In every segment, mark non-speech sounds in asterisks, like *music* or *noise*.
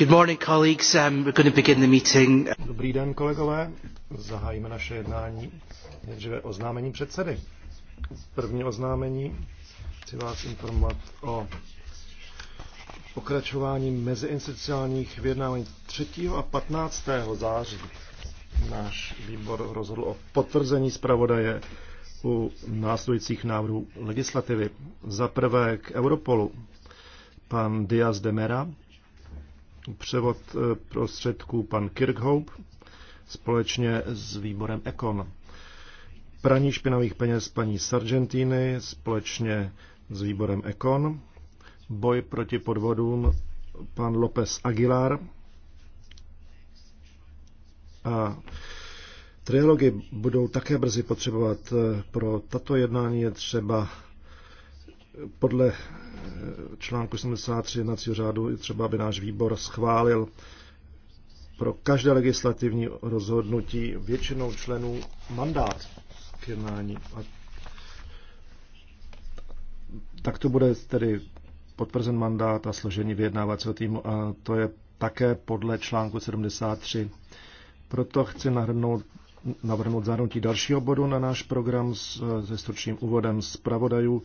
Um, Dobrý den, kolegové. Zahájíme naše jednání. Nejdříve oznámení předsedy. První oznámení. Chci vás informovat o pokračování meziinstitucionálních vyjednávání 3. a 15. září. Náš výbor rozhodl o potvrzení zpravodaje u následujících návrhů legislativy. Za prvé k Europolu. Pan Diaz de Mera převod eh, prostředků pan Kirkhope společně s výborem Econ. Praní špinavých peněz paní Sargentiny společně s výborem Econ. Boj proti podvodům pan López Aguilar. A trialogy budou také brzy potřebovat. Eh, pro tato jednání je třeba podle článku 73 jednacího řádu je třeba, aby náš výbor schválil pro každé legislativní rozhodnutí většinou členů mandát k jednání. A tak to bude tedy potvrzen mandát a složení vyjednávacího týmu a to je také podle článku 73. Proto chci nahrnout, navrhnout zahrnutí dalšího bodu na náš program se stručným úvodem zpravodajů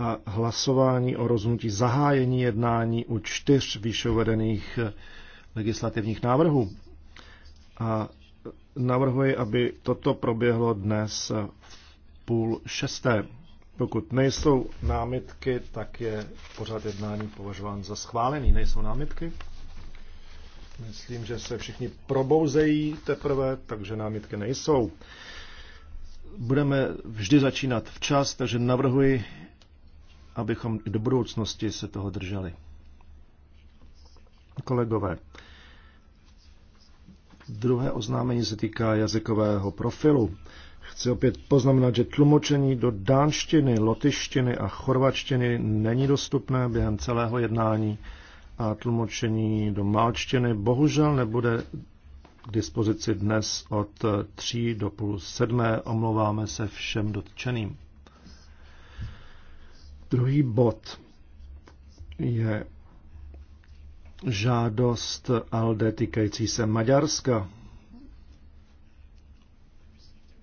a hlasování o rozhodnutí zahájení jednání u čtyř výše uvedených eh, legislativních návrhů. A navrhuji, aby toto proběhlo dnes eh, v půl šesté. Pokud nejsou námitky, tak je pořád jednání považován za schválený. Nejsou námitky? Myslím, že se všichni probouzejí teprve, takže námitky nejsou. Budeme vždy začínat včas, takže navrhuji abychom do budoucnosti se toho drželi. Kolegové, druhé oznámení se týká jazykového profilu. Chci opět poznamenat, že tlumočení do dánštiny, lotyštiny a chorvačtiny není dostupné během celého jednání a tlumočení do malčtiny bohužel nebude k dispozici dnes od 3 do půl sedmé. Omlouváme se všem dotčeným. Druhý bod je žádost ALDE týkající se Maďarska.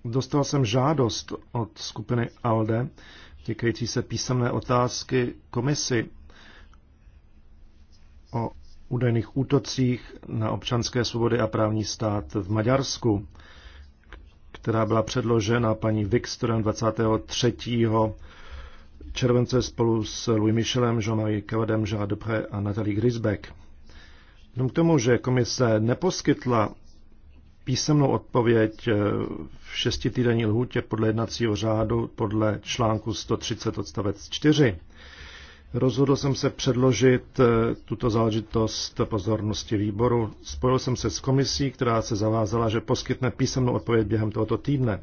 Dostal jsem žádost od skupiny ALDE týkající se písemné otázky komisy o údajných útocích na občanské svobody a právní stát v Maďarsku, která byla předložena paní Wikström 23 července spolu s Louis Michelem, Jean-Marie Cavadem, Jean Dupré a Natalie Grisbeck. k tomu, že komise neposkytla písemnou odpověď eh, v šestitýdenní lhůtě podle jednacího řádu podle článku 130 odstavec 4. Rozhodl jsem se předložit eh, tuto záležitost pozornosti výboru. Spojil jsem se s komisí, která se zavázala, že poskytne písemnou odpověď během tohoto týdne.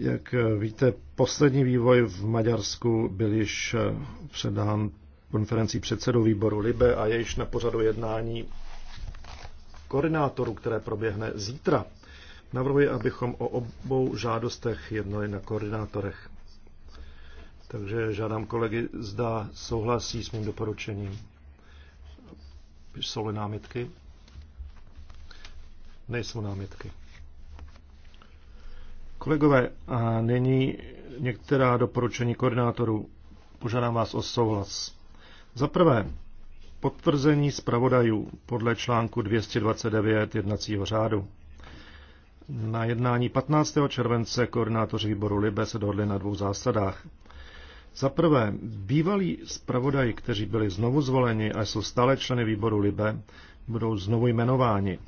Jak eh, víte, poslední vývoj v Maďarsku byl již eh, předán konferencí předsedů výboru Libe a je již na pořadu jednání koordinátorů, které proběhne zítra. Navrhuji, abychom o obou žádostech jednali na koordinátorech. Takže žádám kolegy, zda souhlasí s mým doporučením. Jsou-li námitky? Nejsou námitky. Kolegové, a nyní některá doporučení koordinátorů. Požádám vás o souhlas. Za prvé, potvrzení zpravodajů podle článku 229 jednacího řádu. Na jednání 15. července koordinátoři výboru Libe se dohodli na dvou zásadách. Za prvé, bývalí zpravodaji, kteří byli znovu zvoleni a jsou stále členy výboru Libe, budou znovu jmenováni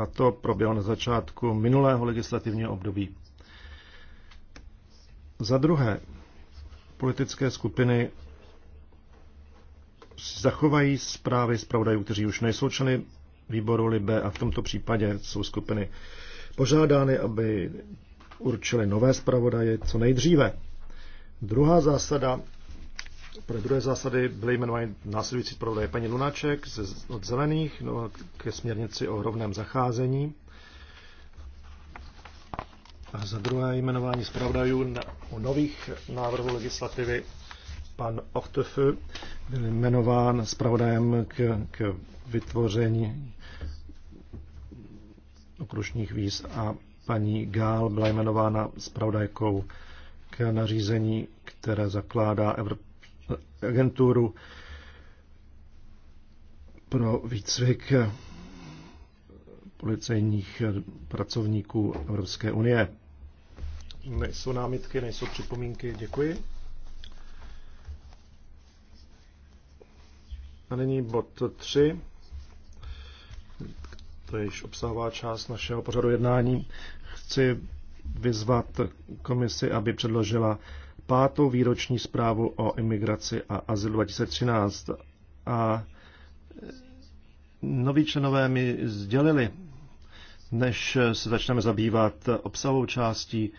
a to proběhlo na začátku minulého legislativního období. Za druhé, politické skupiny zachovají zprávy zpravodajů, kteří už nejsou členy výboru Libe a v tomto případě jsou skupiny požádány, aby určili nové zpravodaje co nejdříve. Druhá zásada pro druhé zásady byly jmenovány následující zpravodaje paní Lunaček ze, od Zelených no, ke směrnici o rovném zacházení. A za druhé jmenování zpravodajů o nových návrhů legislativy pan Ochtefeu byl jmenován zpravodajem k, k vytvoření okružních víz a paní Gál byla jmenována zpravodajkou k nařízení, které zakládá Evropa agenturu pro výcvik policejních pracovníků Evropské unie. Nejsou námitky, nejsou připomínky. Děkuji. A nyní bod 3, To již obsahová část našeho pořadu jednání. Chci vyzvat komisi, aby předložila pátou výroční zprávu o imigraci a azyl 2013 a e, noví členové mi sdělili, než se začneme zabývat obsahovou částí,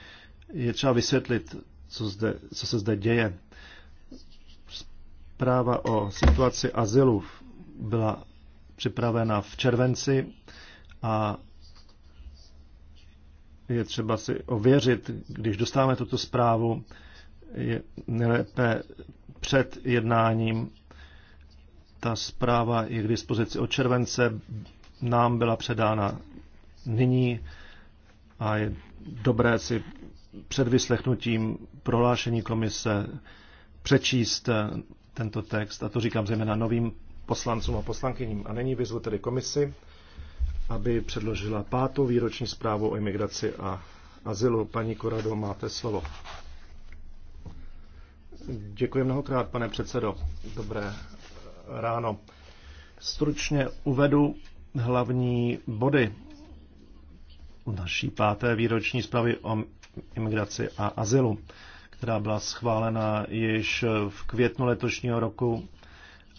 je třeba vysvětlit, co, zde, co se zde děje. Zpráva o situaci azylu byla připravena v červenci a je třeba si ověřit, když dostáváme tuto zprávu, je nejlépe před jednáním. Ta zpráva je k dispozici od července, nám byla předána nyní a je dobré si před vyslechnutím prohlášení komise přečíst tento text, a to říkám zejména novým poslancům a poslankyním. A není vyzvu tedy komisi, aby předložila pátou výroční zprávu o imigraci a azylu. Paní Korado, máte slovo. Děkuji mnohokrát, pane předsedo. Dobré ráno. Stručně uvedu hlavní body naší páté výroční zprávy o imigraci a azylu, která byla schválena již v květnu letošního roku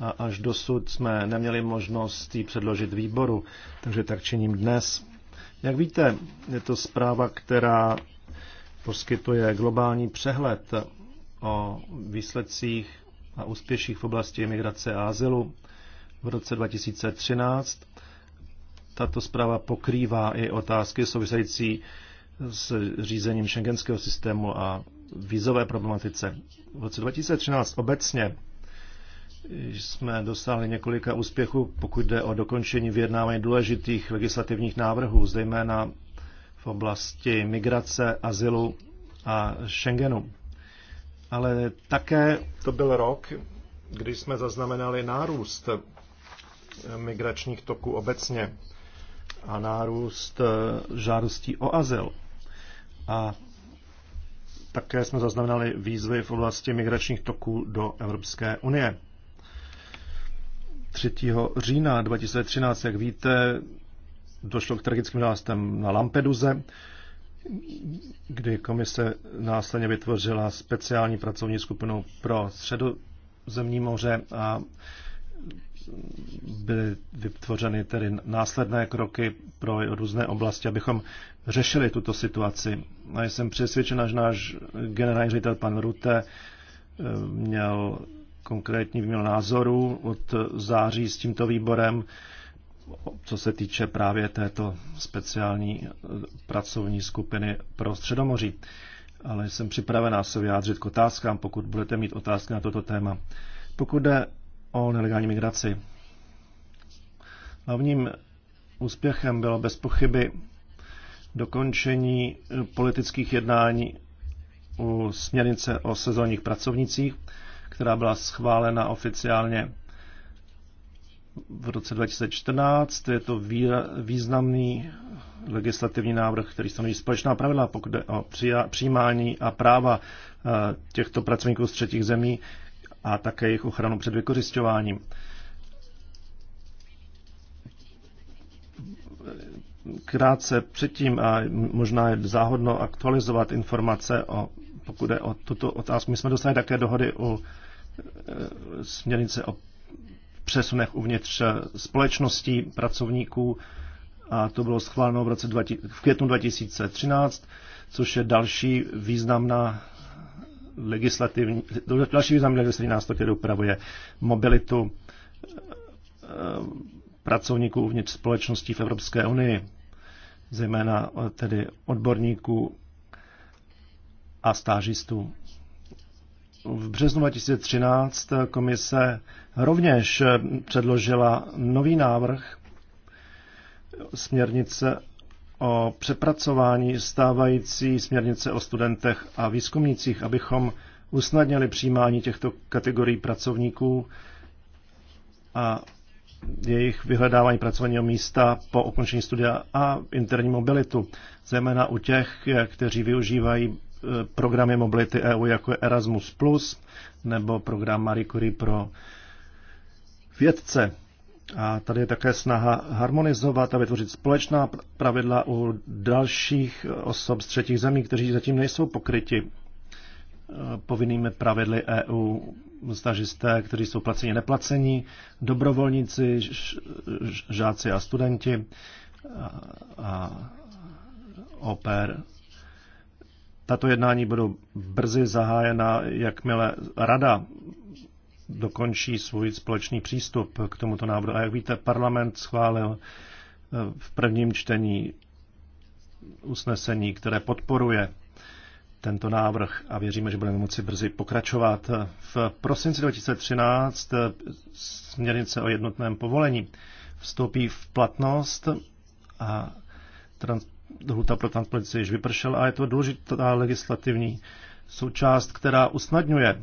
a až dosud jsme neměli možnost ji předložit výboru, takže tak činím dnes. Jak víte, je to zpráva, která poskytuje globální přehled o výsledcích a úspěších v oblasti emigrace a azylu v roce 2013. Tato zpráva pokrývá i otázky související s řízením šengenského systému a vízové problematice. V roce 2013 obecně jsme dosáhli několika úspěchů, pokud jde o dokončení vyjednávání důležitých legislativních návrhů, zejména v oblasti migrace, azylu a Schengenu ale také... To byl rok, kdy jsme zaznamenali nárůst migračních toků obecně a nárůst eh, žádostí o azyl. A také jsme zaznamenali výzvy v oblasti migračních toků do Evropské unie. 3. října 2013, jak víte, došlo k tragickým nálestem na Lampeduze kdy komise následně vytvořila speciální pracovní skupinu pro středozemní moře a byly vytvořeny tedy následné kroky pro různé oblasti, abychom řešili tuto situaci. A jsem přesvědčen, že náš generální ředitel pan Rute měl konkrétní měl názorů od září s tímto výborem co se týče právě této speciální eh, pracovní skupiny pro Středomoří. Ale jsem připravená se vyjádřit k otázkám, pokud budete mít otázky na toto téma. Pokud jde o nelegální migraci, hlavním úspěchem bylo bez pochyby dokončení eh, politických jednání u směrnice o sezónních pracovnicích, která byla schválena oficiálně v roce 2014. Je to významný legislativní návrh, který stanoví společná pravidla, pokud jde o přijímání a práva eh, těchto pracovníků z třetích zemí a také jejich ochranu před vykořišťováním. Krátce předtím, a možná je záhodno aktualizovat informace, o, pokud je o tuto otázku, my jsme dostali také dohody o eh, směrnice o přesunech uvnitř eh, společností pracovníků a to bylo schváleno v, roce 20, v květnu 2013, což je další významná legislativní, další významný legislativní nástroj, který upravuje mobilitu eh, pracovníků uvnitř společností v Evropské unii, zejména eh, tedy odborníků a stážistů. V březnu 2013 komise rovněž předložila nový návrh směrnice o přepracování stávající směrnice o studentech a výzkumnících, abychom usnadnili přijímání těchto kategorií pracovníků a jejich vyhledávání pracovního místa po ukončení studia a interní mobilitu, zejména u těch, kteří využívají Eh, programy mobility EU, jako je Erasmus+, nebo program Marie Curie pro vědce. A tady je také snaha harmonizovat a vytvořit společná pravidla u dalších osob z třetích zemí, kteří zatím nejsou pokryti eh, povinnými pravidly EU, stažisté, kteří jsou placeni neplacení, dobrovolníci, žáci a studenti a, a oper tato jednání budou brzy zahájena, jakmile Rada dokončí svůj společný přístup k tomuto návrhu. A jak víte, parlament schválil eh, v prvním čtení usnesení, které podporuje tento návrh a věříme, že budeme moci brzy pokračovat. V prosinci 2013 eh, směrnice o jednotném povolení vstoupí v platnost a trans- lhuta pro transplantaci již vypršel a je to důležitá legislativní součást, která usnadňuje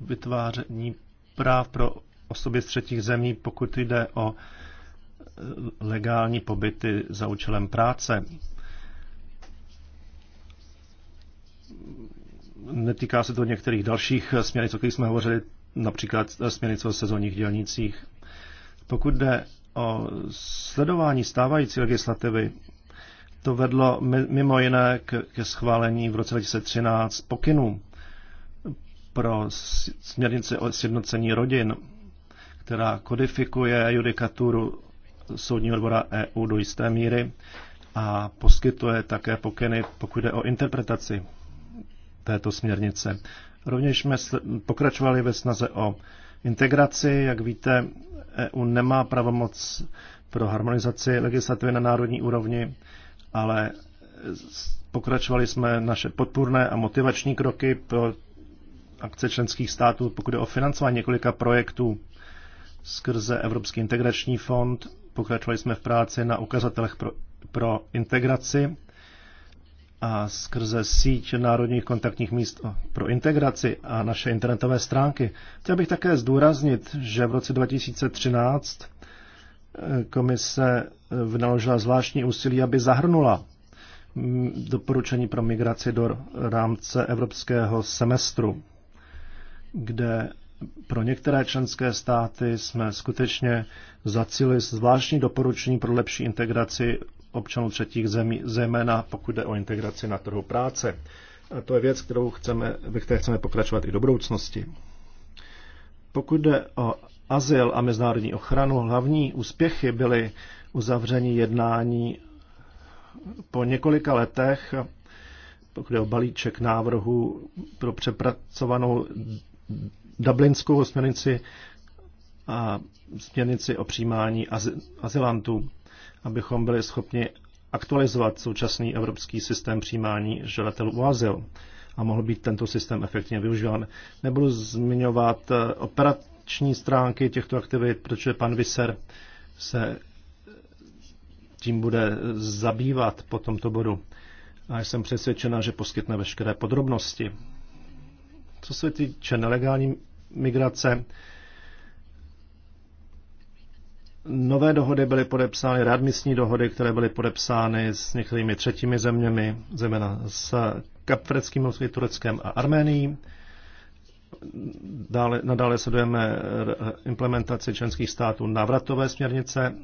vytváření práv pro osoby z třetích zemí, pokud jde o e, legální pobyty za účelem práce. Netýká se to některých dalších směrnic, o kterých jsme hovořili, například směrnic o sezónních dělnicích. Pokud jde o sledování stávající legislativy, to vedlo mimo jiné ke schválení v roce 2013 pokynů pro směrnici o sjednocení rodin, která kodifikuje judikaturu Soudního dvora EU do jisté míry a poskytuje také pokyny, pokud jde o interpretaci této směrnice. Rovněž jsme pokračovali ve snaze o integraci. Jak víte, EU nemá pravomoc pro harmonizaci legislativy na národní úrovni, ale pokračovali jsme naše podpůrné a motivační kroky pro akce členských států, pokud je o financování několika projektů skrze Evropský integrační fond. Pokračovali jsme v práci na ukazatelech pro, pro integraci a skrze síť národních kontaktních míst pro integraci a naše internetové stránky. Chtěl bych také zdůraznit, že v roce 2013 eh, komise eh, vynaložila zvláštní úsilí, aby zahrnula mm, doporučení pro migraci do rámce evropského semestru, kde pro některé členské státy jsme skutečně zacili zvláštní doporučení pro lepší integraci občanů třetích zemí, zejména pokud jde o integraci na trhu práce. A to je věc, kterou chceme, ve které chceme pokračovat i do budoucnosti. Pokud jde o azyl a mezinárodní ochranu, hlavní úspěchy byly uzavření jednání po několika letech, pokud jde o balíček návrhu pro přepracovanou dublinskou směrnici a směrnici o přijímání azylantů abychom byli schopni aktualizovat současný evropský systém přijímání žadatelů o azyl a mohl být tento systém efektivně využíván. Nebudu zmiňovat eh, operační stránky těchto aktivit, protože pan Viser se tím bude zabývat po tomto bodu. A jsem přesvědčena, že poskytne veškeré podrobnosti. Co se týče nelegální migrace, Nové dohody byly podepsány, readmisní dohody, které byly podepsány s některými třetími zeměmi, zejména s Kapfreckým ostrovem, Tureckem a Arménií. Dále, nadále sledujeme implementaci členských států návratové směrnice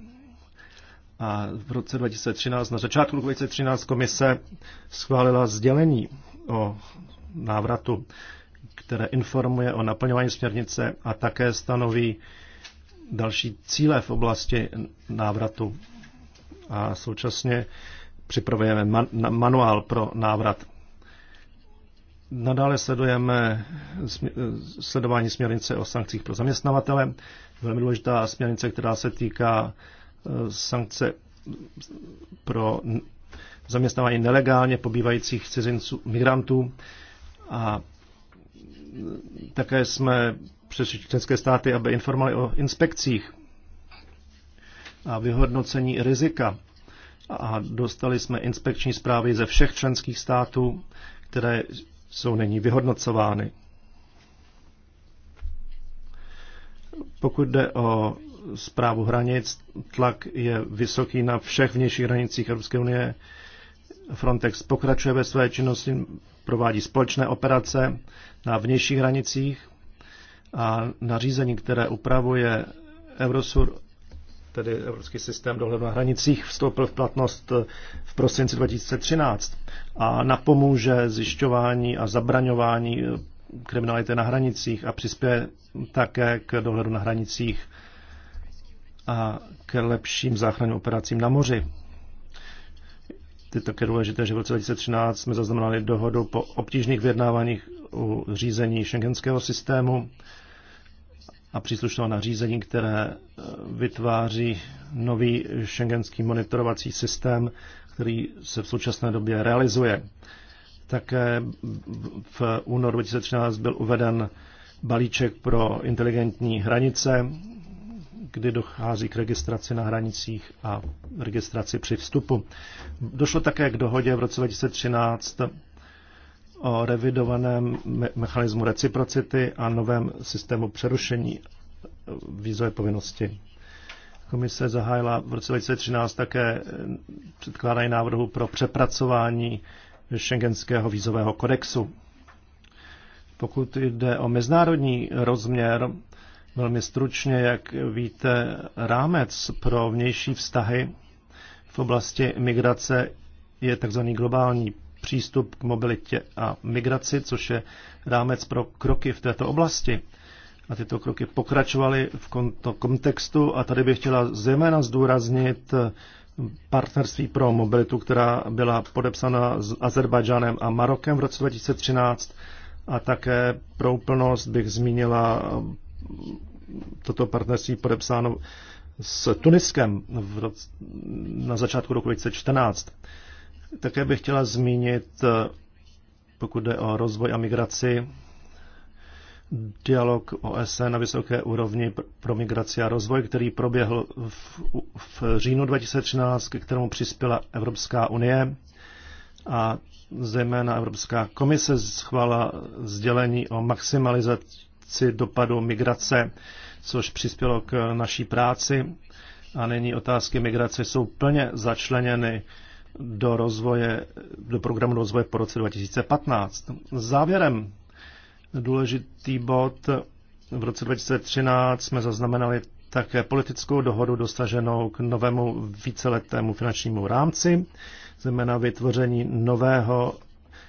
a v roce 2013, na začátku 2013 komise schválila sdělení o návratu, které informuje o naplňování směrnice a také stanoví další cíle v oblasti návratu a současně připravujeme man, manuál pro návrat. Nadále sledujeme sledování směrnice o sankcích pro zaměstnavatele. Velmi důležitá směrnice, která se týká e, sankce pro zaměstnávání nelegálně pobývajících cizinců, migrantů. A také jsme přes české státy, aby informovali o inspekcích a vyhodnocení rizika. A dostali jsme inspekční zprávy ze všech členských států, které jsou nyní vyhodnocovány. Pokud jde o zprávu hranic, tlak je vysoký na všech vnějších hranicích Evropské unie. Frontex pokračuje ve své činnosti, provádí společné operace na vnějších hranicích a nařízení, které upravuje Eurosur, tedy Evropský systém dohledu na hranicích, vstoupil v platnost eh, v prosinci 2013 a napomůže zjišťování a zabraňování eh, kriminality na hranicích a přispěje také k dohledu na hranicích a k lepším záchranným operacím na moři. Je také důležité, že v roce 2013 jsme zaznamenali dohodu po obtížných vyjednáváních u řízení šengenského systému a příslušného nařízení, které eh, vytváří nový šengenský monitorovací systém, který se v současné době realizuje. Také v únoru 2013 byl uveden balíček pro inteligentní hranice, kdy dochází k registraci na hranicích a registraci při vstupu. Došlo také k dohodě v roce 2013 o revidovaném me- mechanismu reciprocity a novém systému přerušení eh, vízové povinnosti. Komise zahájila v roce 2013 také eh, předkládání návrhu pro přepracování šengenského vízového kodexu. Pokud jde o mezinárodní rozměr, velmi stručně, jak víte, rámec pro vnější vztahy v oblasti migrace je tzv. globální přístup k mobilitě a migraci, což je rámec pro kroky v této oblasti. A tyto kroky pokračovaly v tomto kontextu a tady bych chtěla zejména zdůraznit partnerství pro mobilitu, která byla podepsána s Azerbajdžánem a Marokem v roce 2013 a také pro úplnost bych zmínila toto partnerství podepsáno s Tuniskem v roce, na začátku roku 2014. Také bych chtěla zmínit, eh, pokud jde o rozvoj a migraci, dialog OSN na vysoké úrovni pro migraci a rozvoj, který proběhl v, v říjnu 2013, ke kterému přispěla Evropská unie a zejména Evropská komise schválila sdělení o maximalizaci dopadu migrace, což přispělo k naší práci. A nyní otázky migrace jsou plně začleněny do, rozvoje, do programu rozvoje po roce 2015. Závěrem důležitý bod. V roce 2013 jsme zaznamenali také politickou dohodu dosaženou k novému víceletému finančnímu rámci, zejména vytvoření nového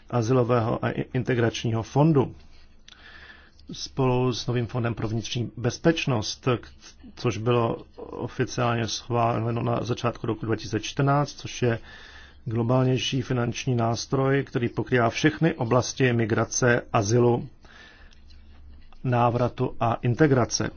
azylového a integračního fondu spolu s novým fondem pro vnitřní bezpečnost, což bylo oficiálně schváleno na začátku roku 2014, což je globálnější finanční nástroj, který pokrývá všechny oblasti migrace, azylu, návratu a integrace.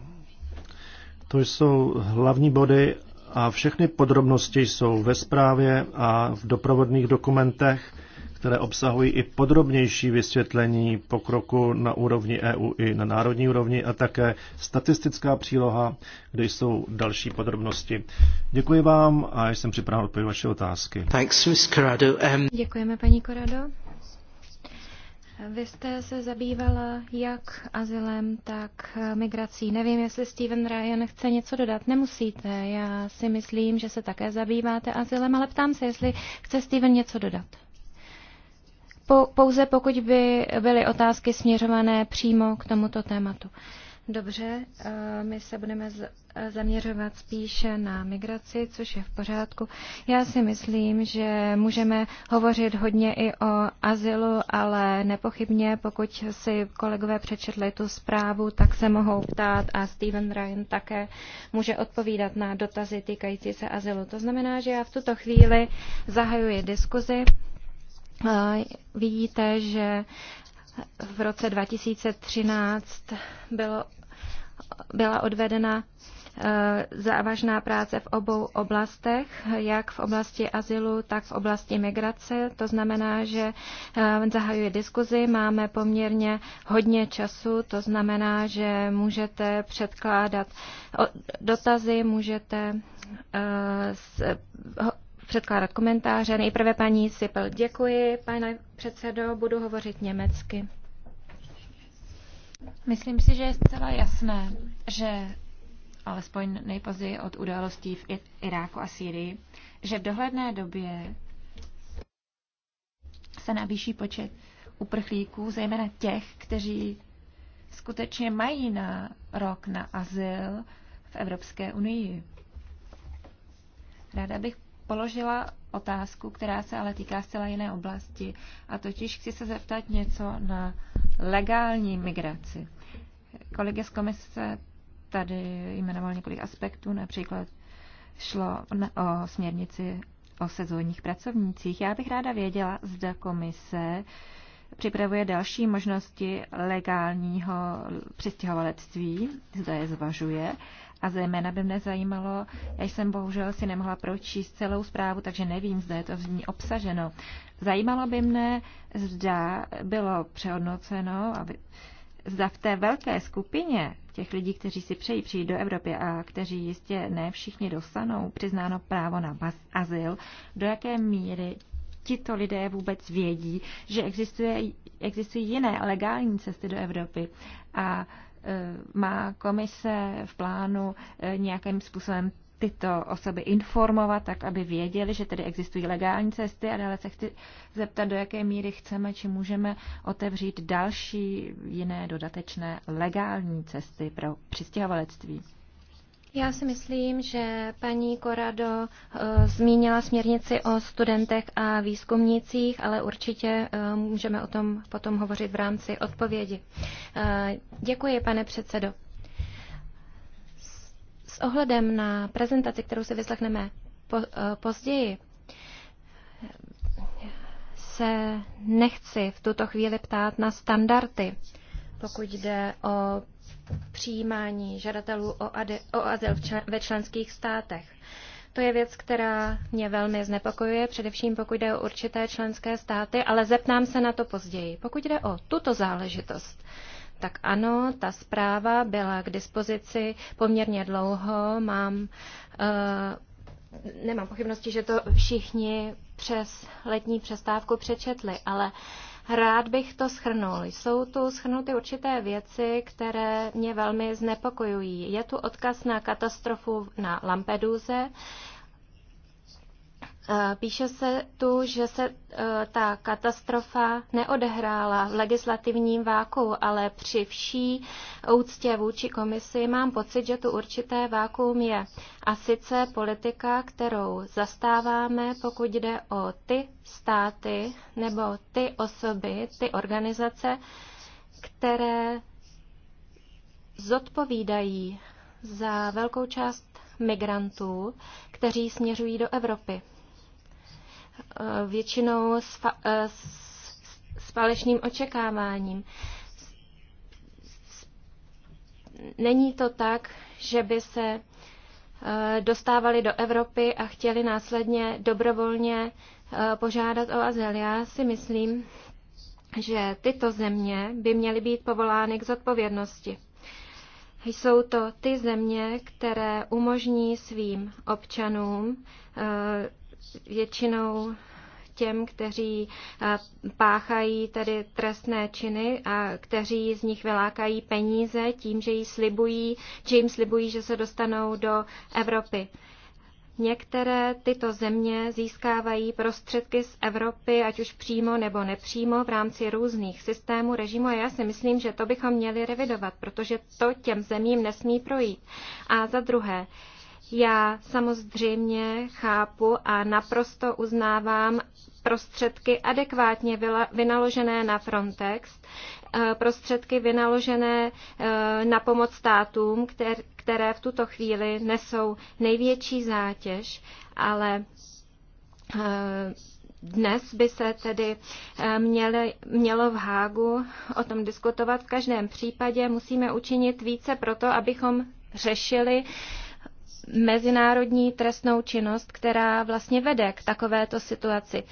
To jsou hlavní body a všechny podrobnosti jsou ve zprávě a v doprovodných dokumentech které obsahují i podrobnější vysvětlení pokroku na úrovni EU i na národní úrovni a také statistická příloha, kde jsou další podrobnosti. Děkuji vám a jsem připraven odpovědět vaše otázky. Thanks, Ms. Corrado. Um... Děkujeme, paní Corrado. Vy jste se zabývala jak azylem, tak migrací. Nevím, jestli Steven Ryan chce něco dodat. Nemusíte. Já si myslím, že se také zabýváte azylem, ale ptám se, jestli chce Steven něco dodat pouze pokud by byly otázky směřované přímo k tomuto tématu. Dobře, eh, my se budeme eh, zaměřovat spíše na migraci, což je v pořádku. Já si myslím, že můžeme hovořit hodně i o azylu, ale nepochybně, pokud si kolegové přečetli tu zprávu, tak se mohou ptát a Steven Ryan také může odpovídat na dotazy týkající se azylu. To znamená, že já v tuto chvíli zahajuji diskuzi. Vidíte, že v roce 2013 bylo, byla odvedena e, závažná práce v obou oblastech, jak v oblasti azylu, tak v oblasti migrace. To znamená, že e, zahajuje diskuzi, máme poměrně hodně času, to znamená, že můžete předkládat dotazy, můžete e, předkládat komentáře. Nejprve paní Sipel. Děkuji, pane předsedo, budu hovořit německy. Myslím si, že je zcela jasné, že alespoň nejpozději od událostí v Iráku a Sýrii, že v dohledné době se navýší počet uprchlíků, zejména těch, kteří skutečně mají na rok na azyl v Evropské unii. Ráda bych položila otázku, která se ale týká zcela jiné oblasti. A totiž chci se zeptat něco na legální migraci. Kolegy z komise tady jmenoval několik aspektů, například šlo o směrnici o sezónních pracovnících. Já bych ráda věděla, zda komise připravuje další možnosti legálního přistěhovalectví, zda je zvažuje. A zejména by mě zajímalo, já jsem bohužel si nemohla pročíst celou zprávu, takže nevím, zda je to v ní obsaženo. Zajímalo by mne, zda bylo přehodnoceno, aby, zda v té velké skupině těch lidí, kteří si přejí přijít do Evropy a kteří jistě ne všichni dostanou přiznáno právo na azyl, do jaké míry tito lidé vůbec vědí, že existuje, existují jiné legální cesty do Evropy. A Eh, má komise v plánu eh, nějakým způsobem tyto osoby informovat, tak aby věděli, že tedy existují legální cesty a dále se chci zeptat, do jaké míry chceme, či můžeme otevřít další jiné dodatečné legální cesty pro přistěhovalectví. Já si myslím, že paní Korado eh, zmínila směrnici o studentech a výzkumnících, ale určitě eh, můžeme o tom potom hovořit v rámci odpovědi. Eh, děkuji, pane předsedo. S ohledem na prezentaci, kterou si vyslechneme později, se nechci v tuto chvíli ptát na standardy, pokud jde o přijímání žadatelů o, ade, o azyl čl, ve členských státech. To je věc, která mě velmi znepokojuje, především pokud jde o určité členské státy, ale zeptám se na to později. Pokud jde o tuto záležitost, tak ano, ta zpráva byla k dispozici poměrně dlouho. Mám, uh, nemám pochybnosti, že to všichni přes letní přestávku přečetli, ale uh, Rád bych to schrnul. Jsou tu schrnuty určité věci, které mě velmi znepokojují. Je tu odkaz na katastrofu na Lampeduze. Píše se tu, že se e, ta katastrofa neodehrála v legislativním váku, ale při vší úctě vůči komisi mám pocit, že tu určité vákuum je. A sice politika, kterou zastáváme, pokud jde o ty státy nebo ty osoby, ty organizace, které zodpovídají za velkou část migrantů, kteří směřují do Evropy. Eh, většinou s, fa- eh, s falešným očekáváním. Není to tak, že by se eh, dostávali do Evropy a chtěli následně dobrovolně požádat o azyl. Já si myslím, že tyto země by měly být povolány k zodpovědnosti. Jsou to ty země, které umožní svým občanům většinou těm, kteří eh, páchají tedy trestné činy a kteří z nich vylákají peníze tím, že, jí slibují, že jim slibují, že se dostanou do Evropy. Některé tyto země získávají prostředky z Evropy, ať už přímo nebo nepřímo, v rámci různých systémů, režimu. A já si myslím, že to bychom měli revidovat, protože to těm zemím nesmí projít. A za druhé, já samozřejmě chápu a naprosto uznávám prostředky adekvátně vynaložené na Frontex, eh, prostředky vynaložené eh, na pomoc státům, které v tuto chvíli nesou největší zátěž, ale eh, dnes by se tedy měli, mělo v Hágu o tom diskutovat. V každém případě musíme učinit více proto, abychom řešili uh, mezinárodní trestnou činnost, která vlastně vede k takovéto situaci.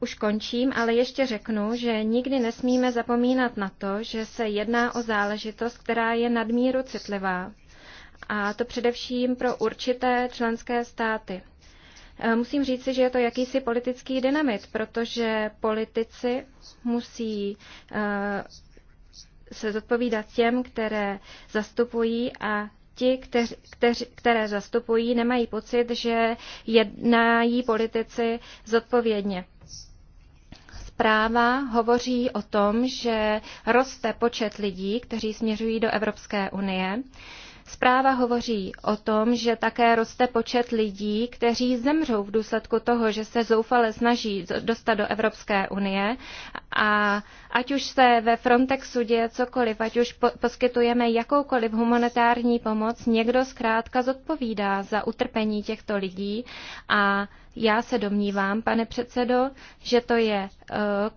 Už končím, ale ještě řeknu, že nikdy nesmíme zapomínat na to, že se jedná o záležitost, která je nadmíru citlivá. A to především pro určité členské státy. E, musím říci, že je to jakýsi politický dynamit, protože politici musí e, se zodpovídat těm, které zastupují a ti, kteř, kteř, které zastupují, nemají pocit, že jednají politici zodpovědně. Zpráva hovoří o tom, že roste počet lidí, kteří směřují do Evropské unie. Uh, Zpráva hovoří o tom, že také roste počet lidí, kteří zemřou v důsledku toho, že se zoufale snaží dostat do Evropské unie a ať už se ve Frontexu děje cokoliv, ať už po- poskytujeme jakoukoliv humanitární pomoc, někdo zkrátka zodpovídá za utrpení těchto lidí a já se domnívám, pane předsedo, že to je e,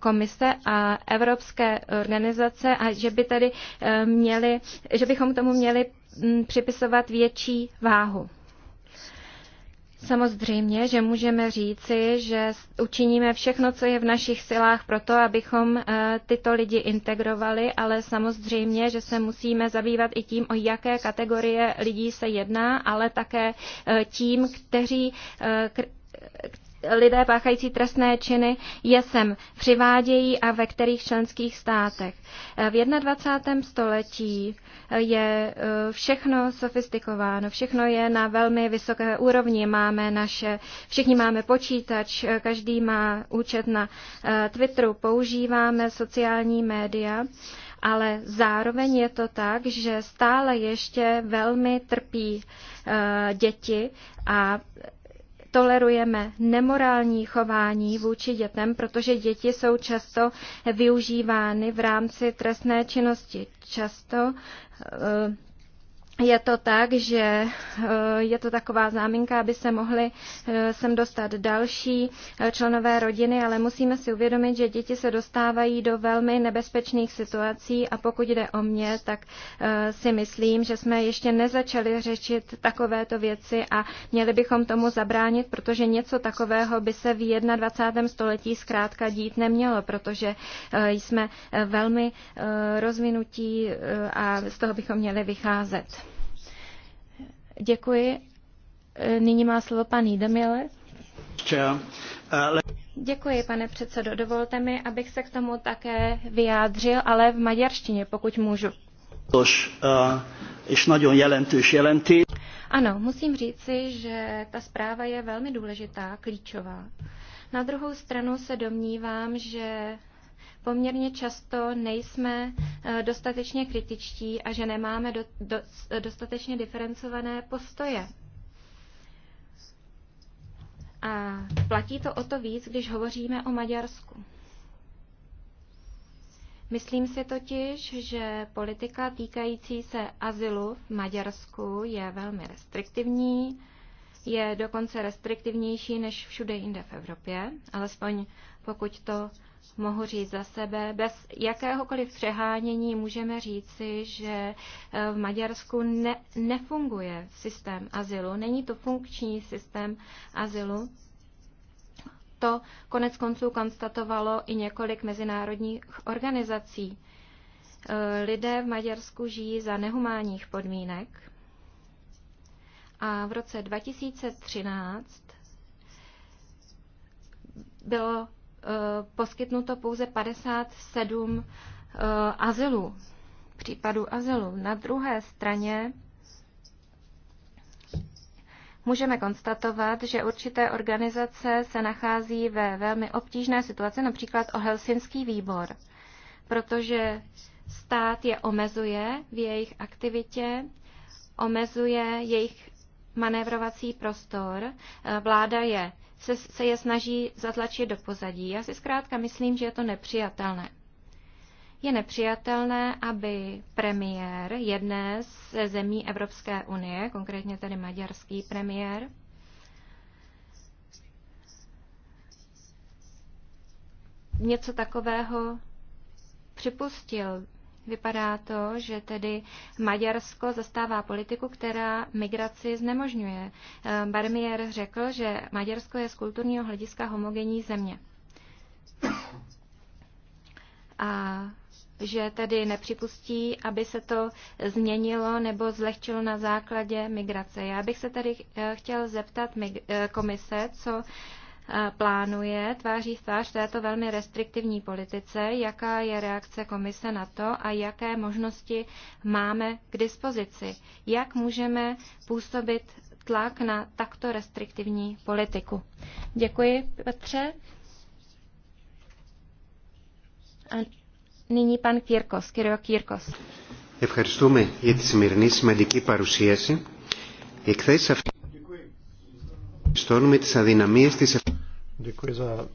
komise a evropské organizace a že by tady e, měli, že bychom tomu měli Mm, připisovat větší váhu. Samozřejmě, že můžeme říci, že učiníme všechno, co je v našich silách pro to, abychom eh, tyto lidi integrovali, ale samozřejmě, že se musíme zabývat i tím, o jaké kategorie lidí se jedná, ale také eh, tím, kteří eh, lidé páchající trestné činy je sem přivádějí a ve kterých členských státech. V 21. století je e, všechno sofistikováno, všechno je na velmi vysoké úrovni. Máme naše, všichni máme počítač, e, každý má účet na e, Twitteru, používáme sociální média ale zároveň je to tak, že stále ještě velmi trpí děti a tolerujeme nemorální chování vůči dětem, protože děti jsou často využívány v rámci trestné činnosti. Často eh, je to tak, že eh, je to taková záminka, aby se mohli eh, sem dostat další eh, členové rodiny, ale musíme si uvědomit, že děti se dostávají do velmi nebezpečných situací a pokud jde o mě, tak si myslím, že jsme ještě nezačali řešit takovéto věci a měli bychom tomu zabránit, protože něco takového by se v 21. století zkrátka dít nemělo, protože jsme velmi rozvinutí a z toho bychom měli vycházet. Děkuji. E, nyní má slovo pan Jdemiller. Děkuji, pane předsedo. Dovolte mi, abych se k tomu také vyjádřil, ale v maďarštině, pokud můžu. E, ano, musím říci, že ta zpráva je velmi důležitá, klíčová. Na druhou stranu se domnívám, že poměrně často nejsme eh, dostatečně kritičtí a že nemáme do, do, eh, dostatečně diferencované postoje. A platí to o to víc, když hovoříme o Maďarsku. Myslím si totiž, že politika týkající se azylu v Maďarsku je velmi restriktivní, je dokonce restriktivnější než všude jinde v Evropě, alespoň pokud to mohu říct za sebe, bez jakéhokoliv přehánění můžeme říci, že eh, v Maďarsku ne, nefunguje systém azylu. Není to funkční systém azylu. To konec konců konstatovalo i několik mezinárodních organizací. Eh, lidé v Maďarsku žijí za nehumánních podmínek a v roce 2013 bylo Eh, poskytnuto pouze 57 eh, azylů, případů azylů. Na druhé straně můžeme konstatovat, že určité organizace se nachází ve velmi obtížné situaci, například o Helsinský výbor, protože stát je omezuje v jejich aktivitě, omezuje jejich manévrovací prostor. Eh, vláda je se, se je snaží zatlačit do pozadí. Já si zkrátka myslím, že je to nepřijatelné. Je nepřijatelné, aby premiér jedné ze zemí Evropské unie, konkrétně tedy maďarský premiér, něco takového připustil. Vypadá to, že tedy Maďarsko zastává politiku, která migraci znemožňuje. Eh, Barmier řekl, že Maďarsko je z kulturního hlediska homogenní země. A že tedy nepřipustí, aby se to změnilo nebo zlehčilo na základě migrace. Já bych se tady eh, chtěl zeptat eh, komise, co plánuje tváří v tvář této velmi restriktivní politice, jaká je reakce komise na to a jaké možnosti máme k dispozici. Jak můžeme působit tlak na takto restriktivní politiku. Děkuji, Petře. A nyní pan Kýrkos, Kyrio Kýrkos. Ευχαριστούμε για τη σημερινή σημαντική παρουσίαση. Εκθέσεις αυτή... Děkuji za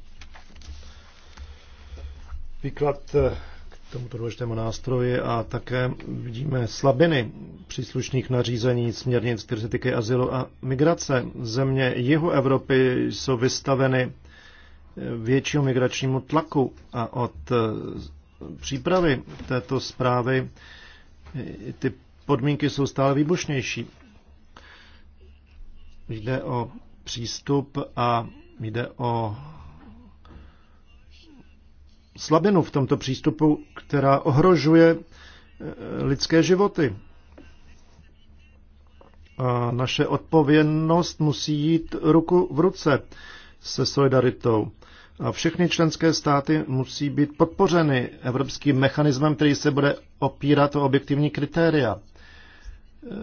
výklad eh, k tomuto důležitému nástroji a také vidíme slabiny příslušných nařízení směrnic, které se týkají azylu a migrace. Země jihu Evropy jsou vystaveny eh, většímu migračnímu tlaku a od eh, přípravy této zprávy ty podmínky jsou stále výbušnější. Jde o přístup a jde o slabinu v tomto přístupu, která ohrožuje eh, lidské životy. A naše odpovědnost musí jít ruku v ruce se solidaritou. A všechny členské státy musí být podpořeny evropským mechanismem, který se bude opírat o objektivní kritéria.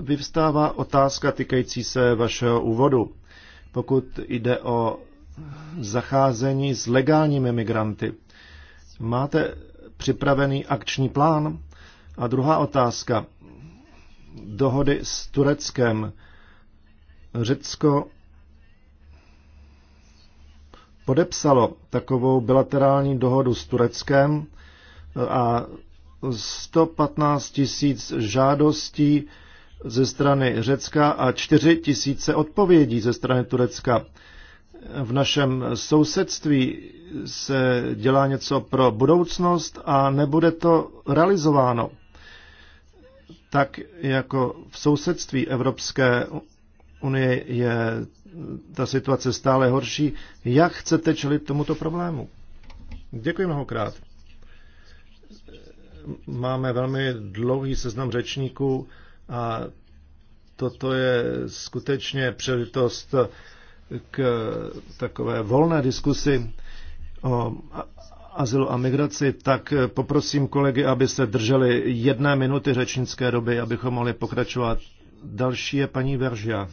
Vyvstává otázka týkající se vašeho úvodu pokud jde o zacházení s legálními migranty. Máte připravený akční plán? A druhá otázka. Dohody s Tureckem. Řecko podepsalo takovou bilaterální dohodu s Tureckem a 115 tisíc žádostí ze strany Řecka a 4 tisíce odpovědí ze strany Turecka. V našem sousedství se dělá něco pro budoucnost a nebude to realizováno. Tak jako v sousedství Evropské unie je ta situace stále horší. Jak chcete čelit tomuto problému? Děkuji mnohokrát. Máme velmi dlouhý seznam řečníků a toto je skutečně přelitost k takové volné diskusi o azylu a migraci, tak poprosím kolegy, aby se drželi jedné minuty řečnické doby, abychom mohli pokračovat. Další je paní Veržia.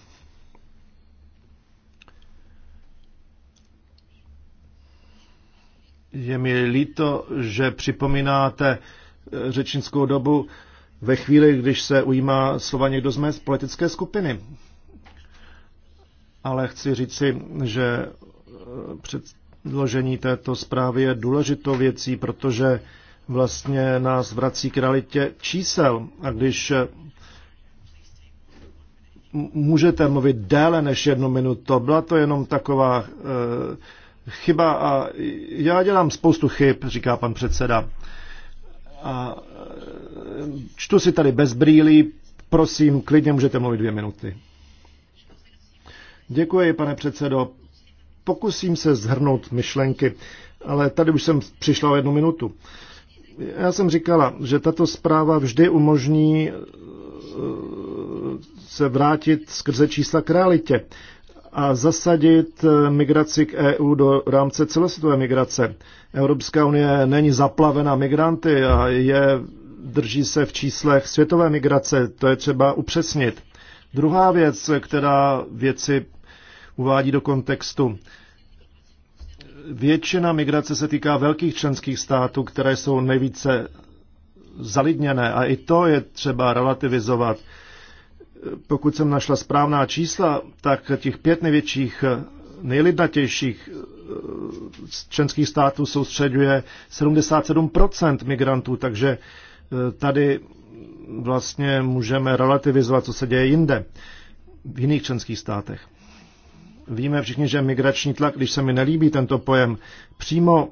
Je mi líto, že připomínáte řečnickou dobu ve chvíli, když se ujímá slova někdo z mé politické skupiny. Ale chci říci, že eh, předložení této zprávy je důležitou věcí, protože vlastně nás vrací k realitě čísel. A když eh, můžete mluvit déle než jednu minutu, byla to jenom taková e, chyba a já dělám spoustu chyb, říká pan předseda. A e, čtu si tady bez brýlí, prosím, klidně můžete mluvit dvě minuty. Děkuji, pane předsedo. Pokusím se zhrnout myšlenky, ale tady už jsem přišla o jednu minutu. Já jsem říkala, že tato zpráva vždy umožní e, se vrátit skrze čísla k realitě a zasadit eh, migraci k EU do rámce celosvětové migrace. Evropská unie není zaplavena migranty a je, drží se v číslech světové migrace, to je třeba upřesnit. Druhá věc, která věci uvádí do kontextu. Většina migrace se týká velkých členských států, které jsou nejvíce zalidněné a i to je třeba relativizovat pokud jsem našla správná čísla, tak těch pět největších, nejlidnatějších eh, členských států soustředuje 77% migrantů, takže eh, tady vlastně můžeme relativizovat, co se děje jinde, v jiných členských státech. Víme všichni, že migrační tlak, když se mi nelíbí tento pojem, přímo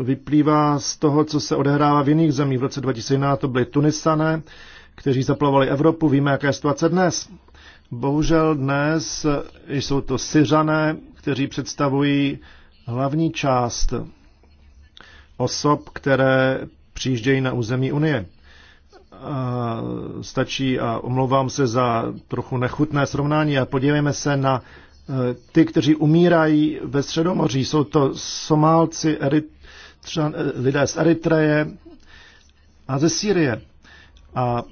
vyplývá z toho, co se odehrává v jiných zemích. V roce 2011 to byly Tunisané, kteří zaplavovali Evropu. Víme, jaká je situace dnes. Bohužel dnes jsou to Syřané, kteří představují hlavní část osob, které přijíždějí na území Unie. A stačí, a omlouvám se za trochu nechutné srovnání, a podívejme se na eh, ty, kteří umírají ve Středomoří. Jsou to Somálci, Eritřan, eh, lidé z Eritreje a ze Sýrie. A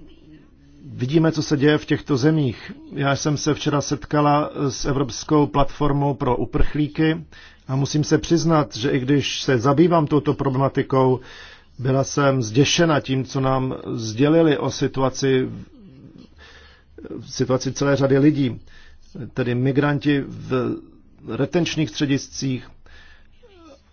Vidíme, co se děje v těchto zemích. Já jsem se včera setkala s Evropskou platformou pro uprchlíky a musím se přiznat, že i když se zabývám touto problematikou, byla jsem zděšena tím, co nám sdělili o situaci, situaci celé řady lidí, tedy migranti v retenčních střediscích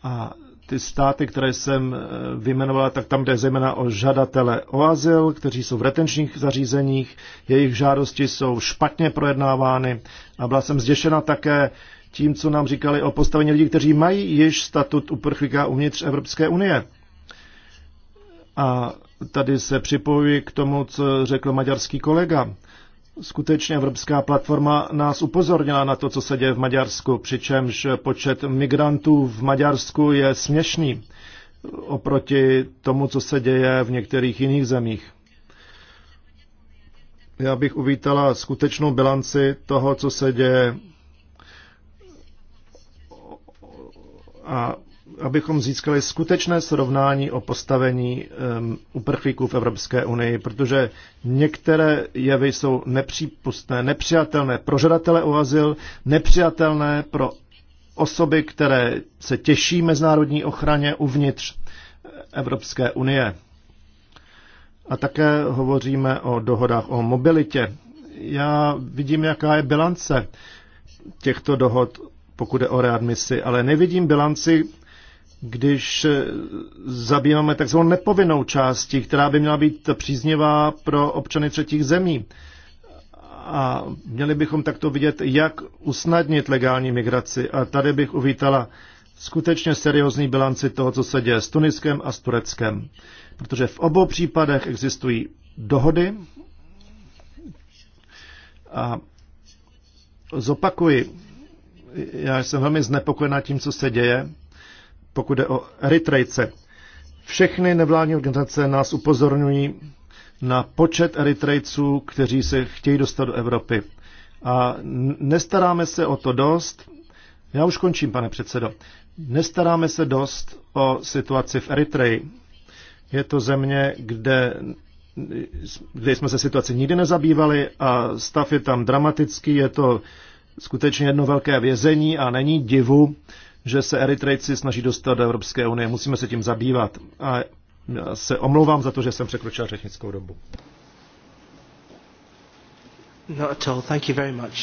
a ty státy, které jsem eh, vymenovala, tak tam jde zejména o žadatele o azyl, kteří jsou v retenčních zařízeních, jejich žádosti jsou špatně projednávány a byla jsem zděšena také tím, co nám říkali o postavení lidí, kteří mají již statut uprchlíka uvnitř Evropské unie. A tady se připojuji k tomu, co řekl maďarský kolega skutečně Evropská platforma nás upozornila na to, co se děje v Maďarsku, přičemž počet migrantů v Maďarsku je směšný oproti tomu, co se děje v některých jiných zemích. Já bych uvítala skutečnou bilanci toho, co se děje a abychom získali skutečné srovnání o postavení um, uprchlíků v Evropské unii, protože některé jevy jsou nepřípustné, nepřijatelné pro žadatele o azyl, nepřijatelné pro osoby, které se těší mezinárodní ochraně uvnitř Evropské unie. A také hovoříme o dohodách o mobilitě. Já vidím, jaká je bilance těchto dohod, pokud je o readmisi, ale nevidím bilanci když zabýváme takzvanou nepovinnou částí, která by měla být příznivá pro občany třetích zemí. A měli bychom takto vidět, jak usnadnit legální migraci. A tady bych uvítala skutečně seriózní bilanci toho, co se děje s Tuniskem a s Tureckem. Protože v obou případech existují dohody. A zopakuji, já jsem velmi znepokojená tím, co se děje pokud jde o Eritrejce. Všechny nevládní organizace nás upozorňují na počet Eritrejců, kteří se chtějí dostat do Evropy. A nestaráme se o to dost. Já už končím, pane předsedo. Nestaráme se dost o situaci v Eritreji. Je to země, kde, kde jsme se situaci nikdy nezabývali a stav je tam dramatický. Je to skutečně jedno velké vězení a není divu, že se Eritrejci snaží dostat do Evropské unie. Musíme se tím zabývat. A já se omlouvám za to, že jsem překročil řečnickou dobu. Not at all. Thank you very much.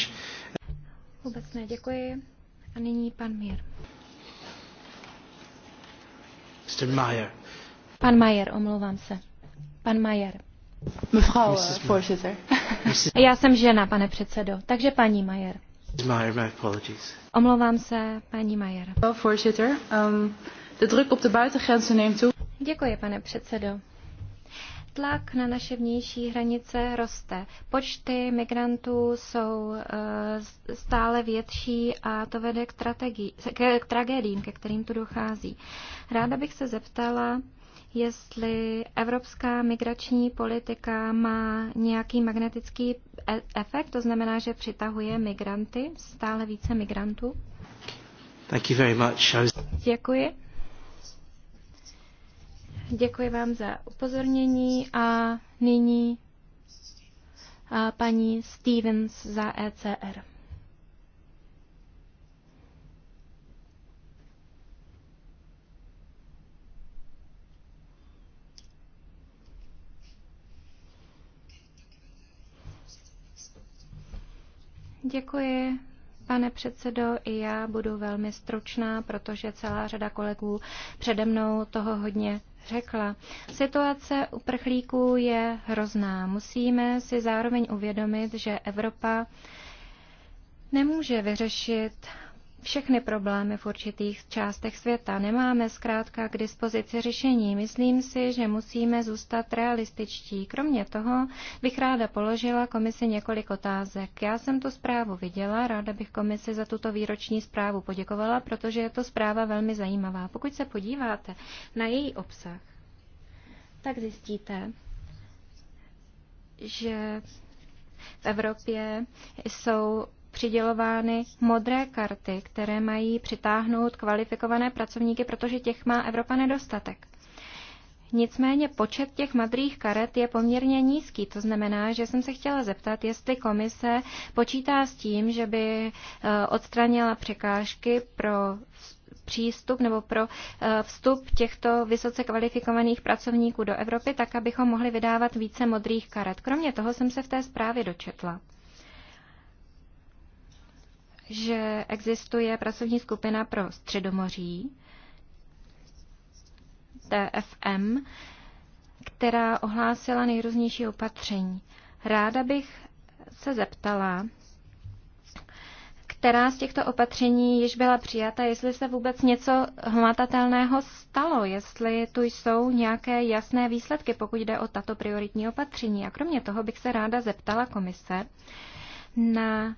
Vůbec ne, děkuji. A nyní pan Mir. Mr. Pan Mayer, omlouvám se. Pan Mayer. Mevrouw, eh, voorzitter. Já jsem žena, pane předsedo, takže paní Mayer. Omlouvám se, paní Majer. Ehm, Děkuji, pane předsedo. Tlak na naše vnější hranice roste. Počty migrantů jsou eh, stále větší a to vede k, k tragédiím, ke kterým tu dochází. Ráda bych se zeptala, jestli evropská migrační politika má nějaký magnetický e- efekt, to znamená, že přitahuje migranty, stále více migrantů. Thank you very much. Was... Děkuji. Děkuji vám za upozornění a nyní a paní Stevens za ECR. Děkuji, pane předsedo. I já budu velmi stručná, protože celá řada kolegů přede mnou toho hodně řekla. Situace uprchlíků je hrozná. Musíme si zároveň uvědomit, že Evropa nemůže vyřešit všechny problémy v určitých částech světa. Nemáme zkrátka k dispozici řešení. Myslím si, že musíme zůstat realističtí. Kromě toho bych ráda položila komisi několik otázek. Já jsem tu zprávu viděla, ráda bych komisi za tuto výroční zprávu poděkovala, protože je to zpráva velmi zajímavá. Pokud se podíváte na její obsah, tak zjistíte, že v Evropě jsou přidělovány modré karty, které mají přitáhnout kvalifikované pracovníky, protože těch má Evropa nedostatek. Nicméně počet těch modrých karet je poměrně nízký, to znamená, že jsem se chtěla zeptat, jestli komise počítá s tím, že by eh, odstranila překážky pro přístup nebo pro eh, vstup těchto vysoce kvalifikovaných pracovníků do Evropy, tak abychom mohli vydávat více modrých karet. Kromě toho jsem se v té zprávě dočetla, že existuje pracovní skupina pro Středomoří, TFM, která ohlásila nejrůznější opatření. Ráda bych se zeptala, která z těchto opatření již byla přijata, jestli se vůbec něco hmatatelného stalo, jestli tu jsou nějaké jasné výsledky, pokud jde o tato prioritní opatření. A kromě toho bych se ráda zeptala komise na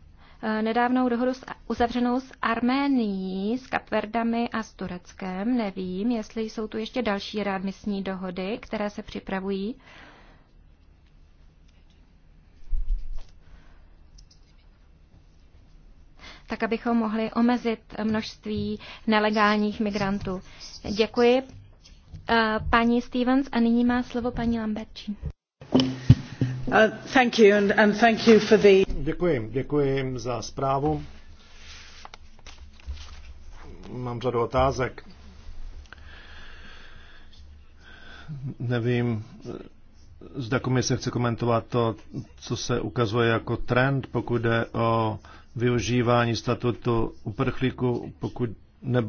nedávnou dohodu s, uzavřenou s Arménií, s Kapverdami a s Tureckem. Nevím, jestli jsou tu ještě další readmisní dohody, které se připravují. tak abychom mohli omezit množství nelegálních migrantů. Děkuji eh, paní Stevens a nyní má slovo paní Lambertčí. Uh, thank you and, and thank you for the... Děkuji, děkuji za zprávu. Mám řadu otázek. Nevím, zda komise chce komentovat to, co se ukazuje jako trend, pokud jde o využívání statutu uprchlíku, pokud ne,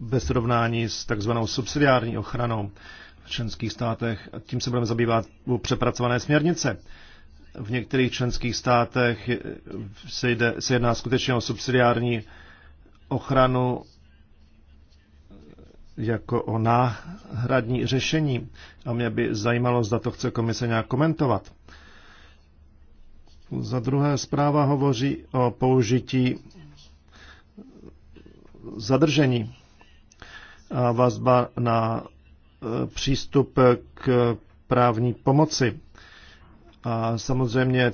bez srovnání s takzvanou subsidiární ochranou v členských státech. Tím se budeme zabývat u přepracované směrnice v některých členských státech se, jde, se jedná skutečně o subsidiární ochranu jako o náhradní řešení. A mě by zajímalo, zda to chce komise nějak komentovat. Za druhé zpráva hovoří o použití zadržení a vazba na e, přístup k právní pomoci. A samozřejmě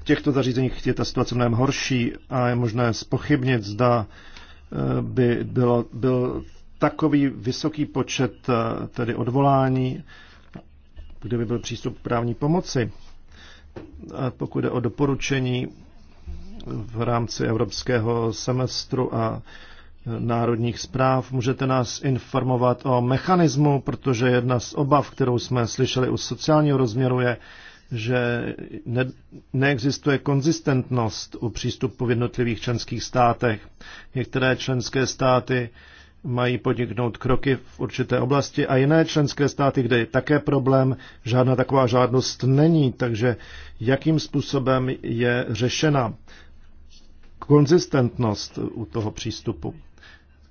v těchto zařízeních je ta situace mnohem horší a je možné spochybnit, zda eh, by bylo, byl takový vysoký počet eh, tedy odvolání, kde by byl přístup k právní pomoci. A pokud jde o doporučení v rámci evropského semestru a eh, národních zpráv, můžete nás informovat o mechanismu, protože jedna z obav, kterou jsme slyšeli u sociálního rozměru, je, že ne, neexistuje konzistentnost u přístupu v jednotlivých členských státech. Některé členské státy mají podniknout kroky v určité oblasti a jiné členské státy, kde je také problém, žádná taková žádnost není, takže jakým způsobem je řešena konzistentnost u toho přístupu.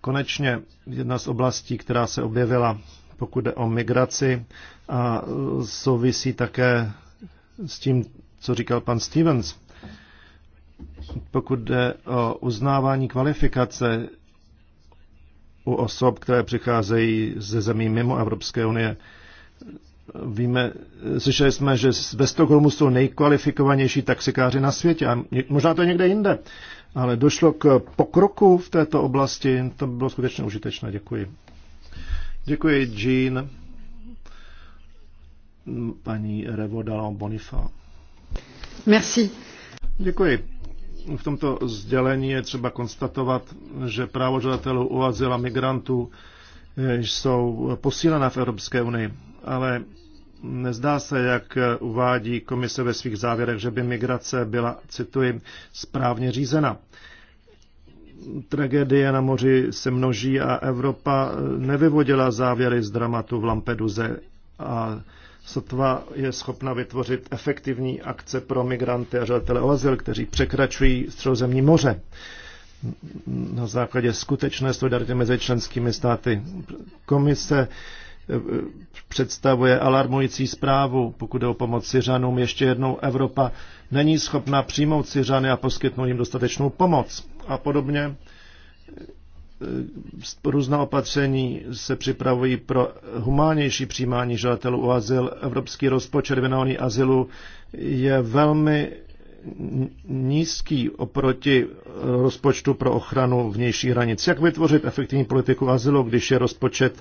Konečně jedna z oblastí, která se objevila, pokud jde o migraci a souvisí také s tím, co říkal pan Stevens. Pokud jde o uznávání kvalifikace u osob, které přicházejí ze zemí mimo Evropské unie, víme, slyšeli jsme, že ve Stockholmu jsou nejkvalifikovanější taxikáři na světě a možná to je někde jinde, ale došlo k pokroku v této oblasti, to bylo skutečně užitečné, děkuji. Děkuji, Jean paní Revo Bonifa. Merci. Děkuji. V tomto sdělení je třeba konstatovat, že právo žadatelů o azyl a migrantů eh, jsou posílena v Evropské unii, ale nezdá se, jak uvádí komise ve svých závěrech, že by migrace byla, cituji, správně řízena. Tragédie na moři se množí a Evropa nevyvodila závěry z dramatu v Lampeduze a sotva je schopna vytvořit efektivní akce pro migranty a žadatele o azyl, kteří překračují středozemní moře na základě skutečné solidarity mezi členskými státy. Komise eh, představuje alarmující zprávu, pokud jde o pomoc Syřanům. Ještě jednou Evropa není schopna přijmout Syřany a poskytnout jim dostatečnou pomoc. A podobně E, různá opatření se připravují pro humánější přijímání žadatelů o azyl. Evropský rozpočet věnovaný azylu je velmi nízký oproti rozpočtu pro ochranu vnější hranic. Jak vytvořit efektivní politiku azylu, když je rozpočet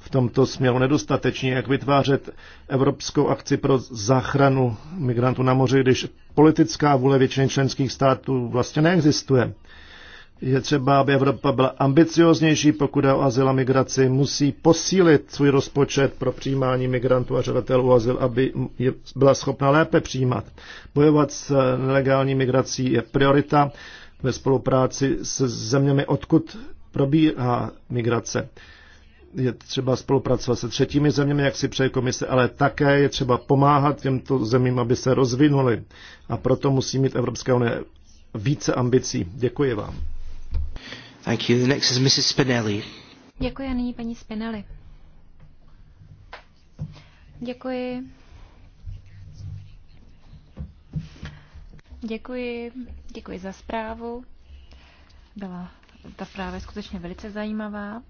v tomto směru nedostatečný? Jak vytvářet evropskou akci pro záchranu migrantů na moři, když politická vůle většiny členských států vlastně neexistuje? Je třeba, aby Evropa byla ambicioznější, pokud je o azyl a migraci. Musí posílit svůj rozpočet pro přijímání migrantů a žadatelů o azyl, aby je byla schopna lépe přijímat. Bojovat s nelegální migrací je priorita ve spolupráci s zeměmi, odkud probíhá migrace. Je třeba spolupracovat se třetími zeměmi, jak si přeje komise, ale také je třeba pomáhat těmto zemím, aby se rozvinuly. A proto musí mít Evropská unie více ambicí. Děkuji vám. Thank you. The next is Mrs. Spinelli. Děkuji a nyní paní Spinelli. Děkuji. Děkuji. Děkuji za zprávu. Byla ta zpráva je skutečně velice zajímavá.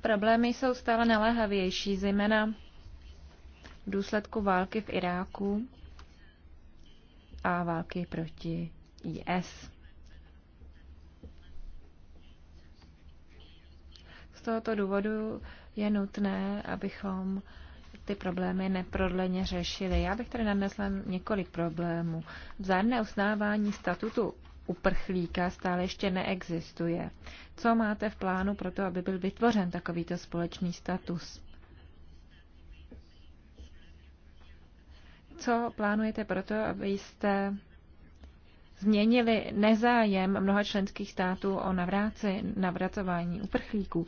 Problémy jsou stále naléhavější, zejména v důsledku války v Iráku a války proti IS. Z tohoto důvodu je nutné, abychom ty problémy neprodleně řešili. Já bych tady nanesla několik problémů. Vzájemné uznávání statutu uprchlíka stále ještě neexistuje. Co máte v plánu pro to, aby byl vytvořen takovýto společný status? co plánujete proto, abyste změnili nezájem mnoha členských států o navráci, navracování uprchlíků.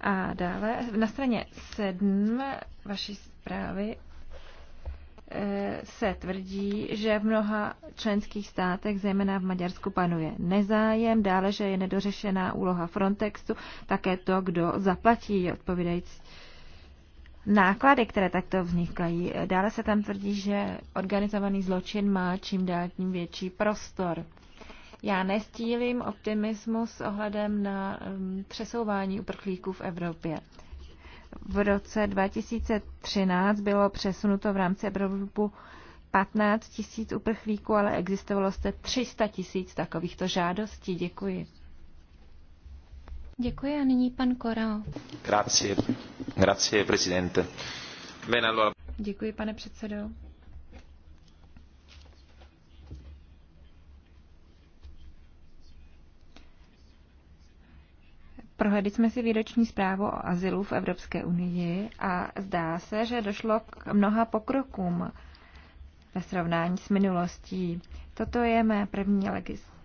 A dále na straně 7 vaší zprávy eh, se tvrdí, že v mnoha členských státech, zejména v Maďarsku, panuje nezájem, dále, že je nedořešená úloha Frontexu, také to, kdo zaplatí odpovídající náklady, které takto vznikají. Dále se tam tvrdí, že organizovaný zločin má čím dál tím větší prostor. Já nestílím optimismus ohledem na um, přesouvání uprchlíků v Evropě. V roce 2013 bylo přesunuto v rámci Evropy 15 tisíc uprchlíků, ale existovalo zde 300 tisíc takovýchto žádostí. Děkuji. Děkuji a nyní pan Korao. Grazie. Grazie, presidente. Bene, allora. Děkuji, pane předsedo. Prohlédli jsme si výroční zprávu o azylu v Evropské unii a zdá se, že došlo k mnoha pokrokům ve srovnání s minulostí. Toto je mé první legislativní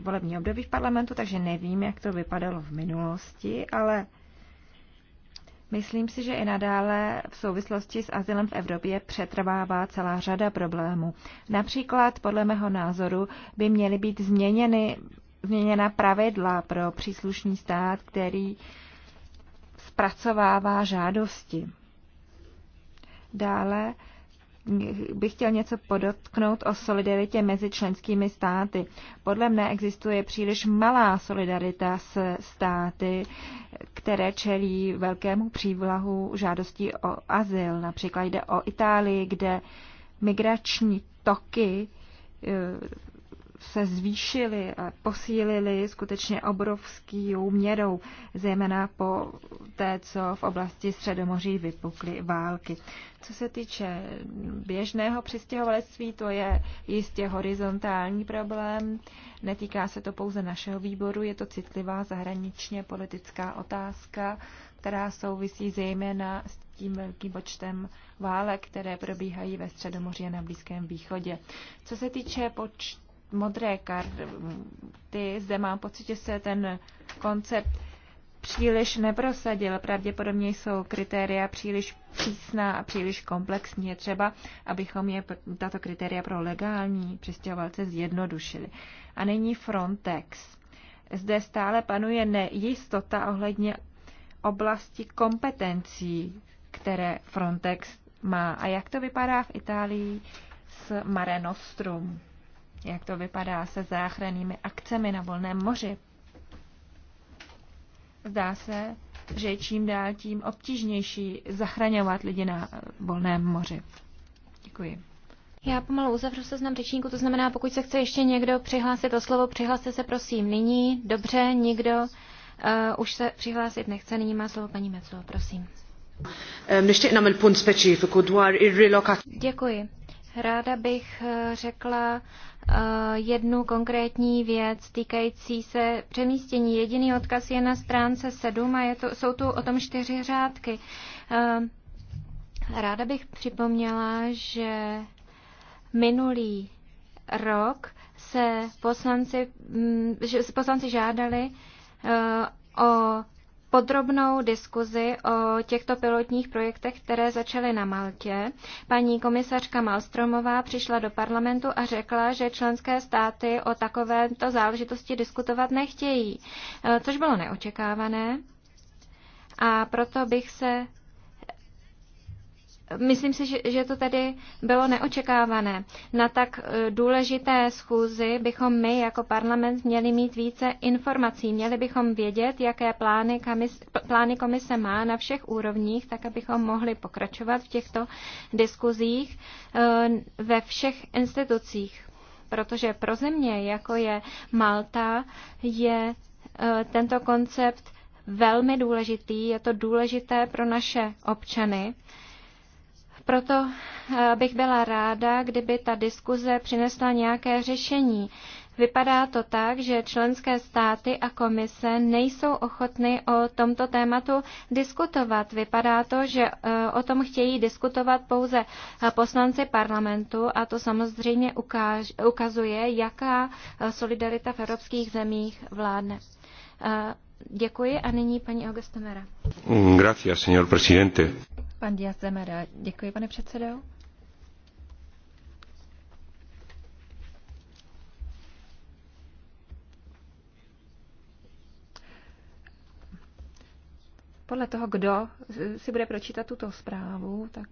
volební období v parlamentu, takže nevím, jak to vypadalo v minulosti, ale myslím si, že i nadále v souvislosti s azylem v Evropě přetrvává celá řada problémů. Například, podle mého názoru, by měly být změněny, změněna pravidla pro příslušný stát, který zpracovává žádosti. Dále bych chtěl něco podotknout o solidaritě mezi členskými státy. Podle mne existuje příliš malá solidarita s státy, které čelí velkému přívlahu žádostí o azyl. Například jde o Itálii, kde migrační toky eh, se zvýšily a posílily skutečně obrovskou měrou, zejména po té, co v oblasti Středomoří vypukly války. Co se týče běžného přistěhovalectví, to je jistě horizontální problém. Netýká se to pouze našeho výboru, je to citlivá zahraničně politická otázka, která souvisí zejména s tím velkým počtem válek, které probíhají ve Středomoří a na Blízkém východě. Co se týče počtu modré karty, zde mám pocit, že se ten koncept příliš neprosadil. Pravděpodobně jsou kritéria příliš přísná a příliš komplexní. Je třeba, abychom je, tato kritéria pro legální přistěhovalce zjednodušili. A nyní Frontex. Zde stále panuje nejistota ohledně oblasti kompetencí, které Frontex má. A jak to vypadá v Itálii s Mare Nostrum? jak to vypadá se záchrannými akcemi na volném moři. Zdá se, že je čím dál tím obtížnější zachraňovat lidi na volném moři. Děkuji. Já pomalu uzavřu seznam řečníků, to znamená, pokud se chce ještě někdo přihlásit o slovo, přihlaste se prosím nyní. Dobře, nikdo uh, už se přihlásit nechce, nyní má slovo paní Meclo, prosím. Děkuji. Ráda bych eh, řekla eh, jednu konkrétní věc týkající se přemístění. Jediný odkaz je na stránce 7 a je to, jsou tu o tom čtyři řádky. Eh, ráda bych připomněla, že minulý rok se poslanci, mm, že poslanci žádali o podrobnou diskuzi o těchto pilotních projektech, které začaly na Maltě. Paní komisařka Malstromová přišla do parlamentu a řekla, že členské státy o takovéto záležitosti diskutovat nechtějí, eh, což bylo neočekávané. A proto bych se Myslím si, že, to tedy bylo neočekávané. Na tak eh, důležité schůzi bychom my jako parlament měli mít více informací. Měli bychom vědět, jaké plány, kamis, plány komise má na všech úrovních, tak abychom mohli pokračovat v těchto diskuzích eh, ve všech institucích. Protože pro země, jako je Malta, je eh, tento koncept velmi důležitý, je to důležité pro naše občany. Proto eh, bych byla ráda, kdyby ta diskuze přinesla nějaké řešení. Vypadá to tak, že členské státy a komise nejsou ochotny o tomto tématu diskutovat. Vypadá to, že eh, o tom chtějí diskutovat pouze eh, poslanci parlamentu a to samozřejmě ukáž, ukazuje, jaká solidarita v evropských zemích vládne. Děkuji a nyní paní Augustemera. Mm, gracias, señor presidente. Pan Díaz Zemera. Děkuji, pane předsedo. podle toho, kdo si bude pročítat tuto zprávu, tak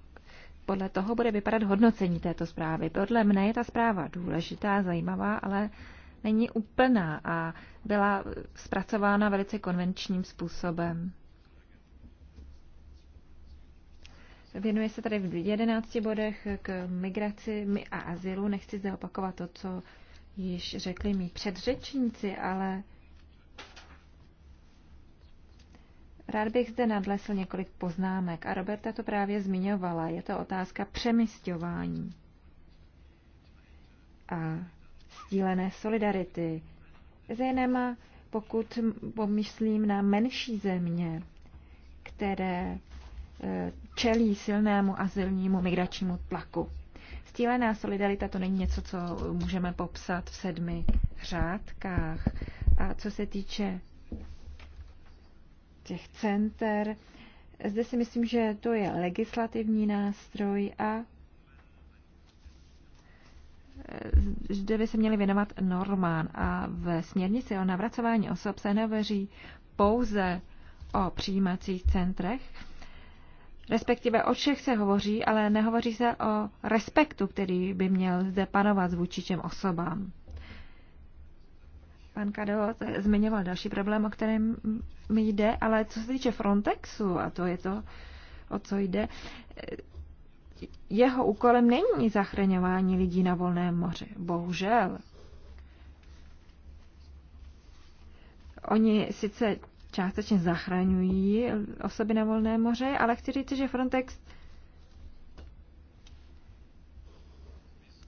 podle toho bude vypadat hodnocení této zprávy. Podle mne je ta zpráva důležitá, zajímavá, ale není úplná a byla zpracována velice konvenčním způsobem. Věnuje se tady v 11 bodech k migraci a azylu. Nechci zde opakovat to, co již řekli mi předřečníci, ale rád bych zde nadlesl několik poznámek. A Roberta to právě zmiňovala. Je to otázka přemysťování. A sdílené solidarity. Zejména pokud pomyslím na menší země, které e, čelí silnému azylnímu migračnímu tlaku. Stílená solidarita to není něco, co můžeme popsat v sedmi řádkách. A co se týče těch center, zde si myslím, že to je legislativní nástroj a zde by se měli věnovat normán a v směrnici o navracování osob se nehovoří pouze o přijímacích centrech, respektive o všech se hovoří, ale nehovoří se o respektu, který by měl zde panovat vůči těm osobám. Pan Kado zmiňoval další problém, o kterém mi jde, ale co se týče Frontexu, a to je to, o co jde, jeho úkolem není zachraňování lidí na volném moři. Bohužel. Oni sice částečně zachraňují osoby na volné moře, ale chci říct, že Frontex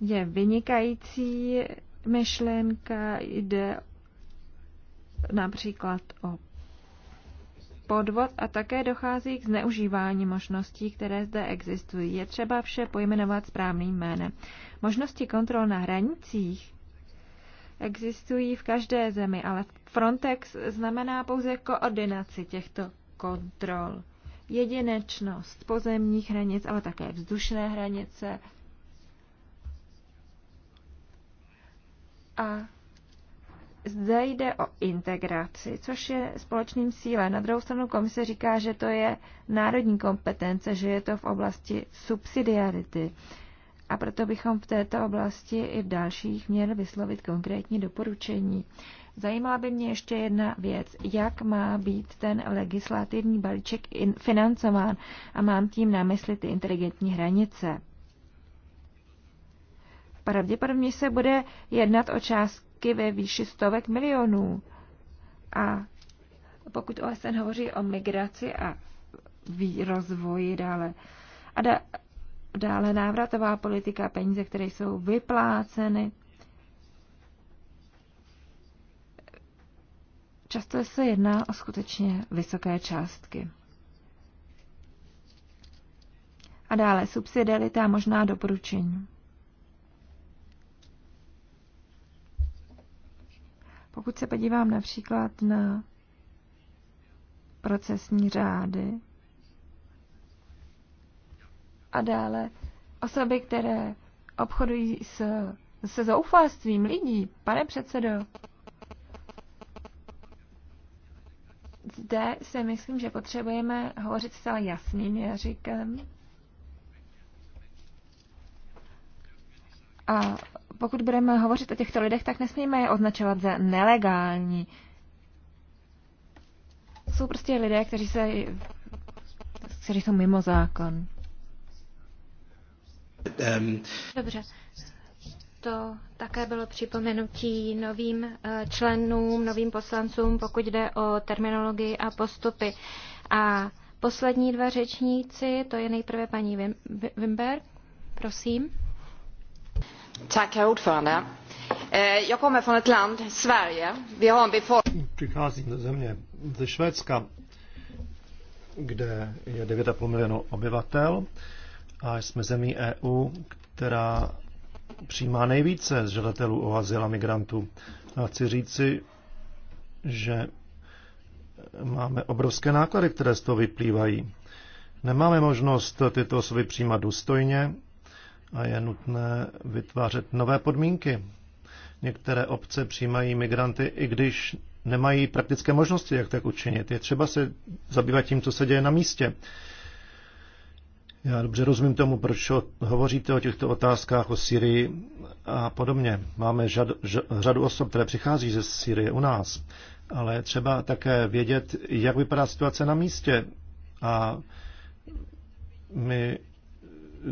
je vynikající myšlenka, jde například o podvod a také dochází k zneužívání možností, které zde existují. Je třeba vše pojmenovat správným jménem. Možnosti kontrol na hranicích existují v každé zemi, ale Frontex znamená pouze koordinaci těchto kontrol. Jedinečnost pozemních hranic, ale také vzdušné hranice. A zde jde o integraci, což je společným síle. Na druhou stranu komise říká, že to je národní kompetence, že je to v oblasti subsidiarity. A proto bychom v této oblasti i v dalších měli vyslovit konkrétní doporučení. Zajímala by mě ještě jedna věc. Jak má být ten legislativní balíček financován? A mám tím na mysli ty inteligentní hranice pravděpodobně se bude jednat o část částky ve výši stovek milionů. A pokud OSN hovoří o migraci a rozvoji dále, a da, dále návratová politika, peníze, které jsou vypláceny, často se jedná o skutečně vysoké částky. A dále subsidiarita a možná doporučení. Pokud se podívám například na procesní řády a dále osoby, které obchodují s, se zoufalstvím lidí, pane předsedo, zde si myslím, že potřebujeme hovořit zcela jasným jazykem a pokud budeme hovořit o těchto lidech, tak nesmíme je označovat za nelegální. Jsou prostě lidé, kteří, se, kteří jsou mimo zákon. Ehm. Dobře. To také bylo připomenutí novým eh, členům, novým poslancům, pokud jde o terminologii a postupy. A poslední dva řečníci, to je nejprve paní Wimberg, prosím. Herr ordförande. Eh, ze země, ze Švédska, kde je 9,5 milionu obyvatel a jsme zemí EU, která přijímá nejvíce žadatelů o azyl a migrantů. A chci říci, že máme obrovské náklady, které z toho vyplývají. Nemáme možnost tyto osoby přijímat důstojně, a je nutné vytvářet nové podmínky. Některé obce přijímají migranty, i když nemají praktické možnosti, jak tak učinit. Je třeba se zabývat tím, co se děje na místě. Já dobře rozumím tomu, proč hovoříte o těchto otázkách, o Syrii a podobně. Máme žad, ž, řadu osob, které přichází ze Syrie u nás, ale je třeba také vědět, jak vypadá situace na místě. A my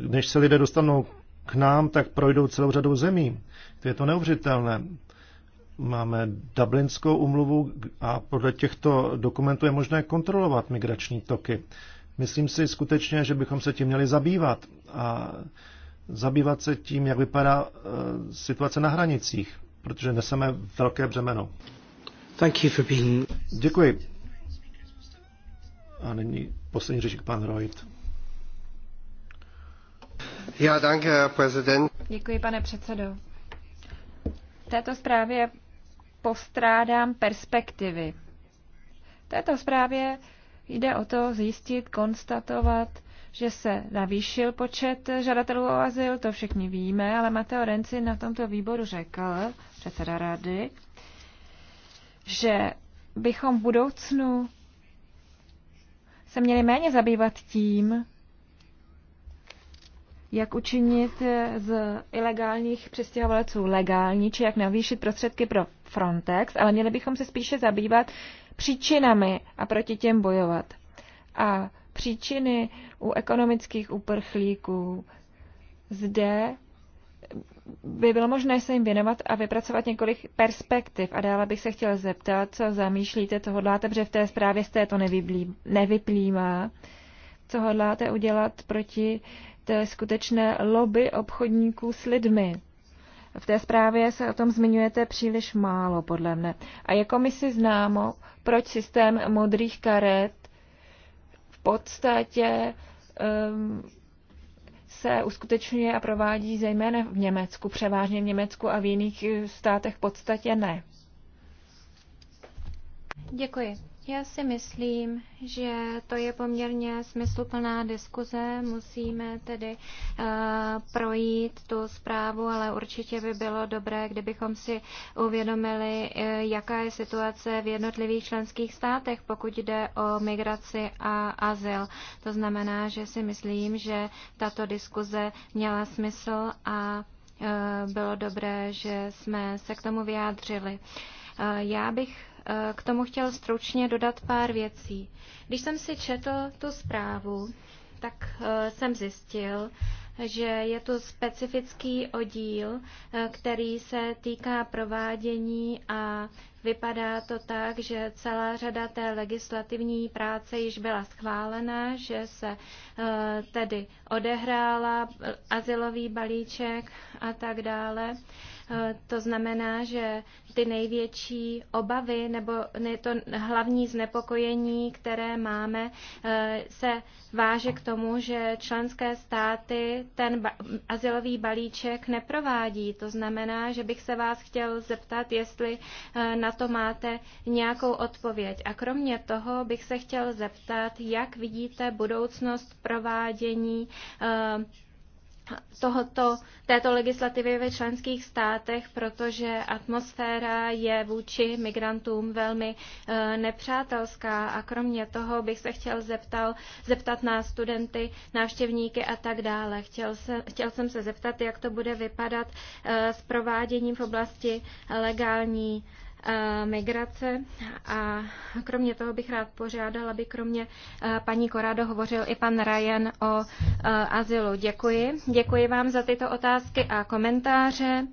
než se lidé dostanou k nám, tak projdou celou řadou zemí. To je to neuvěřitelné. Máme Dublinskou umluvu a podle těchto dokumentů je možné kontrolovat migrační toky. Myslím si skutečně, že bychom se tím měli zabývat a zabývat se tím, jak vypadá eh, situace na hranicích, protože neseme velké břemeno. Thank you for being... Děkuji. A nyní poslední řečník pan Reut. Děkuji, pane předsedo. V této zprávě postrádám perspektivy. V této zprávě jde o to zjistit, konstatovat, že se navýšil počet žadatelů o azyl, to všichni víme, ale Mateo Renci na tomto výboru řekl, předseda rady, že bychom v budoucnu se měli méně zabývat tím, jak učinit eh, z ilegálních přistěhovalců legální, či jak navýšit prostředky pro Frontex, ale měli bychom se spíše zabývat příčinami a proti těm bojovat. A příčiny u ekonomických uprchlíků zde by bylo možné se jim věnovat a vypracovat několik perspektiv. A dále bych se chtěla zeptat, co zamýšlíte, co hodláte, protože v té zprávě z této nevyplývá, co hodláte udělat proti té skutečné lobby obchodníků s lidmi. V té zprávě se o tom zmiňujete příliš málo, podle mne. A mi si známo, proč systém modrých karet v podstatě um, se uskutečňuje a provádí zejména v Německu, převážně v Německu a v jiných eh, státech v podstatě ne. Děkuji. Já si myslím, že to je poměrně smysluplná diskuze. Musíme tedy uh, projít tu zprávu, ale určitě by bylo dobré, kdybychom si uvědomili, uh, jaká je situace v jednotlivých členských státech, pokud jde o migraci a azyl. To znamená, že si myslím, že tato diskuze měla smysl a uh, bylo dobré, že jsme se k tomu vyjádřili. Uh, já bych Eh, k tomu chtěl stručně dodat pár věcí. Když jsem si četl tu zprávu, tak eh, jsem zjistil, že je to specifický oddíl, eh, který se týká provádění a vypadá to tak, že celá řada té legislativní práce již byla schválena, že se tedy odehrála azylový balíček a tak dále. Eh, to znamená, že ty největší obavy nebo to hlavní znepokojení, které máme, eh, se váže k tomu, že členské státy ten asilový balíček neprovádí. To znamená, že bych se vás chtěl zeptat, jestli eh, na to máte nějakou odpověď. A kromě toho bych se chtěl zeptat, jak vidíte budoucnost provádění tohoto, této legislativy ve členských státech, protože atmosféra je vůči migrantům velmi eh, nepřátelská a kromě toho bych se chtěl zeptal, zeptat na studenty, návštěvníky a tak dále. Chtěl, se, chtěl jsem se zeptat, jak to bude vypadat eh, s prováděním v oblasti legální Eh, migrace. A kromě toho bych rád požádal, aby kromě eh, paní Korádo hovořil i pan Ryan o eh, azylu. Děkuji. Děkuji vám za tyto otázky a komentáře.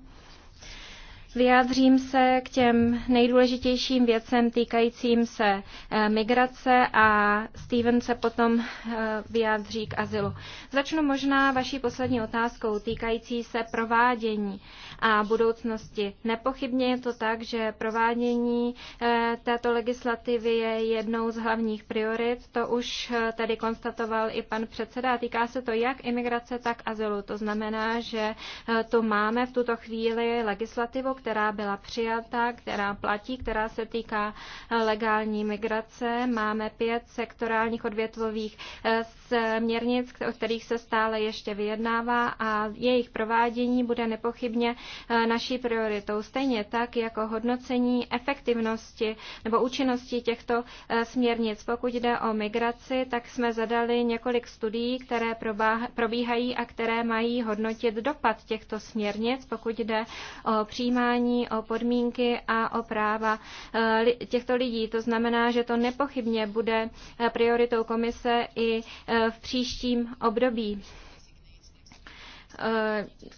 Vyjádřím se k těm nejdůležitějším věcem týkajícím se eh, migrace a Steven se potom eh, vyjádří k azylu. Začnu možná vaší poslední otázkou týkající se provádění a budoucnosti. Nepochybně je to tak, že provádění eh, této legislativy je jednou z hlavních priorit. To už tady konstatoval i pan předseda. Týká se to jak imigrace, tak azylu. To znamená, že to máme v tuto chvíli legislativu, která byla přijata, která platí, která se týká eh, legální migrace. Máme pět sektorálních odvětvových eh, směrnic, o kterých se stále ještě vyjednává a jejich provádění bude nepochybně eh, naší prioritou. Stejně tak jako hodnocení efektivnosti nebo účinnosti těchto směrnic. Pokud jde o migraci, tak jsme zadali několik studií, které probíhají a které mají hodnotit dopad těchto směrnic, pokud jde o přijímání jednání, o podmínky a o práva eh, těchto lidí. To znamená, že to nepochybně bude eh, prioritou komise i eh, v příštím období.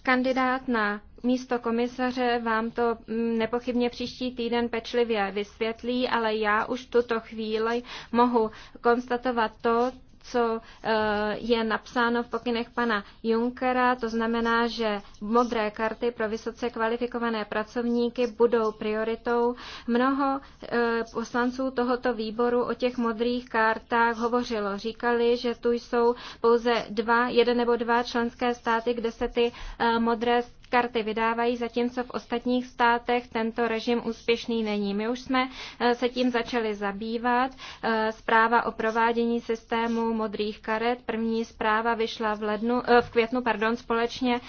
Kandidát na místo komisaře vám to mm, nepochybně příští týden pečlivě vysvětlí, ale já už tuto chvíli mohu konstatovat to, co eh, je napsáno v pokynech pana Junkera, to znamená, že modré karty pro vysoce kvalifikované pracovníky budou prioritou. Mnoho eh, poslanců tohoto výboru o těch modrých kartách hovořilo. Říkali, že tu jsou pouze dva, jeden nebo dva členské státy, kde se ty eh, modré karty vydávají, zatímco v ostatních státech tento režim úspěšný není. My už jsme eh, se tím začali zabývat. Eh, zpráva o provádění systému modrých karet, první zpráva vyšla v, lednu, eh, v květnu pardon, společně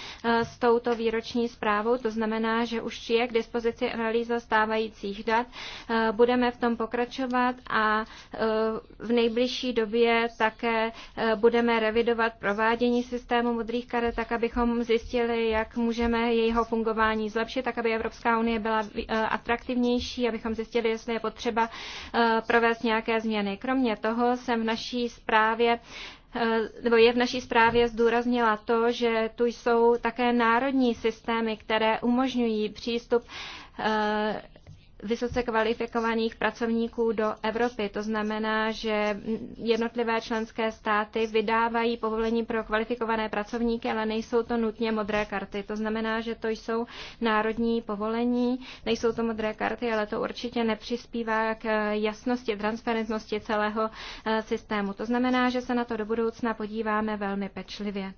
s touto výroční zprávou, to znamená, že už je k dispozici analýza stávajících dat. Budeme v tom pokračovat a v nejbližší době také budeme revidovat provádění systému modrých karet, tak abychom zjistili, jak můžeme můžeme jeho fungování zlepšit, tak aby Evropská unie byla eh, atraktivnější, abychom zjistili, jestli je potřeba eh, provést nějaké změny. Kromě toho jsem v naší zprávě eh, nebo je v naší zprávě zdůraznila to, že tu jsou také národní systémy, které umožňují přístup vysoce kvalifikovaných pracovníků do Evropy. To znamená, že jednotlivé členské státy vydávají povolení pro kvalifikované pracovníky, ale nejsou to nutně modré karty. To znamená, že to jsou národní povolení, nejsou to modré karty, ale to určitě nepřispívá k eh, jasnosti, transparentnosti celého eh, systému. To znamená, že se na to do budoucna podíváme velmi pečlivě.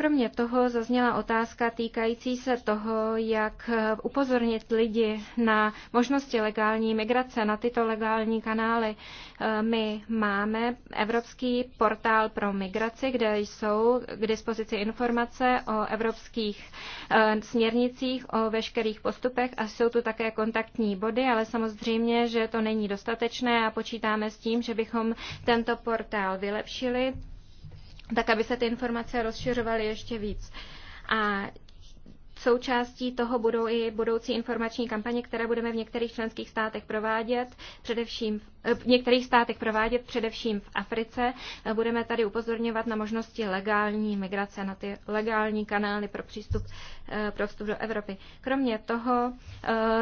Kromě toho zazněla otázka týkající se toho, jak upozornit lidi na možnosti legální migrace, na tyto legální kanály. Eh, my máme Evropský portál pro migraci, kde jsou k dispozici informace o evropských eh, směrnicích, o veškerých postupech a jsou tu také kontaktní body, ale samozřejmě, že to není dostatečné a počítáme s tím, že bychom tento portál vylepšili tak aby se ty informace rozšiřovaly ještě víc. A Součástí toho budou i budoucí informační kampaně, které budeme v některých členských státech provádět, především v eh, některých státech provádět, především v Africe. Eh, budeme tady upozorňovat na možnosti legální migrace, na ty legální kanály pro přístup eh, pro vstup do Evropy. Kromě toho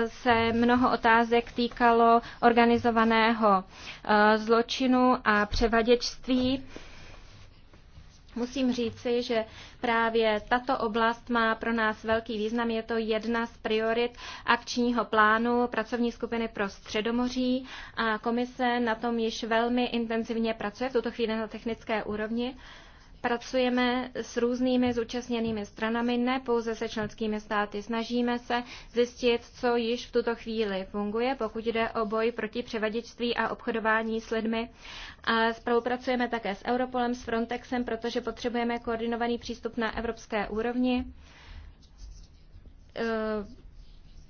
se mnoho otázek týkalo organizovaného zločinu a převaděčství. Musím říci, že právě tato oblast má pro nás velký význam. Je to jedna z priorit akčního plánu pracovní skupiny pro Středomoří a komise na tom již velmi intenzivně pracuje v tuto chvíli na technické úrovni. Pracujeme s různými zúčastněnými stranami, ne pouze se členskými státy. Snažíme se zjistit, co již v tuto chvíli funguje, pokud jde o boj proti převaděčství a obchodování s lidmi. A spolupracujeme také s Europolem, s Frontexem, protože potřebujeme koordinovaný přístup na evropské úrovni e,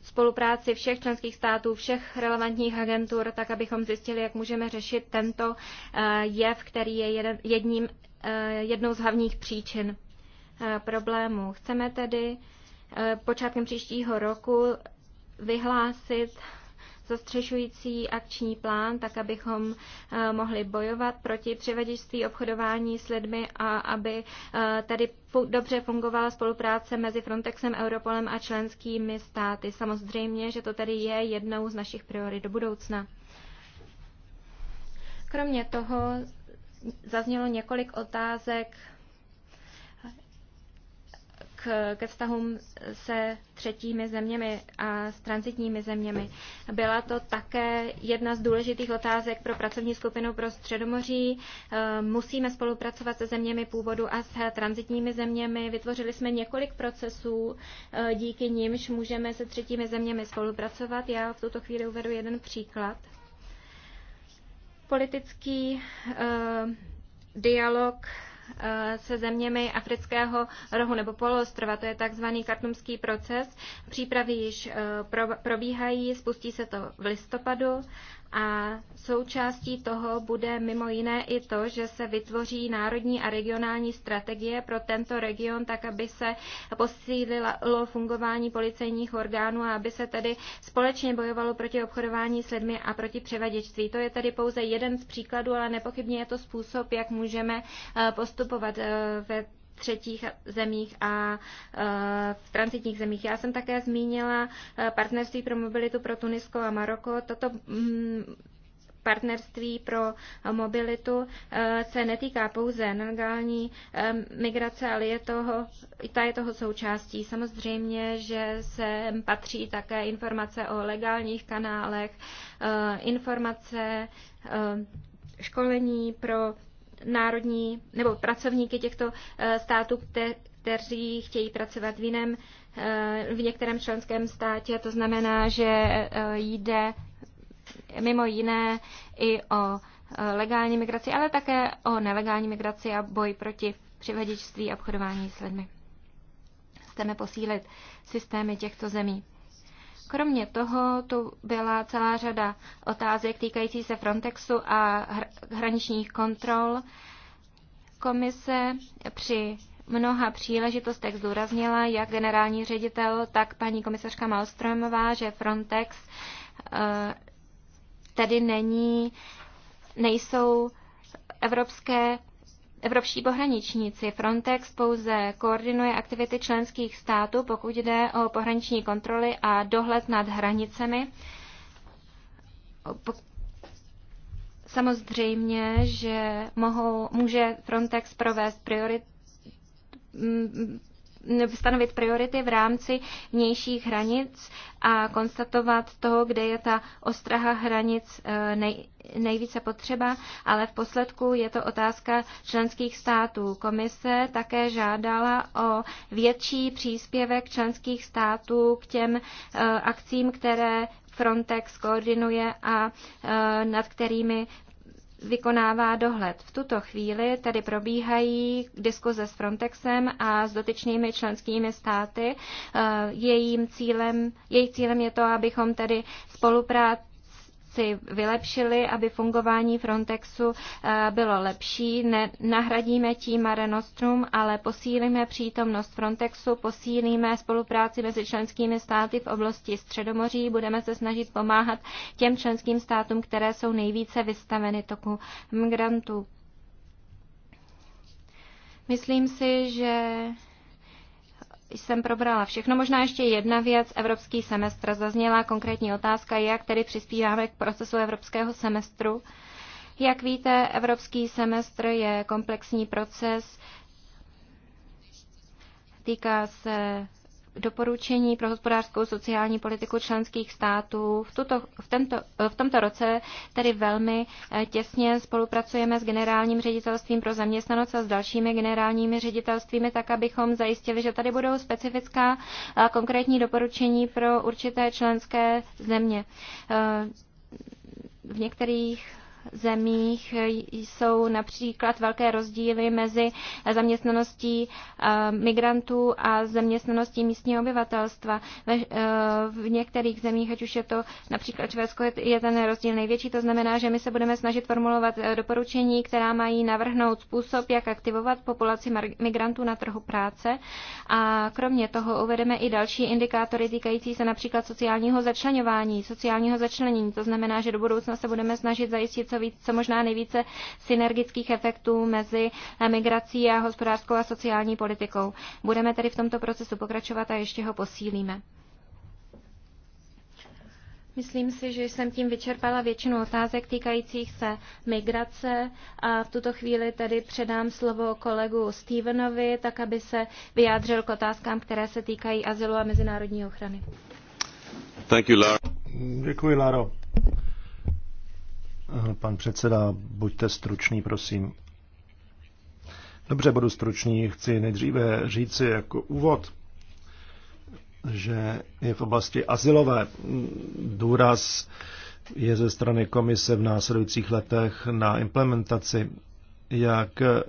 spolupráci všech členských států, všech relevantních agentur, tak abychom zjistili, jak můžeme řešit tento e, jev, který je jedním Eh, jednou z hlavních příčin eh, problémů. Chceme tedy eh, počátkem příštího roku vyhlásit zastřešující akční plán, tak abychom mohli bojovat proti převaděčství, obchodování s lidmi a aby tady dobře fungovala spolupráce mezi Frontexem, Europolem a členskými státy. Samozřejmě, že to tady je jednou z našich priorit do budoucna. Kromě toho zaznělo několik otázek k, ke vztahům se třetími zeměmi a s transitními zeměmi. Byla to také jedna z důležitých otázek pro pracovní skupinu pro Středomoří. Eh, musíme spolupracovat se zeměmi původu a s transitními zeměmi. Vytvořili jsme několik procesů, eh, díky nimž můžeme se třetími zeměmi spolupracovat. Já v tuto chvíli uvedu jeden příklad. Politický eh, dialog eh, se zeměmi afrického rohu nebo poloostrova. To je takzvaný kartumský proces. Přípravy již eh, probíhají, spustí se to v listopadu a součástí toho bude mimo jiné i to, že se vytvoří národní a regionální strategie pro tento region, tak aby se posílilo fungování policejních orgánů a aby se tedy společně bojovalo proti obchodování s lidmi a proti převaděčství. To je tedy pouze jeden z příkladů, ale nepochybně je to způsob, jak můžeme eh, postupovat eh, ve třetích zemích a v e, transitních zemích. Já jsem také zmínila e, partnerství pro mobilitu pro Tunisko a Maroko. Toto mm, partnerství pro mobilitu e, se netýká pouze nelegální migrace, ale je toho, ta je toho součástí. Samozřejmě, že se patří také informace o legálních kanálech, informace, školení pro národní nebo pracovníky těchto eh, států, kteří chtějí pracovat v jiném, eh, v některém členském státě. To znamená, že eh, jde mimo jiné i o legální migraci, ale také o nelegální migraci a boj proti přivaděčství a obchodování s lidmi. Chceme posílit systémy těchto zemí. Kromě toho tu byla celá řada otázek týkající se Frontexu a hraničních kontrol. Komise při mnoha příležitostech zdůraznila, jak generální ředitel, tak paní komisařka Malstromová, že Frontex eh, tedy není, nejsou evropské Evropští pohraničníci. Frontex pouze koordinuje aktivity členských států, pokud jde o pohraniční kontroly a dohled nad hranicemi. Samozřejmě, že mohou, může Frontex provést priorit, stanovit priority v rámci vnějších hranic a konstatovat to, kde je ta ostraha hranic eh, nej, nejvíce potřeba, ale v posledku je to otázka členských států. Komise také žádala o větší příspěvek členských států k těm eh, akcím, které Frontex koordinuje a eh, nad kterými vykonává dohled. V tuto chvíli tady probíhají diskuze s Frontexem a s dotyčnými členskými státy. Eh, jejím cílem, jejich cílem je to, abychom tedy spolupráci věci vylepšili, aby fungování Frontexu eh, bylo lepší. Ne, nahradíme tím Mare Nostrum, ale posílíme přítomnost Frontexu, posílíme spolupráci mezi členskými státy v oblasti Středomoří, budeme se snažit pomáhat těm členským státům, které jsou nejvíce vystaveny toku migrantů. Myslím si, že jsem probrala všechno. Možná ještě jedna věc, evropský semestr. Zazněla konkrétní otázka, jak tedy přispíváme k procesu evropského semestru. Jak víte, evropský semestr je komplexní proces, týká se doporučení pro hospodářskou sociální politiku členských států. V, tuto, v, tento, v tomto roce tedy velmi eh, těsně spolupracujeme s generálním ředitelstvím pro zaměstnanost a s dalšími generálními ředitelstvími, tak abychom zajistili, že tady budou specifická eh, konkrétní doporučení pro určité členské země. Eh, v některých zemích jsou například velké rozdíly mezi zaměstnaností eh, migrantů a zaměstnaností místního obyvatelstva. Eh, v některých zemích, ať už je to například Švédsko, je ten rozdíl největší. To znamená, že my se budeme snažit formulovat eh, doporučení, která mají navrhnout způsob, jak aktivovat populaci migrantů na trhu práce. A kromě toho uvedeme i další indikátory týkající se například sociálního začlenování, sociálního začlenění. To znamená, že do budoucna se budeme snažit zajistit co, víc, co možná nejvíce synergických efektů mezi migrací a hospodářskou a sociální politikou. Budeme tedy v tomto procesu pokračovat a ještě ho posílíme. Myslím si, že jsem tím vyčerpala většinu otázek týkajících se migrace a v tuto chvíli tedy předám slovo kolegu Stevenovi, tak aby se vyjádřil k otázkám, které se týkají azylu a mezinárodní ochrany. Thank you, Lara. Děkuji, Laro. Eh, pan předseda, buďte stručný, prosím. Dobře, budu stručný. Chci nejdříve říci jako úvod, že je v oblasti asilové důraz je ze strany komise v následujících letech na implementaci, jak eh,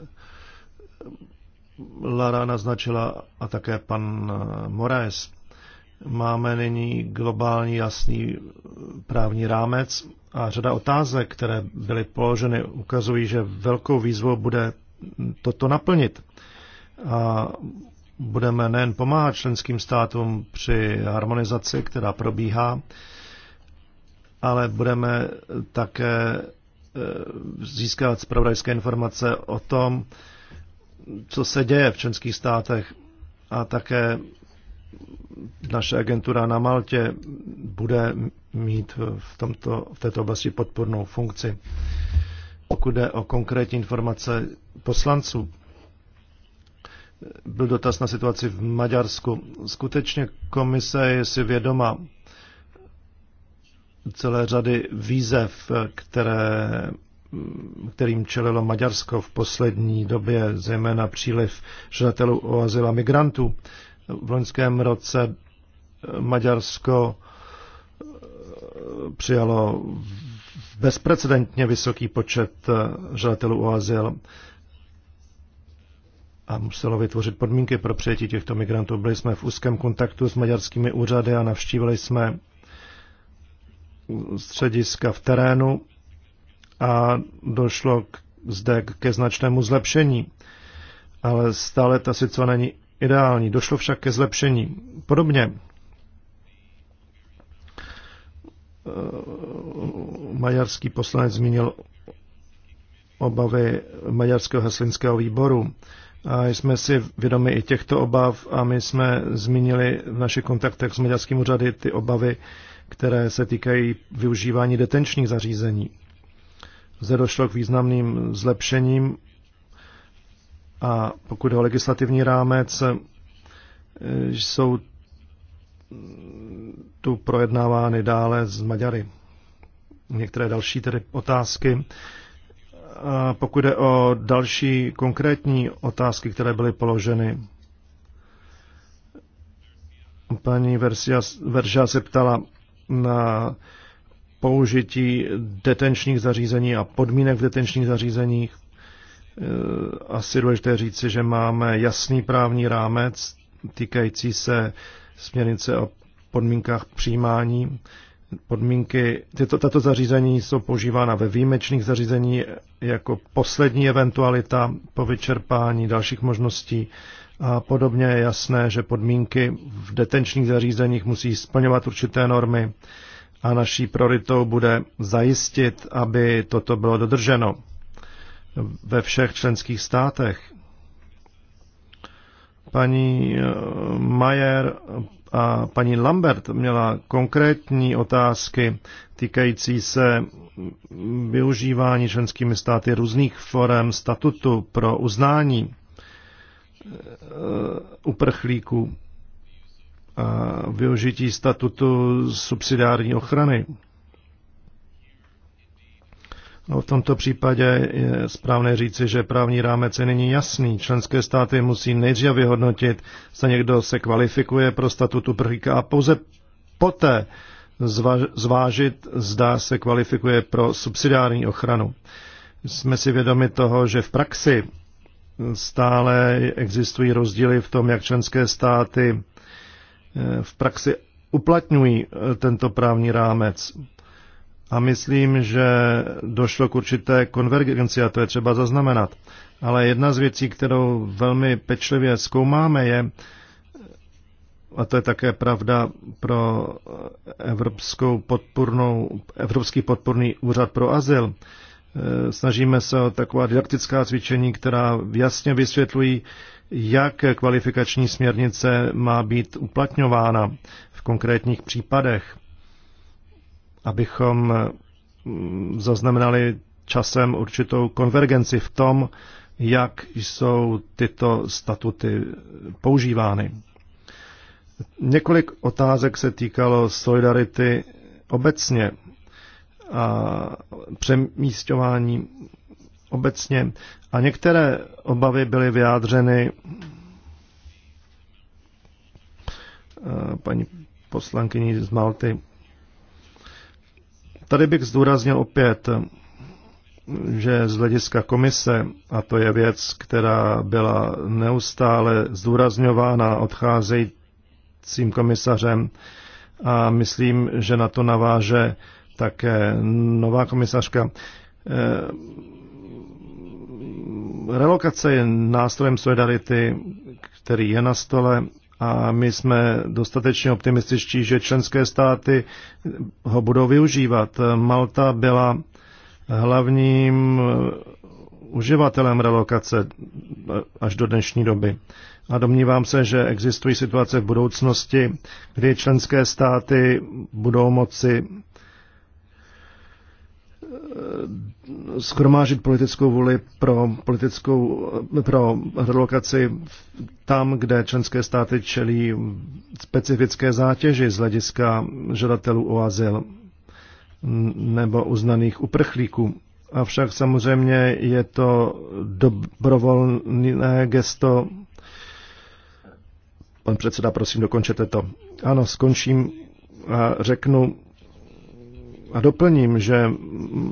Lara naznačila a také pan eh, Moraes. Máme nyní globální jasný právní rámec a řada otázek, které byly položeny, ukazují, že velkou výzvou bude toto naplnit. A budeme nejen pomáhat členským státům při harmonizaci, která probíhá, ale budeme také eh, získávat zpravodajské informace o tom, co se děje v členských státech a také naše agentura na Maltě bude mít v, tomto, v této oblasti podpornou funkci. Pokud jde o konkrétní informace poslanců, byl dotaz na situaci v Maďarsku. Skutečně komise je si vědoma celé řady výzev, které, kterým čelilo Maďarsko v poslední době, zejména příliv žadatelů o azyl a migrantů. V loňském roce Maďarsko eh, přijalo bezprecedentně vysoký počet eh, žadatelů o azyl a muselo vytvořit podmínky pro přijetí těchto migrantů. Byli jsme v úzkém kontaktu s maďarskými úřady a navštívili jsme střediska v terénu a došlo k, zde ke značnému zlepšení. Ale stále ta situace není ideální. Došlo však ke zlepšení. Podobně eh, maďarský poslanec zmínil obavy maďarského heslinského výboru. A jsme si vědomi i těchto obav a my jsme zmínili v našich kontaktech s maďarským úřady ty obavy, které se týkají využívání detenčních zařízení. Zde došlo k významným zlepšením a pokud o legislativní rámec, eh, jsou tu projednávány dále z Maďary. Některé další tedy otázky. A pokud jde o další konkrétní otázky, které byly položeny, paní Versia, Verža se ptala na použití detenčních zařízení a podmínek v detenčních zařízeních. Eh, asi důležité říci, že máme jasný právní rámec týkající se směrnice o podmínkách přijímání. Podmínky, tyto, tato zařízení jsou používána ve výjimečných zařízení jako poslední eventualita po vyčerpání dalších možností a podobně je jasné, že podmínky v detenčních zařízeních musí splňovat určité normy a naší prioritou bude zajistit, aby toto bylo dodrženo ve všech členských státech. Paní eh, Majer a paní Lambert měla konkrétní otázky týkající se využívání členskými státy různých forem statutu pro uznání eh, uprchlíků a využití statutu subsidiární ochrany. No, v tomto případě je správné říci, že právní rámec je nyní jasný. Členské státy musí nejdříve vyhodnotit, zda někdo se kvalifikuje pro statut uprchlíka a pouze poté zvážit, zda se kvalifikuje pro subsidiární ochranu. Jsme si vědomi toho, že v praxi stále existují rozdíly v tom, jak členské státy eh, v praxi uplatňují eh, tento právní rámec. A myslím, že došlo k určité konvergenci a to je třeba zaznamenat. Ale jedna z věcí, kterou velmi pečlivě zkoumáme, je, a to je také pravda pro Evropskou podpornou, Evropský podporný úřad pro azyl, snažíme se o taková didaktická cvičení, která jasně vysvětlují, jak kvalifikační směrnice má být uplatňována v konkrétních případech abychom mm, zaznamenali časem určitou konvergenci v tom, jak jsou tyto statuty používány. Několik otázek se týkalo solidarity obecně a přemístování obecně. A některé obavy byly vyjádřeny eh, paní poslankyní z Malty. Tady bych zdůraznil opět, že z hlediska komise, a to je věc, která byla neustále zdůrazňována odcházejícím komisařem, a myslím, že na to naváže také nová komisařka. Eh, relokace je nástrojem solidarity, který je na stole a my jsme dostatečně optimističtí, že členské státy ho budou využívat. Malta byla hlavním uživatelem relokace až do dnešní doby. A domnívám se, že existují situace v budoucnosti, kdy členské státy budou moci schromážit politickou vůli pro, politickou, pro relokaci tam, kde členské státy čelí specifické zátěži z hlediska žadatelů o azyl nebo uznaných uprchlíků. Avšak samozřejmě je to dobrovolné gesto. Pan předseda, prosím, dokončete to. Ano, skončím a řeknu, a doplním, že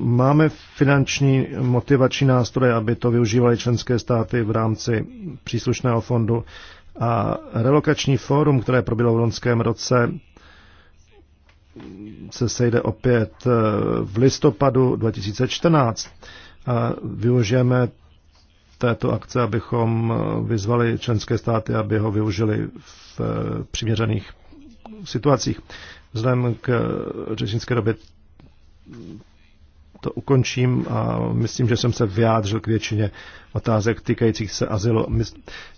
máme finanční motivační nástroje, aby to využívaly členské státy v rámci příslušného fondu. A relokační fórum, které proběhlo v loňském roce, se sejde opět eh, v listopadu 2014. A využijeme této akce, abychom eh, vyzvali členské státy, aby ho využili v eh, přiměřených situacích. Vzhledem k řečnické době to ukončím a myslím, že jsem se vyjádřil k většině otázek týkajících se azylu.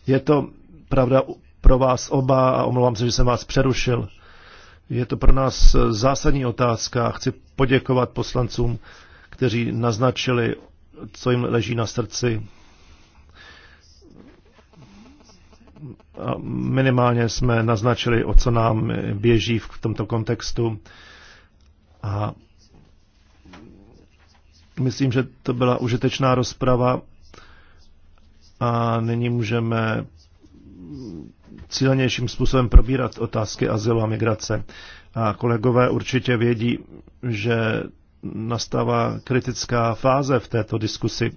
Je to pravda pro vás oba a omlouvám se, že jsem vás přerušil. Je to pro nás zásadní otázka a chci poděkovat poslancům, kteří naznačili, co jim leží na srdci. A minimálně jsme naznačili, o co nám běží v tomto kontextu. A Myslím, že to byla užitečná rozprava a nyní můžeme cílenějším způsobem probírat otázky azylu a migrace. A kolegové určitě vědí, že nastává kritická fáze v této diskusi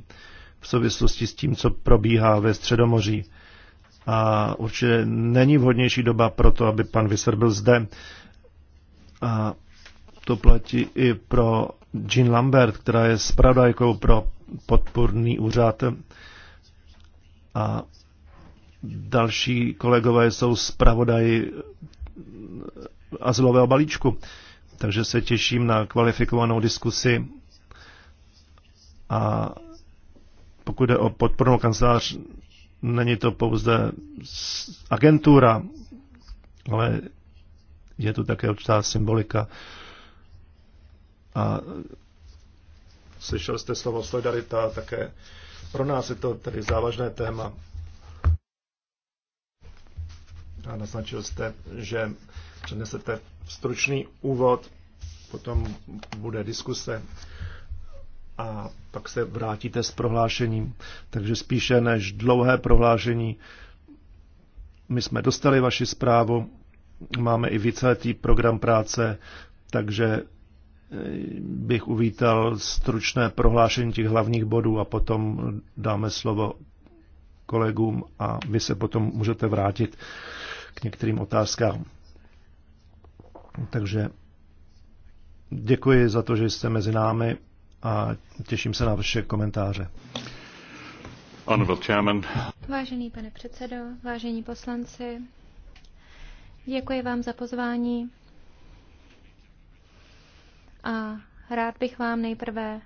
v souvislosti s tím, co probíhá ve Středomoří. A určitě není vhodnější doba pro to, aby pan Vyser byl zde. A to platí i pro Jean Lambert, která je zpravodajkou pro podpůrný úřad a další kolegové jsou zpravodaji azylového balíčku. Takže se těším na kvalifikovanou diskusi a pokud jde o podpornou kancelář, není to pouze agentura, ale je tu také určitá symbolika a slyšel jste slovo solidarita také. Pro nás je to tedy závažné téma. A naznačil jste, že přednesete stručný úvod, potom bude diskuse a pak se vrátíte s prohlášením. Takže spíše než dlouhé prohlášení, my jsme dostali vaši zprávu, máme i víceletý program práce, takže bych uvítal stručné prohlášení těch hlavních bodů a potom dáme slovo kolegům a vy se potom můžete vrátit k některým otázkám. Takže děkuji za to, že jste mezi námi a těším se na vaše komentáře. Vážený pane předsedo, vážení poslanci, děkuji vám za pozvání a rád bych vám nejprve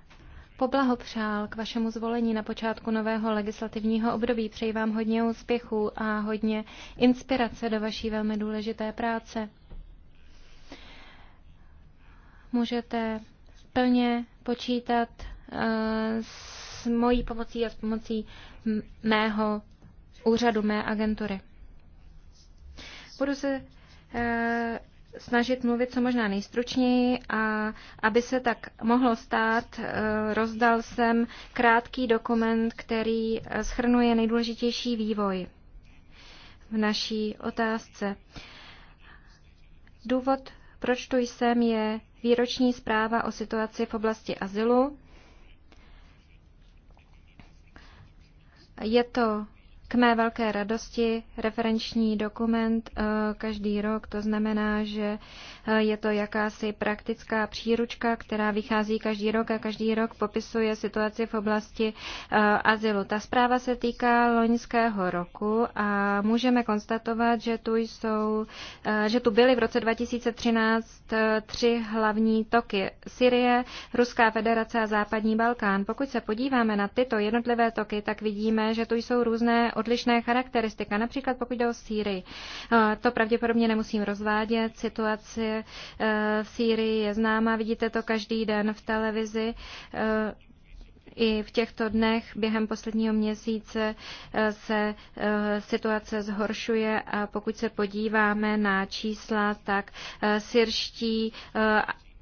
poblahopřál k vašemu zvolení na počátku nového legislativního období. Přeji vám hodně úspěchů a hodně inspirace do vaší velmi důležité práce. Můžete plně počítat eh, s mojí pomocí a s pomocí mého úřadu, mé agentury. Budu se eh, snažit mluvit co možná nejstručněji a aby se tak mohlo stát, eh, rozdal jsem krátký dokument, který eh, schrnuje nejdůležitější vývoj v naší otázce. Důvod, proč tu jsem, je výroční zpráva o situaci v oblasti azylu. Je to k mé velké radosti referenční dokument eh, každý rok, to znamená, že eh, je to jakási praktická příručka, která vychází každý rok a každý rok popisuje situaci v oblasti eh, azylu. Ta zpráva se týká loňského roku a můžeme konstatovat, že tu, jsou, že tu byly v roce 2013 tři hlavní toky. Syrie, Ruská federace a Západní Balkán. Pokud se podíváme na tyto jednotlivé toky, tak vidíme, že tu jsou různé odlišné charakteristika. Například pokud jde o Sýrii, to pravděpodobně nemusím rozvádět. Situace e, v Sýrii je známá, vidíte to každý den v televizi e, i v těchto dnech během posledního měsíce e, se situace zhoršuje a pokud se podíváme na čísla, tak syrští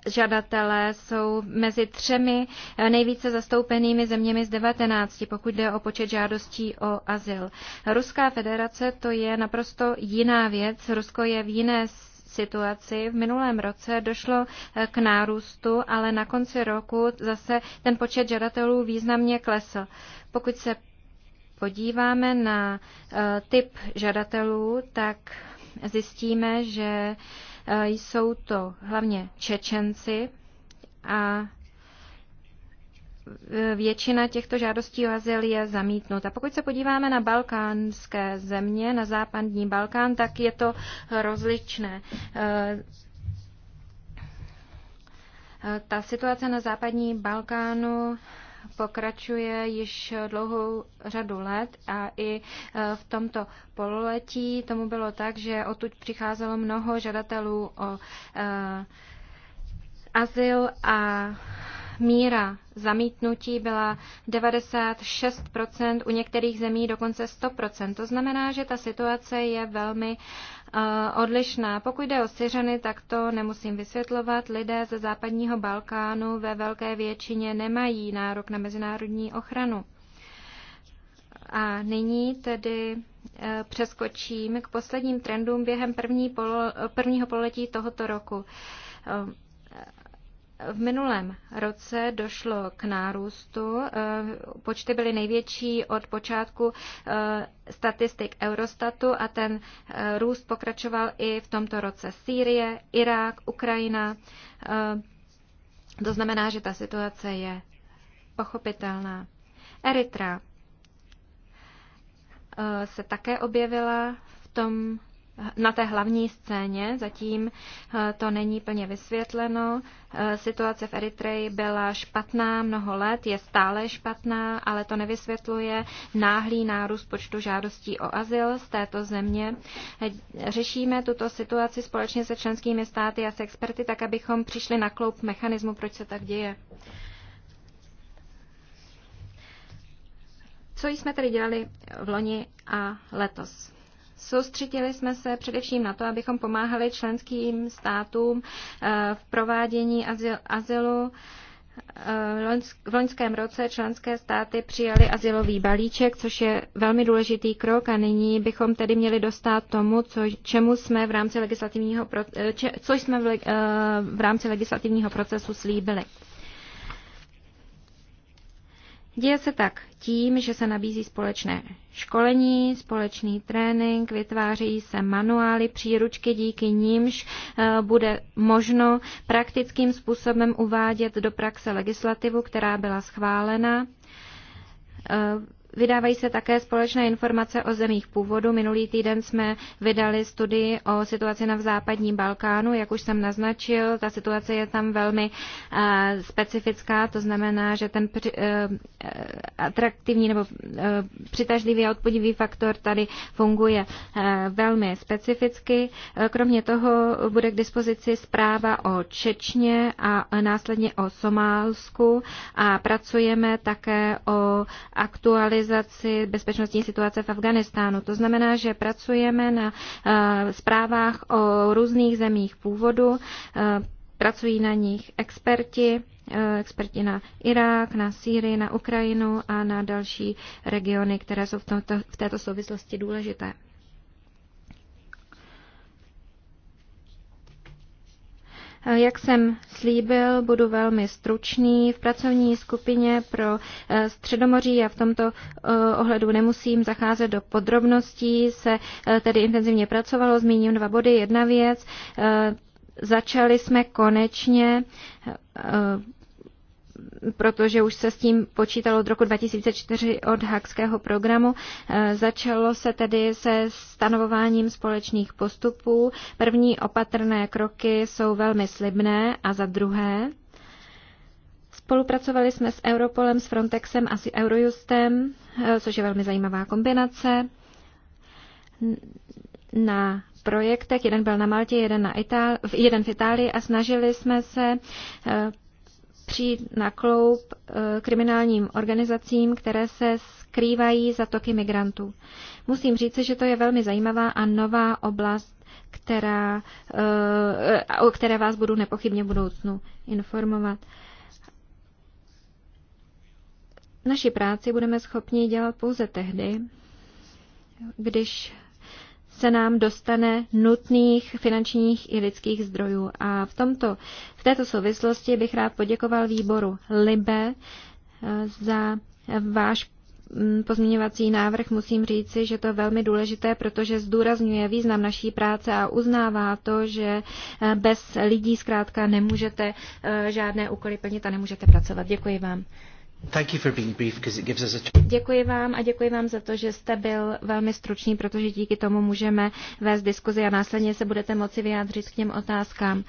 žadatelé jsou mezi třemi eh, nejvíce zastoupenými zeměmi z 19, pokud jde o počet žádostí o azyl. Ruská federace to je naprosto jiná věc. Rusko je v jiné situaci. V minulém roce došlo eh, k nárůstu, ale na konci roku zase ten počet žadatelů významně klesl. Pokud se podíváme na eh, typ žadatelů, tak zjistíme, že uh, Eh, jsou to hlavně Čečenci a eh, většina těchto žádostí o azyl je zamítnuta. Pokud se podíváme na balkánské země, na západní Balkán, tak je to rozličné. Eh, ta situace na západní Balkánu pokračuje již dlouhou řadu let a i e, v tomto pololetí tomu bylo tak, že odtud přicházelo mnoho žadatelů o e, azyl a míra zamítnutí byla 96%, u některých zemí dokonce 100%. To znamená, že ta situace je velmi eh, odlišná. Pokud jde o Syřany, tak to nemusím vysvětlovat. Lidé ze západního Balkánu ve velké většině nemají nárok na mezinárodní ochranu. A nyní tedy eh, přeskočím k posledním trendům během první polo, prvního pololetí tohoto roku. Eh, v minulém roce došlo k nárůstu. Eh, počty byly největší od počátku eh, statistik Eurostatu a ten eh, růst pokračoval i v tomto roce. Sýrie, Irák, Ukrajina. To znamená, že ta situace je pochopitelná. Eritra se také objevila v tom na té hlavní scéně, zatím eh, to není plně vysvětleno. Eh, situace v Eritreji byla špatná mnoho let, je stále špatná, ale to nevysvětluje náhlý nárůst počtu žádostí o azyl z této země. Eh, řešíme tuto situaci společně se členskými státy a s experty, tak abychom přišli na kloup mechanismu, proč se tak děje. Co jsme tedy dělali v loni a letos? Soustředili jsme se především na to, abychom pomáhali členským státům eh, v provádění azylu. Eh, v loňském roce členské státy přijali asilový balíček, což je velmi důležitý krok a nyní bychom tedy měli dostat tomu, co, čemu jsme v rámci legislativního, eh, co jsme v, v rámci legislativního procesu slíbili. Děje se tak tím, že se nabízí společné školení, společný trénink, vytváří se manuály, příručky, díky nímž eh, bude možno praktickým způsobem uvádět do praxe legislativu, která byla schválena eh, Vydávají se také společné informace o zemích původu. Minulý týden jsme vydali studii o situaci na západním Balkánu. Jak už jsem naznačil, ta situace je tam velmi eh, specifická, to znamená, že ten eh, eh, atraktivní nebo přitažlivý a odpodivý faktor tady funguje velmi specificky. Kromě toho bude k dispozici zpráva o Čečně a následně o Somálsku a pracujeme také o aktualizaci stabilizaci bezpečnostní situace v Afganistánu. To znamená, že pracujeme na eh, zprávách o různých zemích původu, eh, pracují na nich experti, eh, experti na Irák, na Sýrii, na Ukrajinu a na další regiony, které jsou v, tomto, v této souvislosti důležité. Eh, jak jsem slíbil, budu velmi stručný. V pracovní skupině pro eh, Středomoří a v tomto eh, ohledu nemusím zacházet do podrobností, se tedy intenzivně pracovalo. Zmíním dva body. Jedna věc, začali jsme konečně protože už se s tím počítalo od roku 2004 od Hackského programu. Eh, začalo se tedy se stanovováním společných postupů. První opatrné kroky jsou velmi slibné a za druhé Spolupracovali jsme s Europolem, s Frontexem a s Eurojustem, eh, což je velmi zajímavá kombinace. Na projektech, jeden byl na Maltě, jeden, na Itál- jeden v Itálii a snažili jsme se eh, přijít na kloup eh, kriminálním organizacím, které se skrývají za toky migrantů. Musím říct, že to je velmi zajímavá a nová oblast, která, eh, o které vás budu nepochybně v budoucnu informovat. Naši práci budeme schopni dělat pouze tehdy, když se nám dostane nutných finančních i lidských zdrojů. A v, tomto, v této souvislosti bych rád poděkoval výboru LIBE eh, za váš mm, pozměňovací návrh musím říci, že to je velmi důležité, protože zdůrazňuje význam naší práce a uznává to, že eh, bez lidí zkrátka nemůžete eh, žádné úkoly plnit a nemůžete pracovat. Děkuji vám. Děkuji vám a děkuji vám za to, že jste byl velmi stručný, protože díky tomu můžeme vést diskuzi a následně se budete moci vyjádřit k těm otázkám.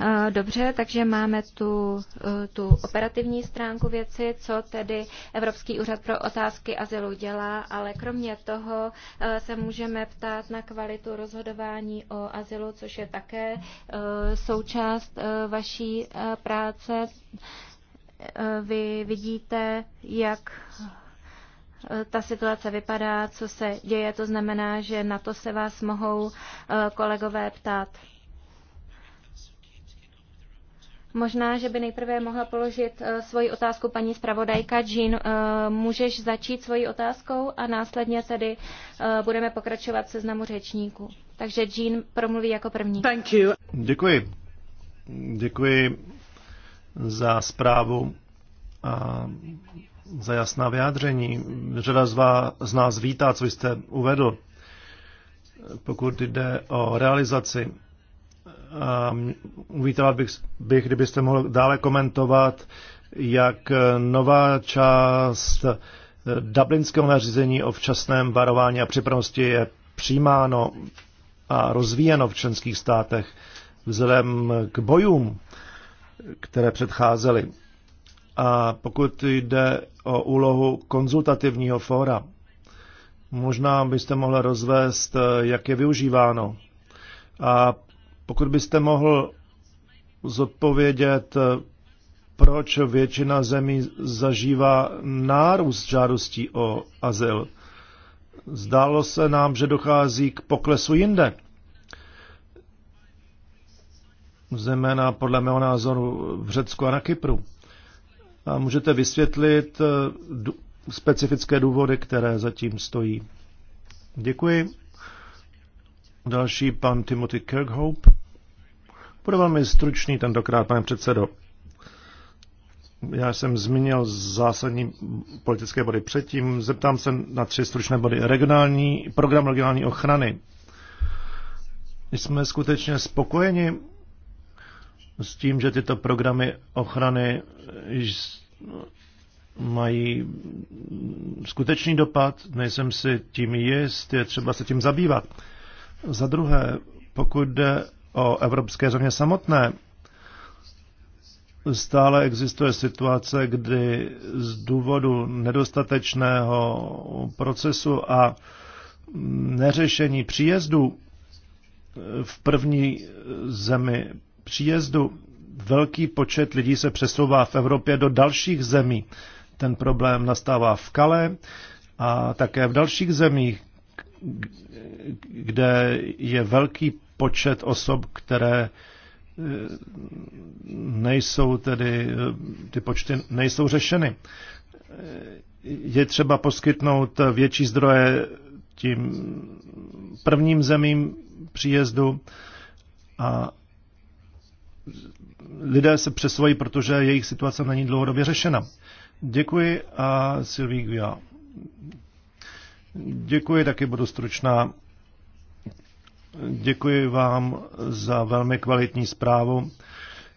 Eh, dobře, takže máme tu, eh, tu operativní stránku věci, co tedy Evropský úřad pro otázky azylu dělá, ale kromě toho eh, se můžeme ptát na kvalitu rozhodování o azylu, což je také součást vaší práce. Eh, vy vidíte, jak eh, ta situace vypadá, co se děje. To znamená, že na to se vás mohou eh, kolegové ptát. Možná, že by nejprve mohla položit svoji otázku paní zpravodajka. Jean, můžeš začít svoji otázkou a následně tedy budeme pokračovat se seznamu řečníků. Takže Jean promluví jako první. Thank you. Děkuji. Děkuji za zprávu a za jasná vyjádření. Řada z, vás, z nás vítá, co jste uvedl, pokud jde o realizaci. A uvítala bych, bych, kdybyste mohl dále komentovat, jak nová část Dublinského nařízení o včasném varování a připravenosti je přijímáno a rozvíjeno v členských státech vzhledem k bojům, které předcházely. A pokud jde o úlohu konzultativního fóra, možná byste mohl rozvést, jak je využíváno. A pokud byste mohl zodpovědět, proč většina zemí zažívá nárůst žádostí o azyl. Zdálo se nám, že dochází k poklesu jinde zejména podle mého názoru v Řecku a na Kypru. A můžete vysvětlit eh, specifické důvody, které zatím stojí. Děkuji. Další pan Timothy Kirkhope. Bude velmi stručný tentokrát, pane předsedo. Já jsem zmínil zásadní politické body předtím. Zeptám se na tři stručné body. Regionální, program regionální ochrany. Jsme skutečně spokojeni s tím, že tyto programy ochrany mají skutečný dopad, nejsem si tím jist, je třeba se tím zabývat. Za druhé, pokud jde o evropské země samotné, stále existuje situace, kdy z důvodu nedostatečného procesu a neřešení příjezdu v první zemi příjezdu velký počet lidí se přesouvá v Evropě do dalších zemí. Ten problém nastává v Kale a také v dalších zemích, kde je velký počet osob, které eh, nejsou tedy, eh, ty počty nejsou řešeny. Eh, je třeba poskytnout větší zdroje tím prvním zemím příjezdu a lidé se přesvojí, protože jejich situace není dlouhodobě řešena. Děkuji a Sylvie Guia. Děkuji, taky budu stručná. Děkuji vám za velmi kvalitní zprávu.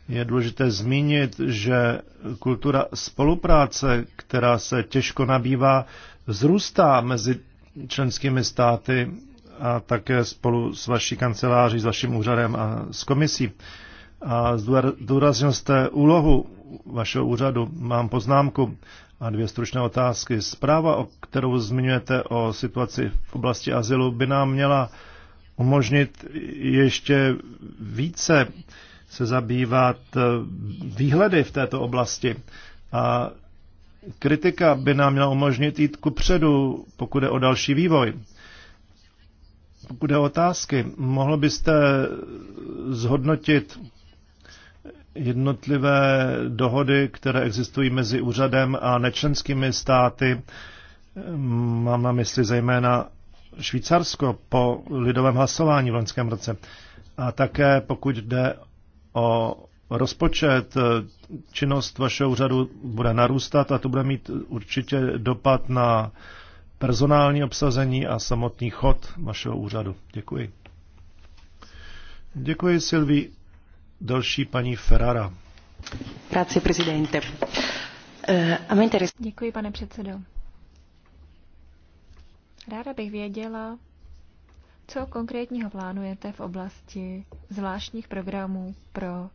Je důležité zmínit, že kultura spolupráce, která se těžko nabývá, vzrůstá mezi členskými státy a také spolu s vaší kanceláří, s vaším úřadem a s komisí a zdůraznil jste úlohu vašeho úřadu. Mám poznámku a dvě stručné otázky. Zpráva, o kterou zmiňujete o situaci v oblasti azylu, by nám měla umožnit ještě více se zabývat eh, výhledy v této oblasti. A kritika by nám měla umožnit jít ku předu, pokud je o další vývoj. Pokud je o otázky, mohl byste zhodnotit jednotlivé dohody, které existují mezi úřadem a nečlenskými státy, mám na mysli zejména Švýcarsko po lidovém hlasování v loňském roce. A také pokud jde o rozpočet, činnost vašeho úřadu bude narůstat a to bude mít určitě dopad na personální obsazení a samotný chod vašeho úřadu. Děkuji. Děkuji, Silví. Další paní Ferrara. Grazie, eh, Děkuji, pane předsedo. Ráda bych věděla, co konkrétního plánujete v oblasti zvláštních programů pro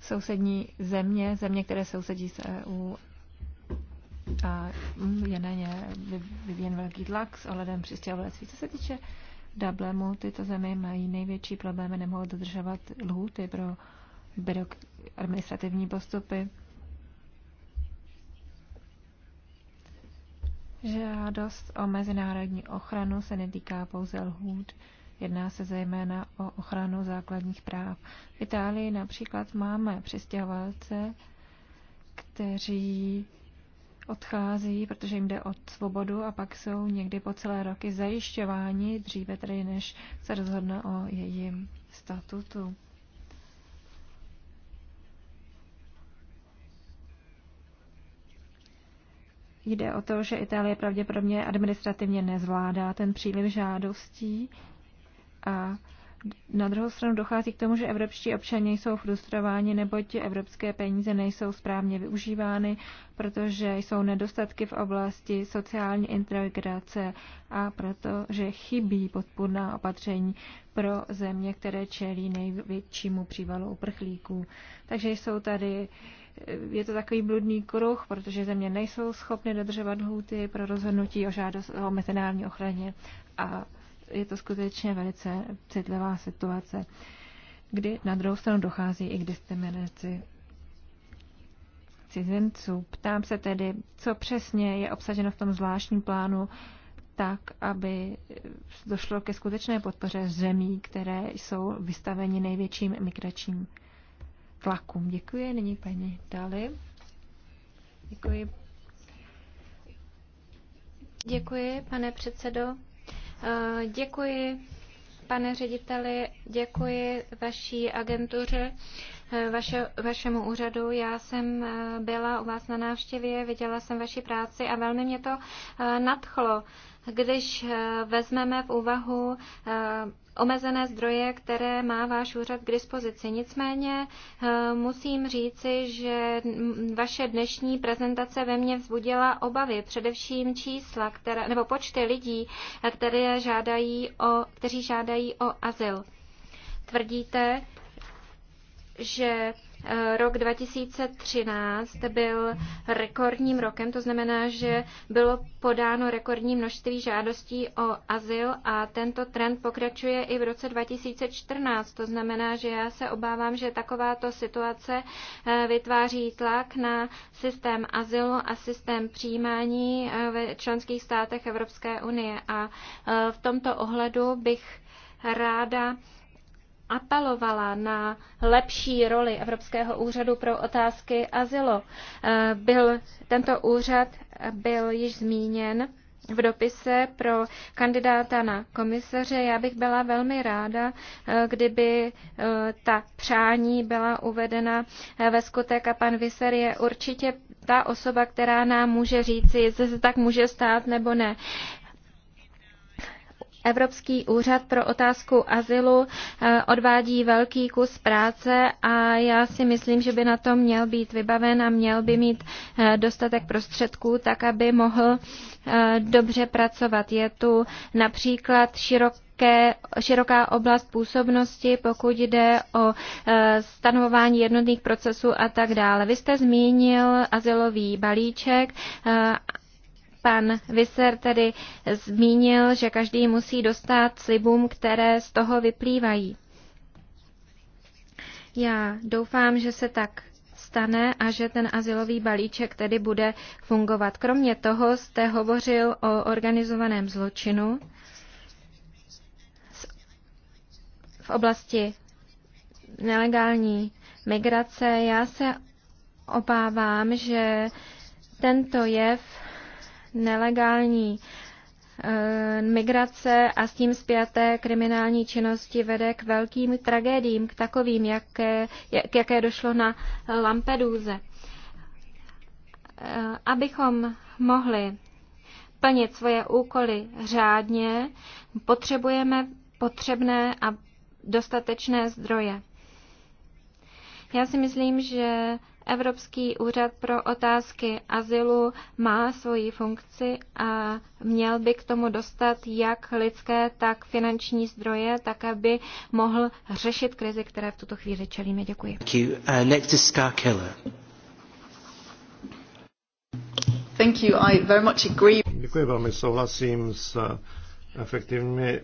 sousední země, země, které sousedí s EU a mm, je na ně vyvíjen velký tlak s ohledem přistěhovalectví. Co se týče Dublinu tyto země mají největší problémy, nemohou dodržovat lhůty pro administrativní postupy. Žádost o mezinárodní ochranu se netýká pouze lhůt, jedná se zejména o ochranu základních práv. V Itálii například máme přistěhovalce, kteří odchází, protože jim jde o svobodu a pak jsou někdy po celé roky zajišťováni dříve tedy, než se rozhodne o jejím statutu. Jde o to, že Itálie pravděpodobně administrativně nezvládá ten příliv žádostí a na druhou stranu dochází k tomu, že evropští občané jsou frustrováni, neboť evropské peníze nejsou správně využívány, protože jsou nedostatky v oblasti sociální integrace a protože chybí podpůrná opatření pro země, které čelí největšímu přívalu uprchlíků. Takže jsou tady je to takový bludný kruh, protože země nejsou schopny dodržovat hůty pro rozhodnutí o žádost o mezinárodní ochraně a je to skutečně velice citlivá situace, kdy na druhou stranu dochází i k diskriminaci cizinců. Ptám se tedy, co přesně je obsaženo v tom zvláštním plánu, tak, aby došlo ke skutečné podpoře zemí, které jsou vystaveni největším migračním tlakům. Děkuji. Nyní paní Dali. Děkuji. Děkuji, pane předsedo. Eh, děkuji, pane řediteli, děkuji vaší agentuře, eh, vaše, vašemu úřadu. Já jsem eh, byla u vás na návštěvě, viděla jsem vaši práci a velmi mě to nadchlo když eh, vezmeme v úvahu eh, omezené zdroje, které má váš úřad k dispozici. Nicméně eh, musím říci, že vaše dnešní prezentace ve mně vzbudila obavy, především čísla, které, nebo počty lidí, které žádají o, kteří žádají o azyl. Tvrdíte, že Eh, rok 2013 byl rekordním rokem, to znamená, že bylo podáno rekordní množství žádostí o azyl a tento trend pokračuje i v roce 2014. To znamená, že já se obávám, že takováto situace eh, vytváří tlak na systém azylu a systém přijímání eh, ve členských státech Evropské unie. A v tomto ohledu bych ráda apelovala na lepší roli Evropského úřadu pro otázky azylu. Eh, byl, tento úřad byl již zmíněn v dopise pro kandidáta na komisaře. Já bych byla velmi ráda, eh, kdyby eh, ta přání byla uvedena ve skutek a pan Viser je určitě ta osoba, která nám může říci, jestli se tak může stát nebo ne. Evropský úřad pro otázku azylu eh, odvádí velký kus práce a já si myslím, že by na to měl být vybaven a měl by mít eh, dostatek prostředků, tak aby mohl eh, dobře pracovat. Je tu například širok ke široká oblast působnosti, pokud jde o stanovování jednotných procesů a tak dále. Vy jste zmínil azylový balíček Pan Viser tedy zmínil, že každý musí dostat slibům, které z toho vyplývají. Já doufám, že se tak stane a že ten asilový balíček tedy bude fungovat. Kromě toho jste hovořil o organizovaném zločinu v oblasti nelegální migrace. Já se obávám, že tento jev nelegální eh, migrace a s tím zpěté kriminální činnosti vede k velkým tragédiím, k takovým, jaké, jak, jaké došlo na Lampeduze. Eh, abychom mohli plnit svoje úkoly řádně, potřebujeme potřebné a dostatečné zdroje. Já si myslím, že Evropský úřad pro otázky azylu má svoji funkci a měl by k tomu dostat jak lidské, tak finanční zdroje, tak aby mohl řešit krizi, které v tuto chvíli čelíme. Děkuji. Uh, next is Thank you. I very much agree. Děkuji velmi, souhlasím s efektivními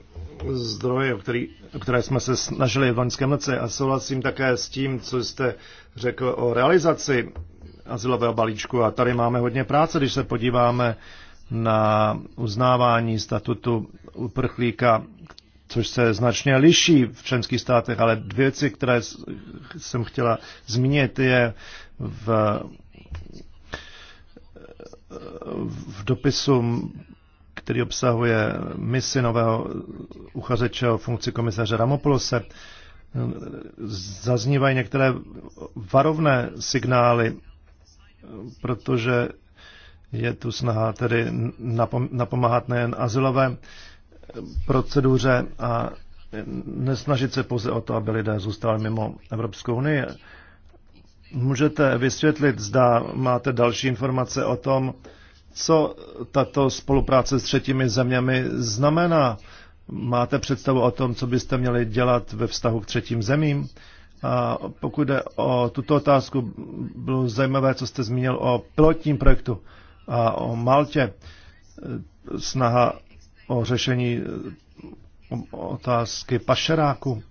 zdroje, který, které jsme se snažili v loňském roce. A souhlasím také s tím, co jste řekl o realizaci asilového balíčku. A tady máme hodně práce, když se podíváme na uznávání statutu uprchlíka, což se značně liší v členských státech, ale dvě věci, které jsem chtěla zmínit, je v, v dopisu který obsahuje misi nového uchazeče o funkci komisaře Ramopolose, zaznívají některé varovné signály, protože je tu snaha tedy napomáhat nejen asilové proceduře a nesnažit se pouze o to, aby lidé zůstali mimo Evropskou unii. Můžete vysvětlit, zda máte další informace o tom, co tato spolupráce s třetími zeměmi znamená. Máte představu o tom, co byste měli dělat ve vztahu k třetím zemím? A pokud jde o tuto otázku, bylo zajímavé, co jste zmínil o pilotním projektu a o Maltě. Snaha o řešení otázky pašeráku.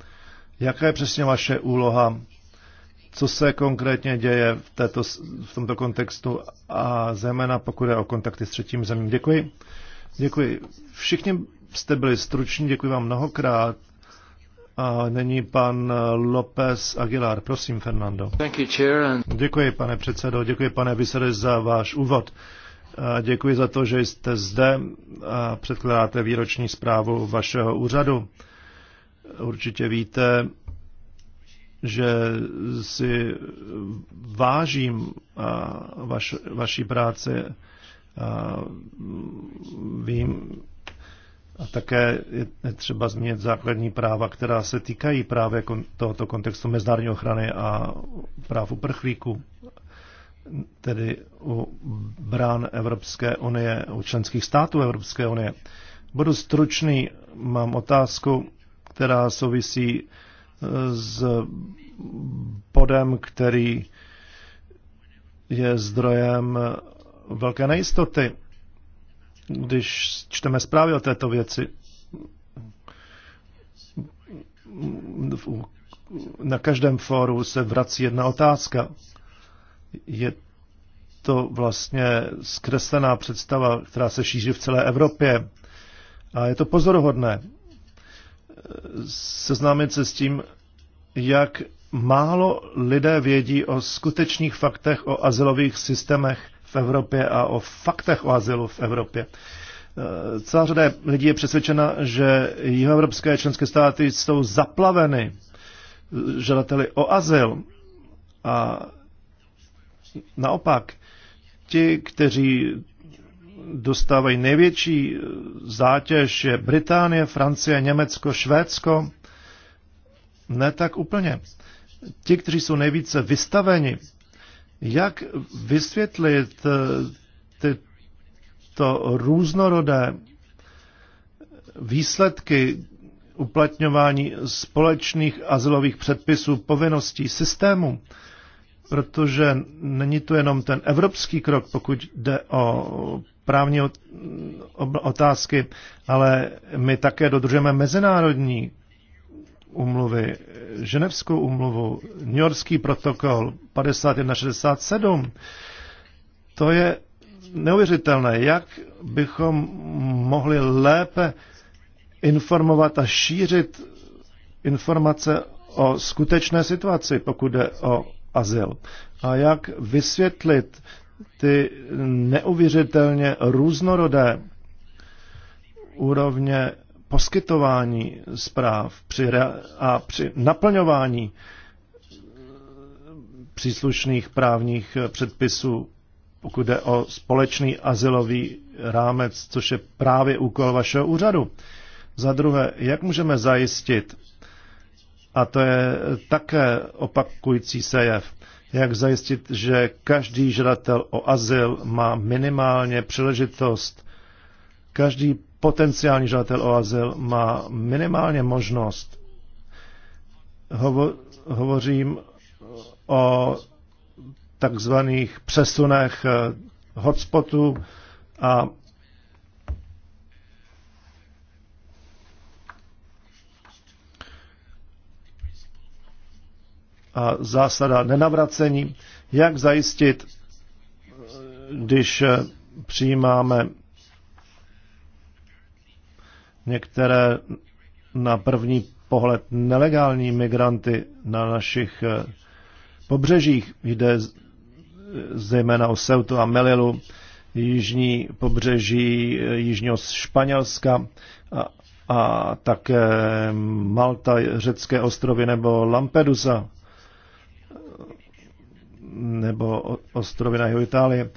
Jaká je přesně vaše úloha co se konkrétně děje v, této, v tomto kontextu a zejména pokud je o kontakty s třetím zemím. Děkuji. Děkuji. Všichni jste byli struční, děkuji vám mnohokrát. A není pan López Aguilar. Prosím, Fernando. Děkuji, pane předsedo, děkuji, pane Vyseres, za váš úvod. A děkuji za to, že jste zde a předkládáte výroční zprávu vašeho úřadu. Určitě víte, že si vážím vaš, vaší práce, a vím, a také je třeba změnit základní práva, která se týkají právě tohoto kontextu mezinárodní ochrany a práv uprchlíků, tedy u brán Evropské unie, u členských států Evropské unie. Budu stručný, mám otázku, která souvisí s bodem, který je zdrojem velké nejistoty, když čteme zprávy o této věci. Na každém fóru se vrací jedna otázka. Je to vlastně zkreslená představa, která se šíří v celé Evropě. A je to pozoruhodné seznámit se s tím, jak málo lidé vědí o skutečných faktech o azylových systémech v Evropě a o faktech o azylu v Evropě. Eh, celá řada lidí je přesvědčena, že jihoevropské členské státy jsou zaplaveny eh, žadateli o azyl. A naopak, ti, kteří dostávají největší eh, zátěž, je Británie, Francie, Německo, Švédsko. Ne tak úplně. Ti, kteří jsou nejvíce vystaveni, jak vysvětlit eh, tyto různorodé výsledky uplatňování společných azylových předpisů, povinností, systému? protože není tu jenom ten evropský krok, pokud jde o právní otázky, ale my také dodržujeme mezinárodní umluvy, Ženevskou umluvu, New Yorkský protokol 5167. To je neuvěřitelné, jak bychom mohli lépe informovat a šířit informace o skutečné situaci, pokud jde o azyl. A jak vysvětlit ty neuvěřitelně různorodé úrovně poskytování zpráv při a při naplňování příslušných právních předpisů, pokud jde o společný azylový rámec, což je právě úkol vašeho úřadu. Za druhé, jak můžeme zajistit, a to je také opakující se jev. Jak zajistit, že každý žadatel o azyl má minimálně příležitost, každý potenciální žadatel o azyl má minimálně možnost. Hovo, hovořím o takzvaných přesunech eh, hotspotů a a zásada nenavracení, jak zajistit, když eh, přijímáme některé na první pohled nelegální migranty na našich eh, pobřežích. Jde eh, zejména o Seutu a Melilu, jižní pobřeží jižního Španělska a, a také Malta, řecké ostrovy nebo Lampedusa nebo ostrovy na jihu Itálie.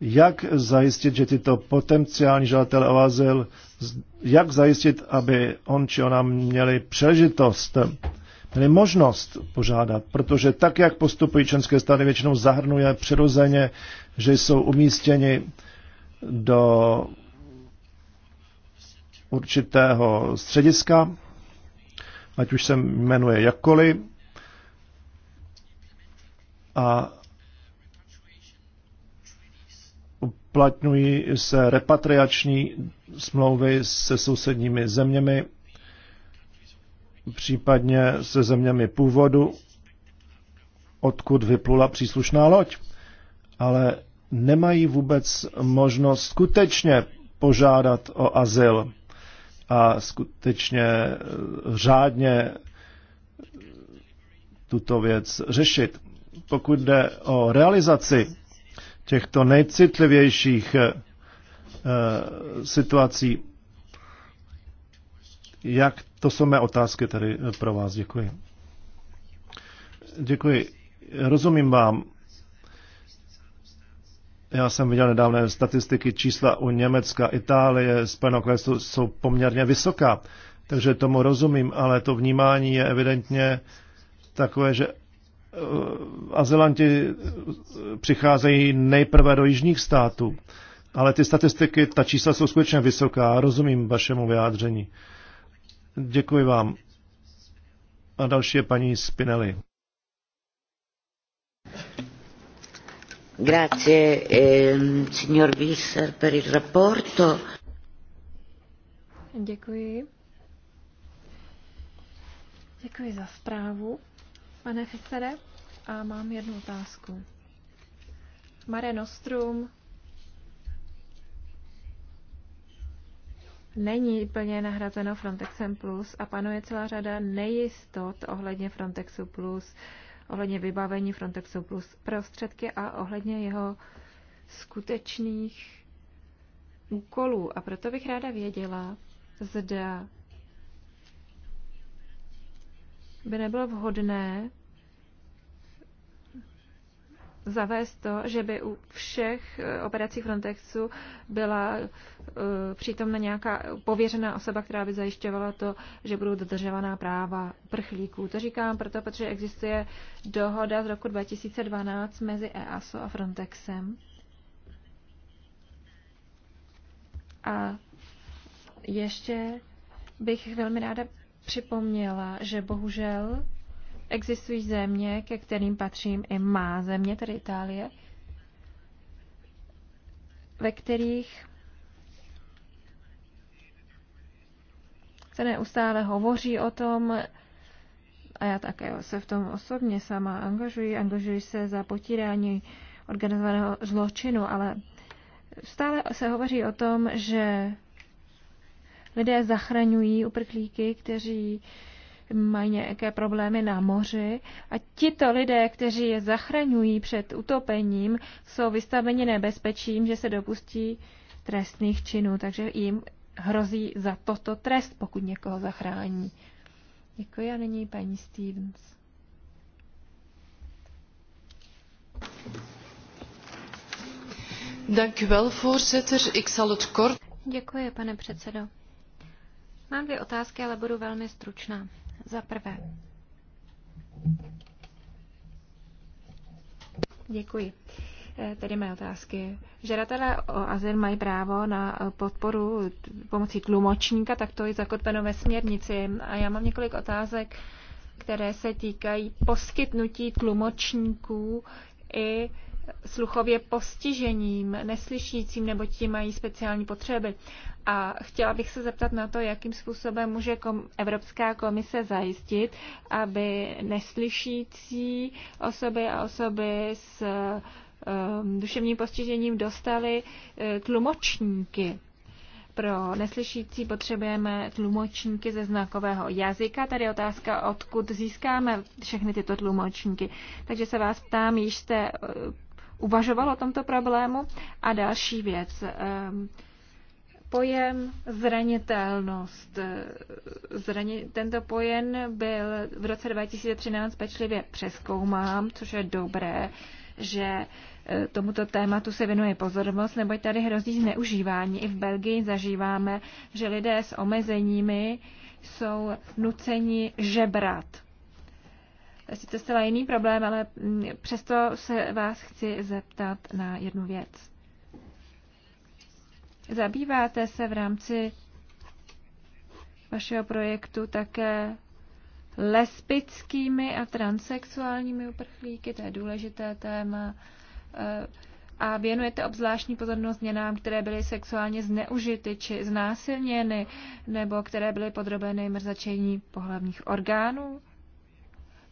Jak zajistit, že tyto potenciální žadatelé o azyl, jak zajistit, aby on či ona měli přežitost, měli možnost požádat, protože tak, jak postupují členské státy, většinou zahrnuje přirozeně, že jsou umístěni do určitého střediska, ať už se jmenuje jakkoliv, a uplatňují se repatriační smlouvy se sousedními zeměmi, případně se zeměmi původu, odkud vyplula příslušná loď. Ale nemají vůbec možnost skutečně požádat o azyl a skutečně eh, řádně tuto věc řešit pokud jde o realizaci těchto nejcitlivějších eh, eh, situací, jak to jsou mé otázky tady eh, pro vás. Děkuji. Děkuji. Rozumím vám. Já jsem viděl nedávné statistiky, čísla u Německa, Itálie, Spojeného království jsou poměrně vysoká, takže tomu rozumím, ale to vnímání je evidentně takové, že Eh, azylanti eh, přicházejí nejprve do jižních států. Ale ty statistiky, ta čísla jsou skutečně vysoká. Rozumím vašemu vyjádření. Děkuji vám. A další je paní Spinelli. Grazie, eh, signor Visser, per il rapporto. Děkuji. Děkuji za zprávu pane Fichtere. A mám jednu otázku. Mare Nostrum není plně nahrazeno Frontexem Plus a panuje celá řada nejistot ohledně Frontexu Plus, ohledně vybavení Frontexu Plus prostředky a ohledně jeho skutečných úkolů. A proto bych ráda věděla, zda by nebylo vhodné zavést to, že by u všech eh, operací Frontexu byla eh, přítomna nějaká pověřená osoba, která by zajišťovala to, že budou dodržovaná práva prchlíků. To říkám proto, protože existuje dohoda z roku 2012 mezi EASO a Frontexem. A ještě bych velmi ráda připomněla, že bohužel existují země, ke kterým patřím i má země, tedy Itálie, ve kterých se neustále hovoří o tom, a já také se v tom osobně sama angažuji, angažuji se za potírání organizovaného zločinu, ale stále se hovoří o tom, že lidé zachraňují uprchlíky, kteří mají nějaké problémy na moři a tito lidé, kteří je zachraňují před utopením, jsou vystaveni nebezpečím, že se dopustí trestných činů, takže jim hrozí za toto trest, pokud někoho zachrání. Děkuji a nyní paní Stevens. Dank u wel, voorzitter. Ik zal het kort... Děkuji, pane předsedo. Mám dvě otázky, ale budu velmi stručná. Za prvé. Děkuji. Eh, tedy mé otázky. Žadatelé o azyl mají právo na eh, podporu pomocí tlumočníka, tak to je zakotveno ve směrnici. A já mám několik otázek, které se týkají poskytnutí tlumočníků i sluchově postižením, neslyšícím, nebo ti mají speciální potřeby. A chtěla bych se zeptat na to, jakým způsobem může kom- Evropská komise zajistit, aby neslyšící osoby a osoby s um, duševním postižením dostaly uh, eh, tlumočníky. Pro neslyšící potřebujeme tlumočníky ze znakového jazyka. Tady je otázka, odkud získáme všechny tyto tlumočníky. Takže se vás ptám, již jste eh, uvažoval o tomto problému. A další věc. Eh, pojem zranitelnost. Eh, zrani, tento pojem byl v roce 2013 pečlivě přeskoumám, což je dobré, že eh, tomuto tématu se věnuje pozornost, neboť tady hrozí zneužívání. I v Belgii zažíváme, že lidé s omezeními jsou nuceni žebrat sice zcela jiný problém, ale mm, přesto se vás chci zeptat na jednu věc. Zabýváte se v rámci vašeho projektu také lesbickými a transexuálními uprchlíky, to je důležité téma, eh, a věnujete obzvláštní pozornost měnám, které byly sexuálně zneužity či znásilněny, nebo které byly podrobeny mrzačení pohlavních orgánů?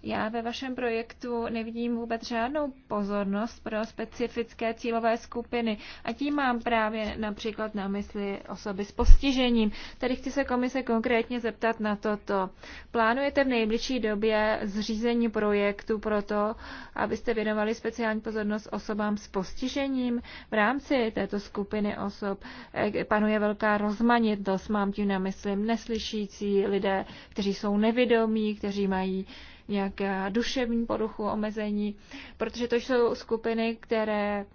Já ve vašem projektu nevidím vůbec žádnou pozornost pro specifické cílové skupiny a tím mám právě například na mysli osoby s postižením. Tady chci se komise konkrétně zeptat na toto. Plánujete v nejbližší době zřízení projektu pro to, abyste věnovali speciální pozornost osobám s postižením? V rámci této skupiny osob eh, panuje velká rozmanitost, mám tím na mysli neslyšící lidé, kteří jsou nevědomí, kteří mají nějaká eh, duševní poruchu, omezení, protože to jsou skupiny, které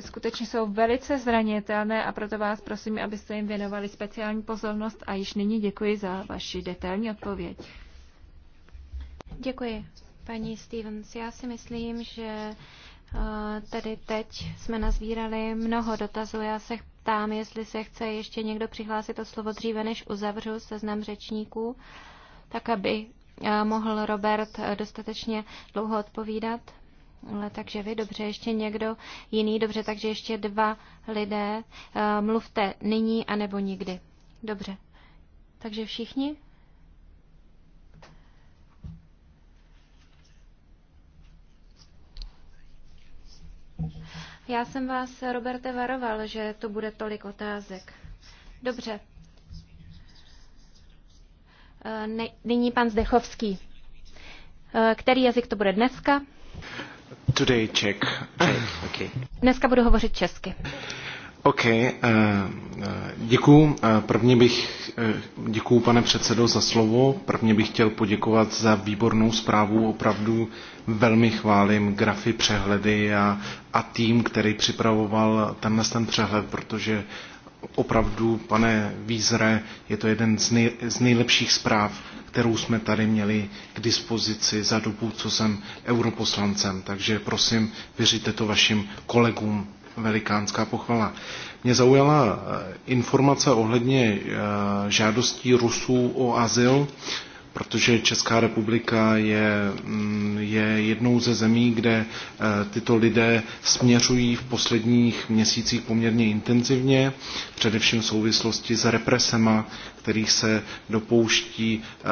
skutečně jsou velice zranitelné a proto vás prosím, abyste jim věnovali speciální pozornost a již nyní děkuji za vaši detailní odpověď. Děkuji, paní Stevens. Já si myslím, že eh, Tady teď jsme nazvírali mnoho dotazů. Já se ptám, jestli se chce ještě někdo přihlásit o slovo dříve, než uzavřu seznam řečníků, tak aby mohl Robert eh, dostatečně dlouho odpovídat. Takže vy, dobře, ještě někdo jiný, dobře, takže ještě dva lidé. Eh, mluvte nyní anebo nikdy. Dobře. Takže všichni? Já jsem vás, Roberte, varoval, že to bude tolik otázek. Dobře, Eh, ne, nyní pan Zdechovský. Eh, který jazyk to bude dneska? Today Czech. Czech. Okay. Dneska budu hovořit česky. OK, eh, děkuju. Prvně bych, děkuju pane předsedo za slovo. Prvně bych chtěl poděkovat za výbornou zprávu. Opravdu velmi chválím grafy, přehledy a, a tým, který připravoval tenhle ten přehled, protože opravdu, pane Vízre, je to jeden z, nej, z nejlepších zpráv, kterou jsme tady měli k dispozici za dobu, co jsem europoslancem. Takže prosím, věříte to vašim kolegům. Velikánská pochvala. Mě zaujala eh, informace ohledně eh, žádostí Rusů o azyl protože Česká republika je, mm, je jednou ze zemí, kde eh, tyto lidé směřují v posledních měsících poměrně intenzivně, především v souvislosti s represema, kterých se dopouští eh,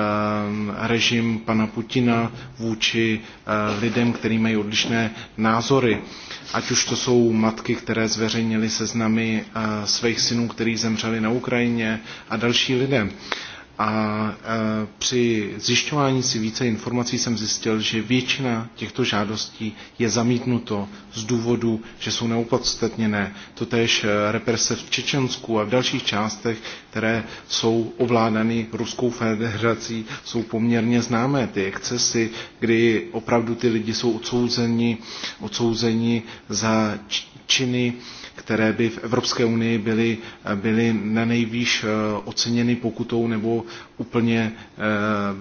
režim pana Putina vůči eh, lidem, kteří mají odlišné názory. Ať už to jsou matky, které zveřejnily seznamy svých synů, kteří zemřeli na Ukrajině a další lidé a e, při zjišťování si více informací jsem zjistil, že většina těchto žádostí je zamítnuto z důvodu, že jsou neopodstatněné. Totež e, represe v Čečensku a v dalších částech, které jsou ovládány Ruskou federací, jsou poměrně známé. Ty excesy, kdy opravdu ty lidi jsou odsouzeni, odsouzeni za činy které by v Evropské unii byly, byly na nejvýš eh, oceněny pokutou nebo úplně eh,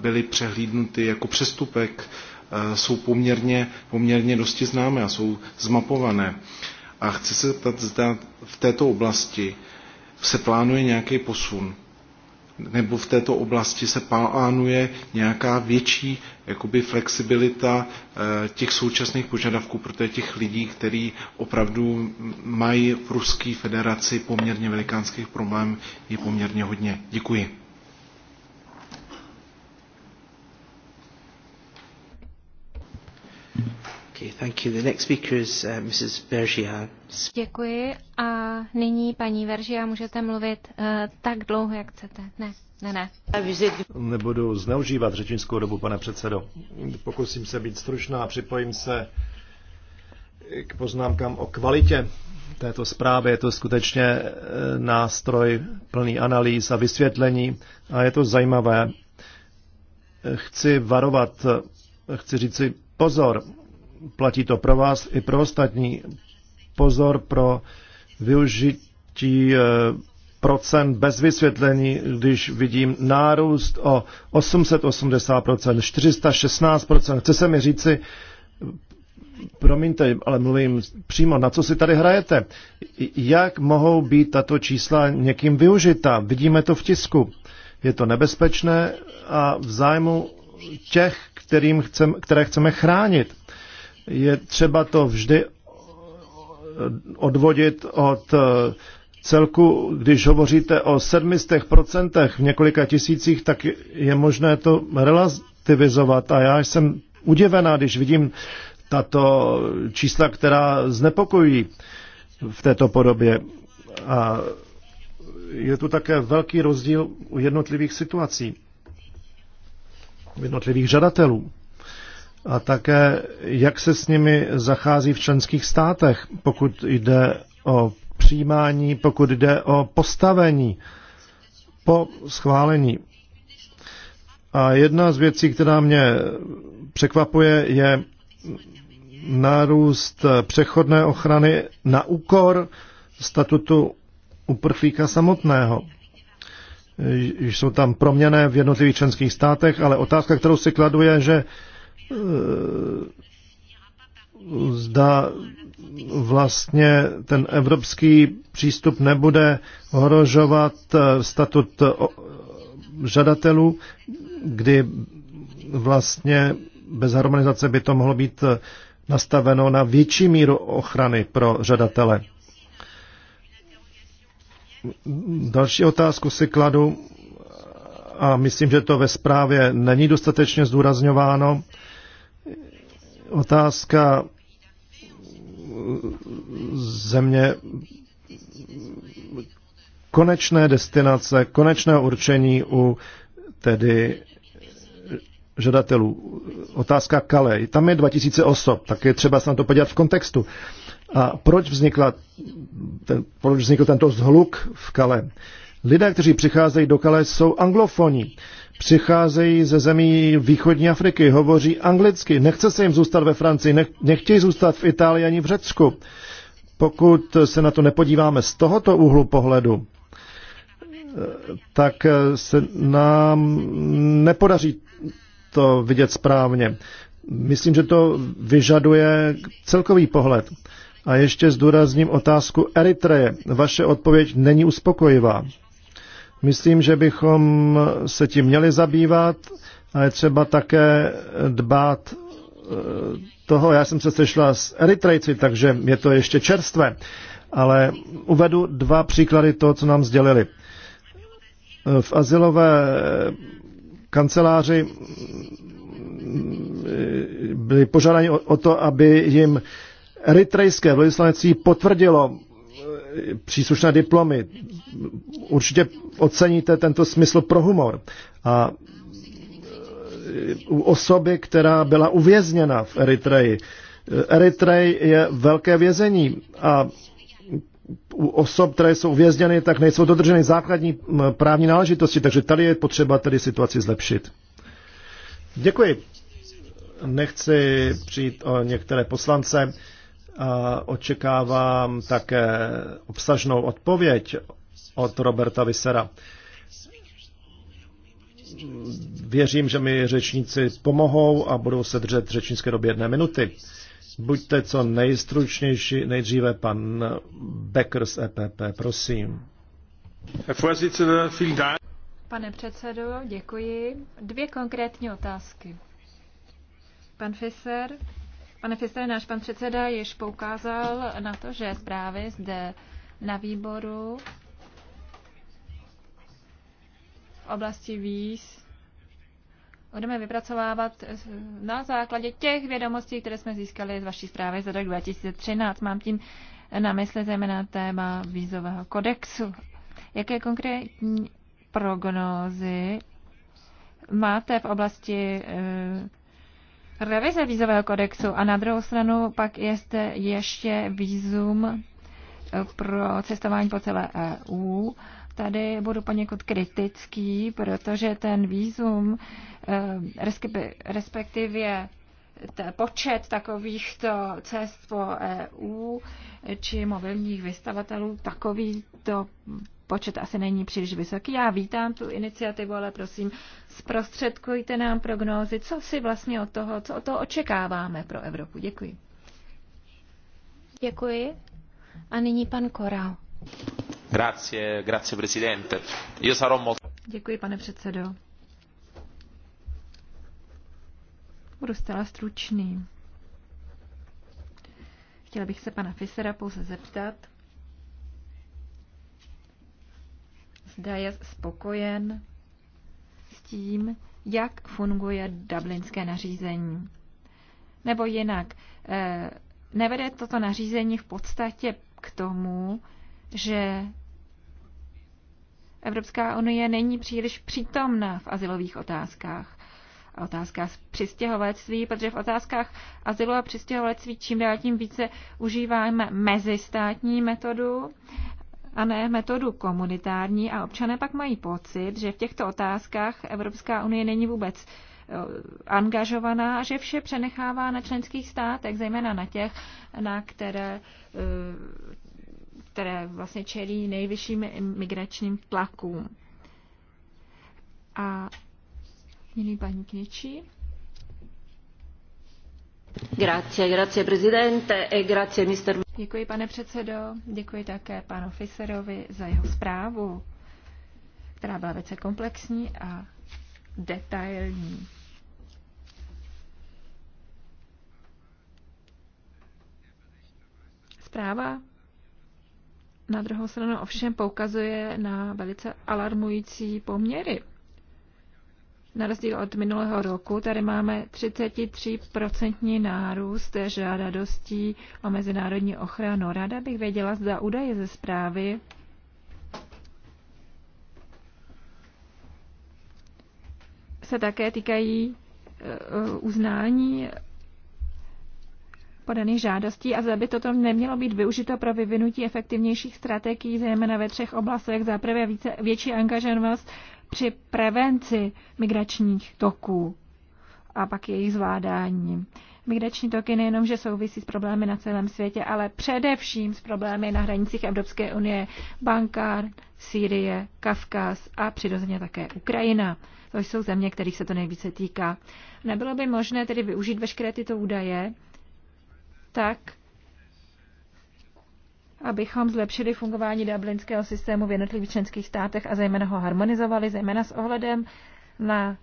byly přehlídnuty jako přestupek, eh, jsou poměrně, poměrně dosti známé a jsou zmapované. A chci se zeptat, zda v této oblasti se plánuje nějaký posun nebo v této oblasti se plánuje nějaká větší jakoby flexibilita eh, těch současných požadavků, protože těch lidí, kteří opravdu mají v Ruské federaci poměrně velikánských problém, je poměrně hodně. Děkuji. Uh, Děkuji a nyní paní Veržia můžete mluvit uh, tak dlouho, jak chcete. Ne, ne, ne. Nebudu zneužívat řečnickou dobu, pane předsedo. Pokusím se být stručná a připojím se k poznámkám o kvalitě této zprávy. Je to skutečně eh, nástroj plný analýz a vysvětlení a je to zajímavé. Chci varovat, eh, chci říci pozor, platí to pro vás i pro ostatní. Pozor pro využití eh, procent bez vysvětlení, když vidím nárůst o 880%, 416%. Chce se mi říci, promiňte, ale mluvím přímo, na co si tady hrajete? Jak mohou být tato čísla někým využita? Vidíme to v tisku. Je to nebezpečné a v zájmu těch, kterým chcem, které chceme chránit je třeba to vždy odvodit od celku, když hovoříte o 700% v několika tisících, tak je možné to relativizovat. A já jsem udivená, když vidím tato čísla, která znepokojí v této podobě. A je tu také velký rozdíl u jednotlivých situací, u jednotlivých žadatelů a také jak se s nimi zachází v členských státech, pokud jde o přijímání, pokud jde o postavení po schválení. A jedna z věcí, která mě překvapuje, je nárůst přechodné ochrany na úkor statutu uprchlíka samotného. Jsou tam proměny v jednotlivých členských státech, ale otázka, kterou si kladu, je, že Eh, zda vlastně ten evropský přístup nebude ohrožovat eh, statut eh, žadatelů, kdy vlastně bez harmonizace by to mohlo být nastaveno na větší míru ochrany pro žadatele. Další otázku si kladu a myslím, že to ve zprávě není dostatečně zdůrazňováno. Otázka země konečné destinace, konečného určení u tedy žadatelů. Otázka Kalej. Tam je 2000 osob, tak je třeba se na to podívat v kontextu. A proč, vznikla, ten, proč vznikl tento zhluk v Kale? Lidé, kteří přicházejí do Kale, jsou anglofoní přicházejí ze zemí východní Afriky, hovoří anglicky, nechce se jim zůstat ve Francii, nech, nechtějí zůstat v Itálii ani v Řecku. Pokud se na to nepodíváme z tohoto úhlu pohledu, tak se nám nepodaří to vidět správně. Myslím, že to vyžaduje celkový pohled. A ještě zdůrazním otázku Eritreje. Vaše odpověď není uspokojivá. Myslím, že bychom se tím měli zabývat a je třeba také dbát eh, toho. Já jsem se sešla s Eritrejci, takže je to ještě čerstvé. Ale uvedu dva příklady toho, co nám sdělili. Eh, v asilové kanceláři eh, byli požádáni o, to, aby jim eritrejské velvyslanectví potvrdilo příslušné diplomy. Určitě oceníte tento smysl pro humor. A e, u osoby, která byla uvězněna v Eritreji. Eritrej je velké vězení a u osob, které jsou uvězněny, tak nejsou dodrženy základní právní náležitosti, takže tady je potřeba tady situaci zlepšit. Děkuji. Nechci přijít o některé poslance. A očekávám také obsažnou odpověď od Roberta Visera. Věřím, že mi řečníci pomohou a budou se držet řečnické době jedné minuty. Buďte co nejstručnější, nejdříve pan Becker z EPP, prosím. Pane předsedo, děkuji. Dvě konkrétní otázky. Pan Fisser Pane Fistere, náš pan předseda již poukázal na to, že zprávy zde na výboru v oblasti víz budeme vypracovávat na základě těch vědomostí, které jsme získali z vaší zprávy za rok 2013. Mám tím na mysli zejména téma vízového kodexu. Jaké konkrétní prognózy máte v oblasti eh, revize vízového kodexu a na druhou stranu pak je zde ještě vízum eh, pro cestování po celé EU. Tady budu poněkud kritický, protože ten výzum, eh, respektive počet takovýchto cest po EU či mobilních vystavatelů, takovýto počet asi není příliš vysoký. Já vítám tu iniciativu, ale prosím, zprostředkujte nám prognózy, co si vlastně od toho, co od toho očekáváme pro Evropu. Děkuji. Děkuji. A nyní pan Koral. Grazie, grazie presidente. Io sarò molto... Děkuji, pane předsedo. Budu zcela stručný. Chtěla bych se pana Fisera pouze zeptat, zda je spokojen s tím, jak funguje dublinské nařízení. Nebo jinak, eh, nevede toto nařízení v podstatě k tomu, že Evropská unie není příliš přítomna v asilových otázkách. A otázka přistěhovalectví, protože v otázkách azylu a přistěhovalectví čím dál tím více užíváme mezistátní metodu a ne metodu komunitární a občané pak mají pocit, že v těchto otázkách Evropská unie není vůbec eh, angažovaná a že vše přenechává na členských státech, zejména na těch, na které, eh, které vlastně čelí nejvyšším migračním tlakům. A milí paní Kněčí, E děkuji, pane předsedo, děkuji také panu Fischerovi za jeho zprávu, která byla velice komplexní a detailní. Zpráva na druhou stranu ovšem poukazuje na velice alarmující poměry na rozdíl od minulého roku, tady máme 33% nárůst žádostí o mezinárodní ochranu. Ráda bych věděla, zda údaje ze zprávy se také týkají e, e, uznání podaných žádostí a zda by toto nemělo být využito pro vyvinutí efektivnějších strategií, zejména ve třech oblastech. Za prvé více, větší angažovanost při prevenci migračních toků a pak jejich zvládání. Migrační toky nejenom, že souvisí s problémy na celém světě, ale především s problémy na hranicích Evropské unie, Bankár, Sýrie, Kavkaz a přirozeně také Ukrajina. To jsou země, kterých se to nejvíce týká. Nebylo by možné tedy využít veškeré tyto údaje tak, abychom zlepšili fungování dublinského systému v jednotlivých členských státech a zejména ho harmonizovali, zejména s ohledem na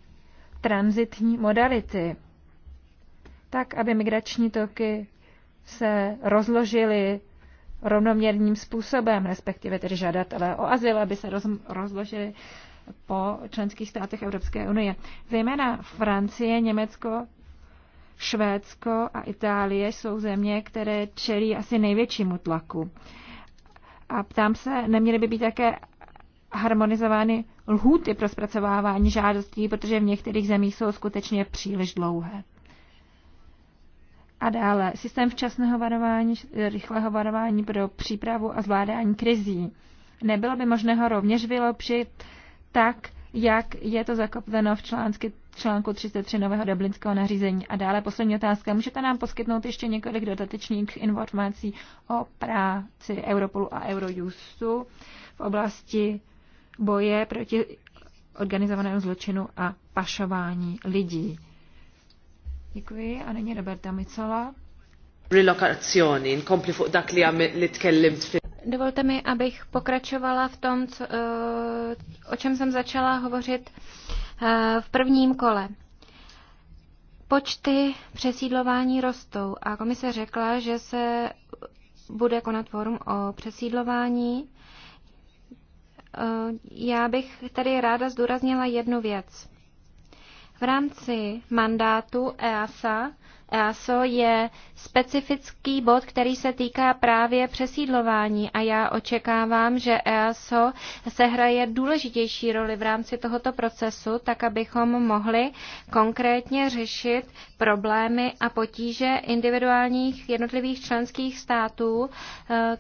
transitní modality, tak aby migrační toky se rozložily rovnoměrným způsobem, respektive tedy žadatelé o azyl, aby se roz, rozložili po členských státech Evropské unie. Zejména Francie, Německo, Švédsko a Itálie jsou země, které čelí asi největšímu tlaku. A ptám se, neměly by být také harmonizovány lhůty pro zpracovávání žádostí, protože v některých zemích jsou skutečně příliš dlouhé. A dále, systém včasného varování, rychlého varování pro přípravu a zvládání krizí. Nebylo by možné ho rovněž vylepšit tak, jak je to zakotveno v článsky článku 33 nového dublinského nařízení. A dále poslední otázka. Můžete nám poskytnout ještě několik dodatečných informací o práci Europolu a Eurojustu v oblasti boje proti organizovanému zločinu a pašování lidí? Děkuji. A nyní Roberta Micola. Dovolte mi, abych pokračovala v tom, co, eh, o čem jsem začala hovořit v prvním kole. Počty přesídlování rostou a komise řekla, že se bude konat forum o přesídlování. E, já bych tady ráda zdůraznila jednu věc. V rámci mandátu EASA EASO je specifický bod, který se týká právě přesídlování a já očekávám, že EASO se hraje důležitější roli v rámci tohoto procesu, tak abychom mohli konkrétně řešit problémy a potíže individuálních jednotlivých členských států, eh,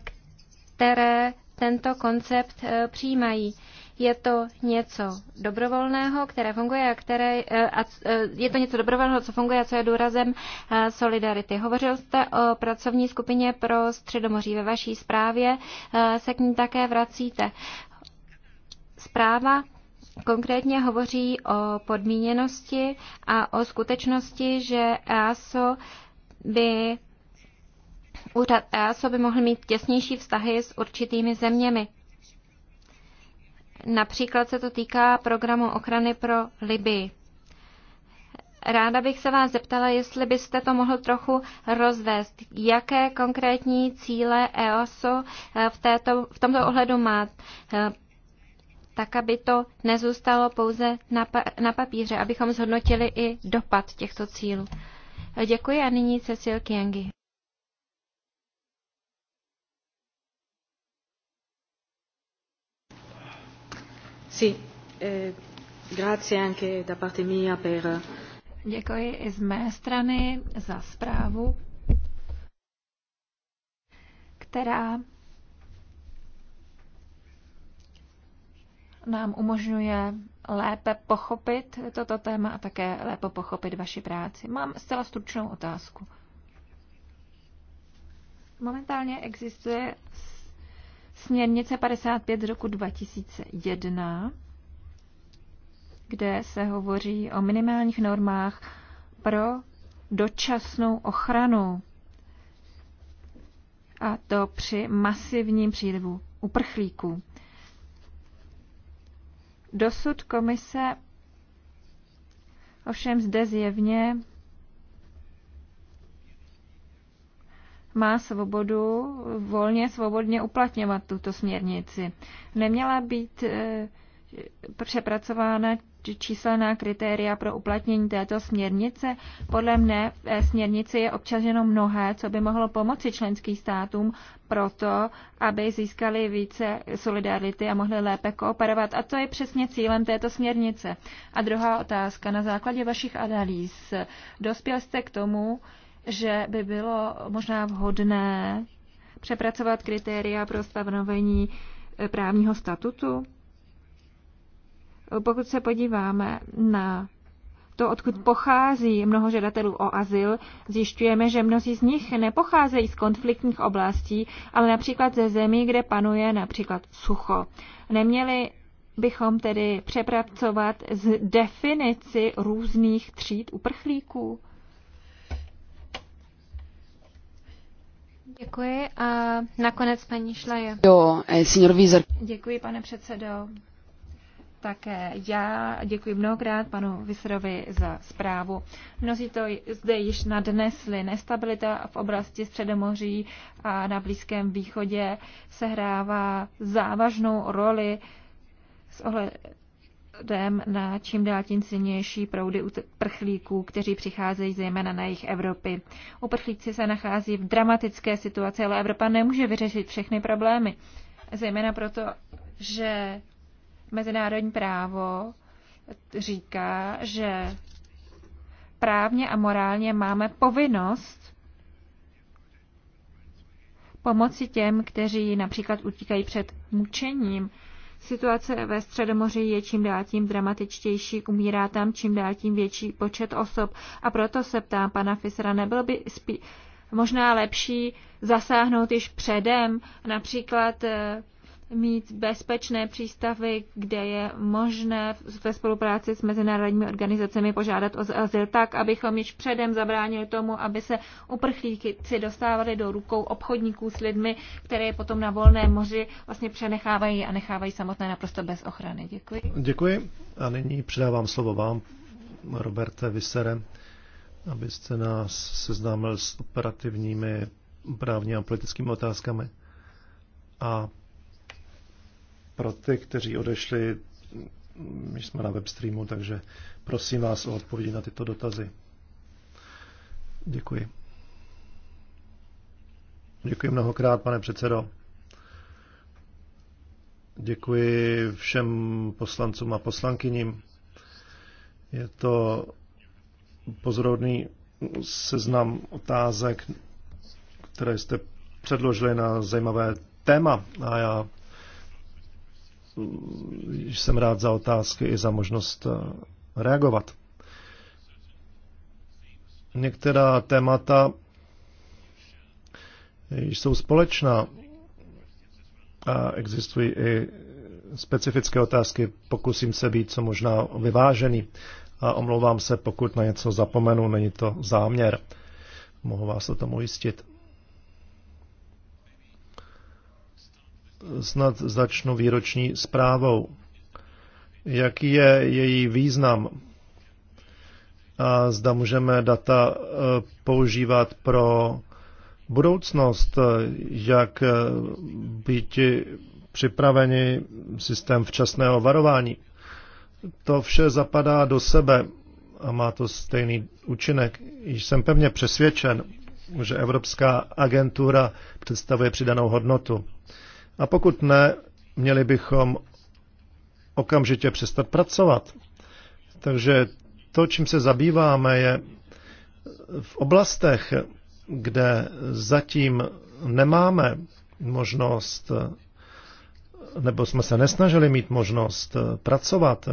které tento koncept eh, přijímají. Je to něco dobrovolného, které funguje a, které, eh, a eh, je to něco dobrovolného, co funguje a co je důrazem eh, solidarity. Hovořil jste o pracovní skupině pro Středomoří ve vaší zprávě, se k ní také vracíte. Zpráva Konkrétně hovoří o podmíněnosti a o skutečnosti, že EASO by, úřad EASO by mohl mít těsnější vztahy s určitými zeměmi. Například se to týká programu ochrany pro Libii. Ráda bych se vás zeptala, jestli byste to mohl trochu rozvést. Jaké konkrétní cíle EOSu eh, v, této, v tomto ohledu má, eh, tak aby to nezůstalo pouze na, pa, na papíře, abychom zhodnotili i dopad těchto cílů. Děkuji a nyní Cecil Kiengi. Eh, eh, Děkuji i z mé strany za zprávu, která nám umožňuje lépe pochopit toto téma a také lépe pochopit vaši práci. Mám zcela stručnou otázku. Momentálně existuje směrnice 55 z roku 2001, kde se hovoří o minimálních normách pro dočasnou ochranu. A to při masivním přílivu uprchlíků. Dosud komise ovšem zde zjevně má svobodu volně, svobodně uplatňovat tuto směrnici. Neměla být eh, přepracována číselná kritéria pro uplatnění této směrnice. Podle mne v směrnici je občaženo mnohé, co by mohlo pomoci členským státům proto, aby získali více solidarity a mohli lépe kooperovat. A to je přesně cílem této směrnice. A druhá otázka. Na základě vašich analýz dospěl jste k tomu, že by bylo možná vhodné přepracovat kritéria pro stanovení eh, právního statutu? Pokud se podíváme na to, odkud pochází mnoho žadatelů o azyl, zjišťujeme, že mnozí z nich nepocházejí z konfliktních oblastí, ale například ze zemí, kde panuje například sucho. Neměli bychom tedy přepracovat z definici různých tříd uprchlíků? Děkuji a nakonec paní Šlaje. Jo, eh, senior Vízer. Děkuji, pane předsedo. Také já děkuji mnohokrát panu Vyserovi za zprávu. Mnozí to zde již nadnesli. Nestabilita v oblasti Středomoří a na Blízkém východě sehrává závažnou roli s důvodem na čím dál tím silnější proudy uprchlíků, kteří přicházejí zejména na jejich Evropy. Uprchlíci se nachází v dramatické situaci, ale Evropa nemůže vyřešit všechny problémy. Zejména proto, že mezinárodní právo říká, že právně a morálně máme povinnost pomoci těm, kteří například utíkají před mučením, Situace ve Středomoří je čím dál tím dramatičtější, umírá tam čím dál tím větší počet osob. A proto se ptám pana Fisera, nebylo by spí- možná lepší zasáhnout již předem, například eh, mít bezpečné přístavy, kde je možné ve spolupráci s mezinárodními organizacemi požádat o azyl tak, abychom již předem zabránili tomu, aby se uprchlíci dostávali do rukou obchodníků s lidmi, které je potom na volné moři vlastně přenechávají a nechávají samotné naprosto bez ochrany. Děkuji. Děkuji. A nyní předávám slovo vám, Roberte Visere, abyste nás seznámil s operativními právní a politickými otázkami a pro ty, kteří odešli, my jsme na webstreamu, takže prosím vás o odpovědi na tyto dotazy. Děkuji. Děkuji mnohokrát, pane předsedo. Děkuji všem poslancům a poslankyním. Je to pozorodný seznam otázek, které jste předložili na zajímavé téma a já jsem rád za otázky i za možnost eh, reagovat. Některá témata jsou společná a existují i specifické otázky. Pokusím se být co možná vyvážený a omlouvám se, pokud na něco zapomenu, není to záměr. Mohu vás o tom ujistit. snad začnu výroční zprávou. Jaký je její význam? A zda můžeme data e, používat pro budoucnost, e, jak e, být připraveni systém včasného varování. To vše zapadá do sebe a má to stejný účinek. Již jsem pevně přesvědčen, že Evropská agentura představuje přidanou hodnotu. A pokud ne, měli bychom okamžitě přestat pracovat. Takže to, čím se zabýváme, je v oblastech, kde zatím nemáme možnost, nebo jsme se nesnažili mít možnost pracovat.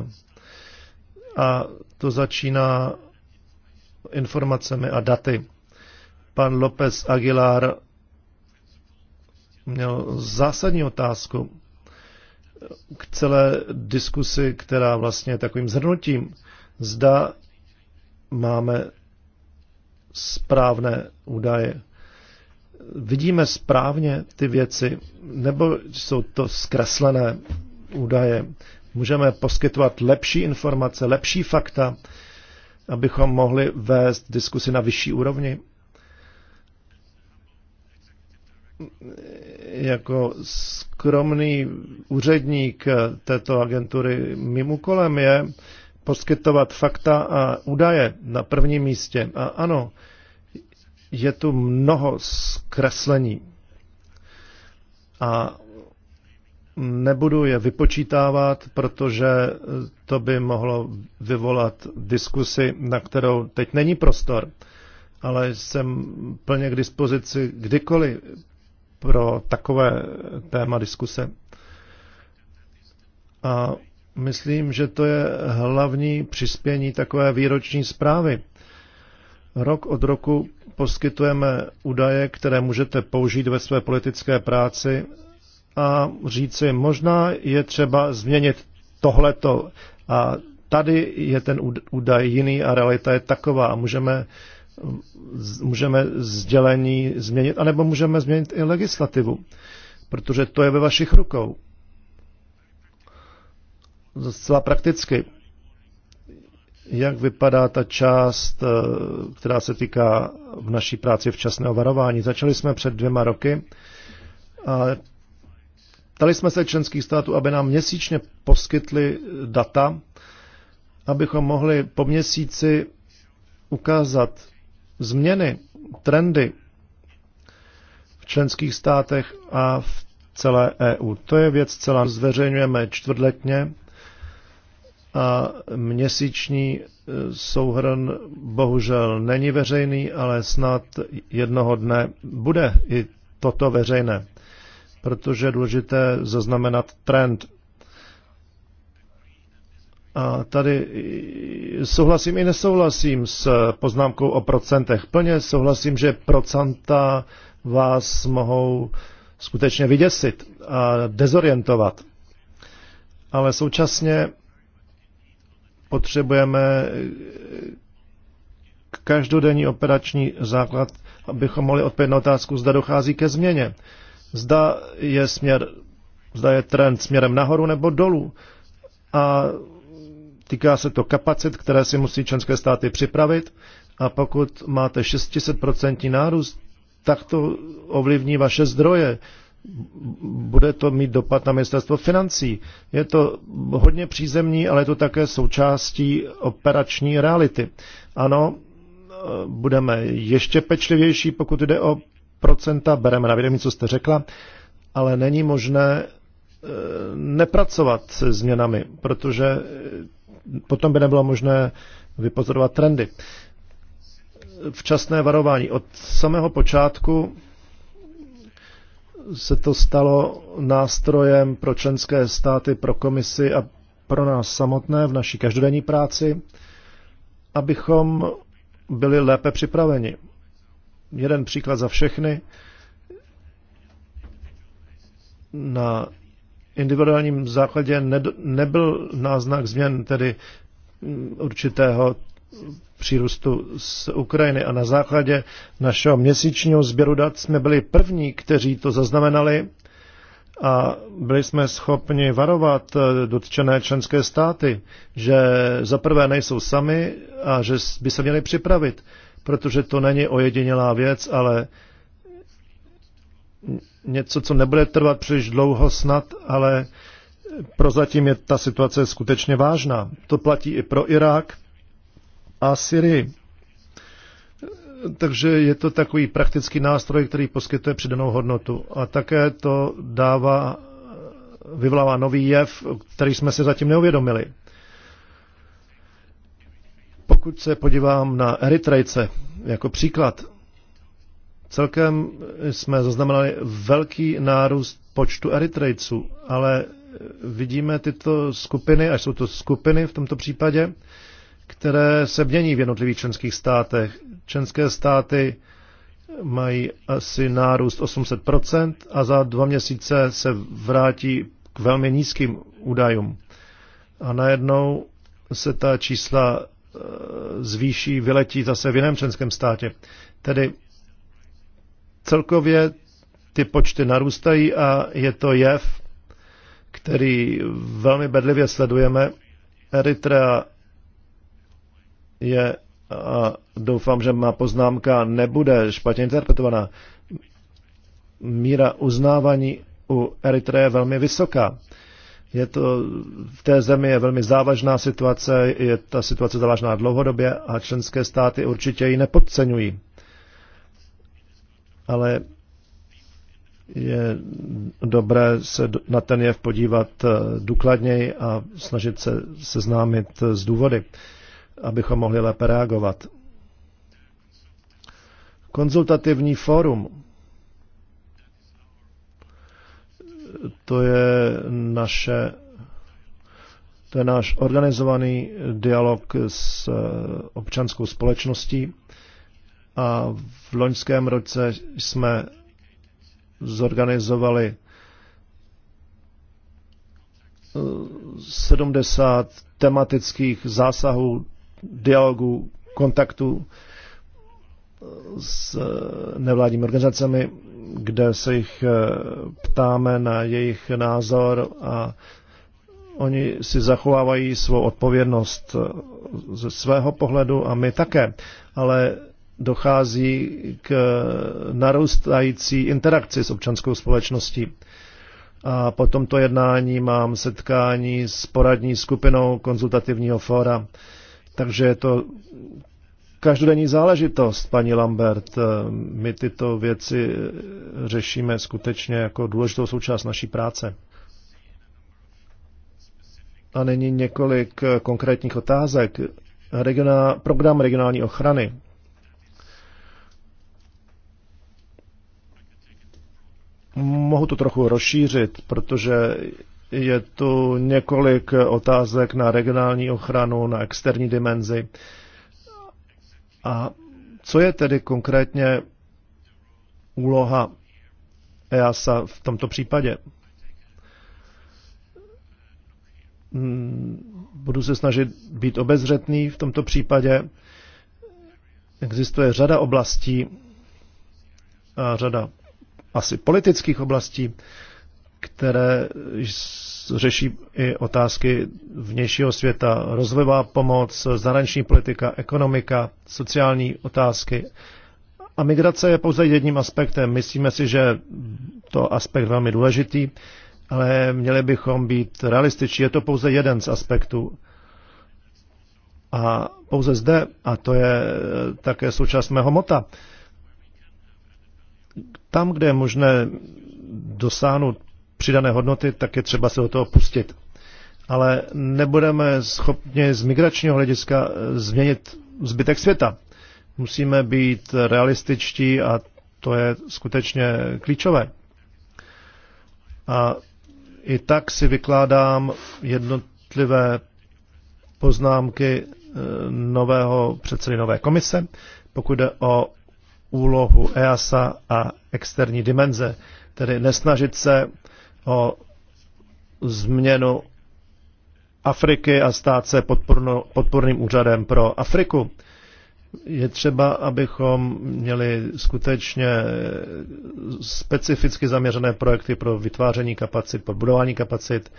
A to začíná informacemi a daty. Pan López Aguilar měl zásadní otázku k celé diskusi, která vlastně je takovým zhrnutím. Zda máme správné údaje. Vidíme správně ty věci, nebo jsou to zkreslené údaje. Můžeme poskytovat lepší informace, lepší fakta, abychom mohli vést diskusi na vyšší úrovni. jako skromný úředník této agentury mým úkolem je poskytovat fakta a údaje na prvním místě. A ano, je tu mnoho zkreslení. A nebudu je vypočítávat, protože to by mohlo vyvolat diskusy, na kterou teď není prostor. Ale jsem plně k dispozici kdykoliv pro takové téma diskuse. A myslím, že to je hlavní přispění takové výroční zprávy. Rok od roku poskytujeme údaje, které můžete použít ve své politické práci a říci, možná je třeba změnit tohleto a tady je ten údaj jiný a realita je taková a můžeme můžeme sdělení změnit, anebo můžeme změnit i legislativu, protože to je ve vašich rukou. Zcela prakticky, jak vypadá ta část, eh, která se týká v naší práci včasného varování. Začali jsme před dvěma roky a Ptali jsme se členských států, aby nám měsíčně poskytli data, abychom mohli po měsíci ukázat změny, trendy v členských státech a v celé EU. To je věc celá. Zveřejňujeme čtvrtletně a měsíční e, souhrn bohužel není veřejný, ale snad jednoho dne bude i toto veřejné, protože je důležité zaznamenat trend a tady souhlasím i nesouhlasím s poznámkou o procentech. Plně souhlasím, že procenta vás mohou skutečně vyděsit a dezorientovat. Ale současně potřebujeme e, každodenní operační základ, abychom mohli odpovědět na otázku, zda dochází ke změně. Zda je, směr, zda je trend směrem nahoru nebo dolů. A Týká se to kapacit, které si musí členské státy připravit a pokud máte 600% nárůst, tak to ovlivní vaše zdroje. Bude to mít dopad na ministerstvo financí. Je to hodně přízemní, ale je to také součástí operační reality. Ano, budeme ještě pečlivější, pokud jde o procenta, bereme na vědomí, co jste řekla, ale není možné eh, nepracovat se změnami, protože potom by nebylo možné vypozorovat trendy. Včasné varování. Od samého počátku se to stalo nástrojem pro členské státy, pro komisi a pro nás samotné v naší každodenní práci, abychom byli lépe připraveni. Jeden příklad za všechny. Na individuálním základě nebyl náznak změn, tedy mm, určitého přírůstu z Ukrajiny a na základě našeho měsíčního sběru dat jsme byli první, kteří to zaznamenali a byli jsme schopni varovat eh, dotčené členské státy, že za prvé nejsou sami a že by se měli připravit, protože to není ojedinělá věc, ale něco, co nebude trvat příliš dlouho snad, ale prozatím je ta situace skutečně vážná. To platí i pro Irák a Syrii. Takže je to takový praktický nástroj, který poskytuje přidanou hodnotu. A také to dává, vyvolává nový jev, který jsme si zatím neuvědomili. Pokud se podívám na Eritrejce jako příklad, Celkem jsme zaznamenali velký nárůst počtu Eritrejců, ale vidíme tyto skupiny, až jsou to skupiny v tomto případě, které se mění v jednotlivých členských státech. Členské státy mají asi nárůst 800% a za dva měsíce se vrátí k velmi nízkým údajům. A najednou se ta čísla eh, zvýší, vyletí zase v jiném členském státě. Tedy Celkově ty počty narůstají a je to jev, který velmi bedlivě sledujeme. Eritrea je a doufám, že má poznámka nebude špatně interpretovaná. Míra uznávání u Eritreje je velmi vysoká. Je to, v té zemi je velmi závažná situace, je ta situace závažná dlouhodobě a členské státy určitě ji nepodceňují ale je dobré se na ten jev podívat eh, důkladněji a snažit se seznámit eh, s důvody, abychom mohli lépe reagovat. Konzultativní fórum. To je naše to je náš organizovaný dialog s eh, občanskou společností a v loňském roce jsme zorganizovali 70 eh, tematických zásahů, dialogů, kontaktů eh, s eh, nevládními organizacemi, kde se jich ptáme na jejich názor a oni si zachovávají svou odpovědnost ze svého pohledu a my také. Ale dochází k narůstající interakci s občanskou společností. A po tomto jednání mám setkání s poradní skupinou konzultativního fóra. Takže je to každodenní záležitost, paní Lambert. My tyto věci řešíme skutečně jako důležitou součást naší práce. A není několik konkrétních otázek. Regionál, program regionální ochrany mohu to trochu rozšířit, protože je tu několik otázek na regionální ochranu, na externí dimenzi. A co je tedy konkrétně úloha EASA v tomto případě? Hmm, budu se snažit být obezřetný v tomto případě. Existuje řada oblastí a řada asi politických oblastí, které řeší i otázky vnějšího světa, rozvojová pomoc, zahraniční politika, ekonomika, sociální otázky. A migrace je pouze jedním aspektem. Myslíme si, že to aspekt velmi důležitý, ale měli bychom být realističtí. Je to pouze jeden z aspektů. A pouze zde, a to je také součást mého mota, tam, kde je možné dosáhnout přidané hodnoty, tak je třeba se do toho pustit. Ale nebudeme schopni z migračního hlediska eh, změnit zbytek světa. Musíme být realističtí a to je skutečně klíčové. A i tak si vykládám jednotlivé poznámky eh, nového předsedy nové komise, pokud jde o úlohu EASA a externí dimenze, tedy nesnažit se o změnu Afriky a stát se podporno, podporným úřadem pro Afriku. Je třeba, abychom měli skutečně specificky zaměřené projekty pro vytváření kapacit, pro budování kapacit.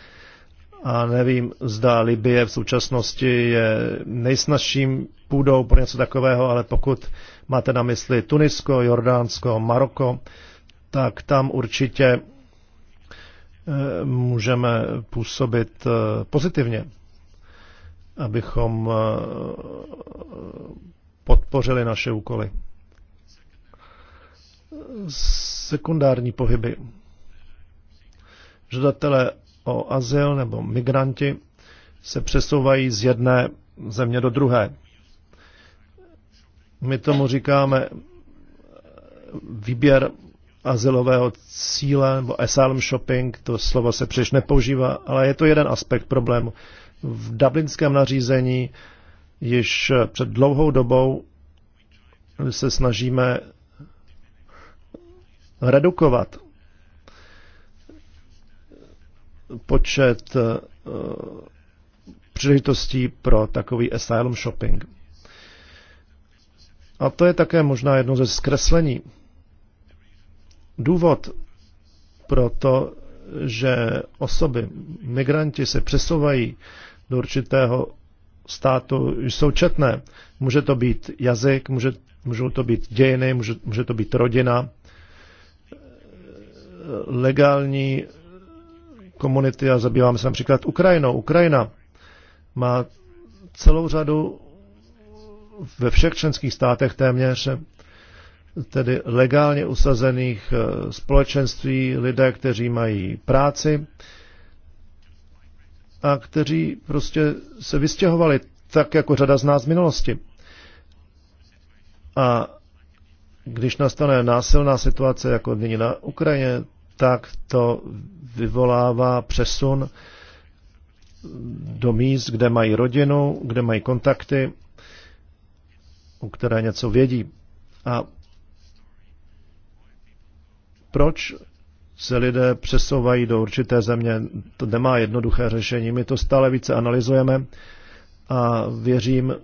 A nevím, zda Libie v současnosti je nejsnažším půdou pro něco takového, ale pokud máte na mysli Tunisko, Jordánsko, Maroko, tak tam určitě eh, můžeme působit eh, pozitivně, abychom eh, podpořili naše úkoly. Sekundární pohyby. Žadatelé o azyl nebo migranti se přesouvají z jedné země do druhé. My tomu říkáme výběr azylového cíle nebo asylum shopping, to slovo se příliš nepoužívá, ale je to jeden aspekt problému. V dublinském nařízení již před dlouhou dobou se snažíme redukovat počet eh, příležitostí pro takový asylum shopping. A to je také možná jedno ze zkreslení. Důvod pro to, že osoby, migranti se přesouvají do určitého státu, jsou četné. Může to být jazyk, může, můžou to být dějiny, může, může to být rodina, legální komunity a zabýváme se například Ukrajinou. Ukrajina má celou řadu ve všech členských státech téměř, tedy legálně usazených eh, společenství, lidé, kteří mají práci a kteří prostě se vystěhovali tak jako řada z nás v minulosti. A když nastane násilná situace, jako nyní na Ukrajině, tak to vyvolává přesun do míst, kde mají rodinu, kde mají kontakty o které něco vědí. A proč se lidé přesouvají do určité země, to nemá jednoduché řešení. My to stále více analyzujeme a věřím,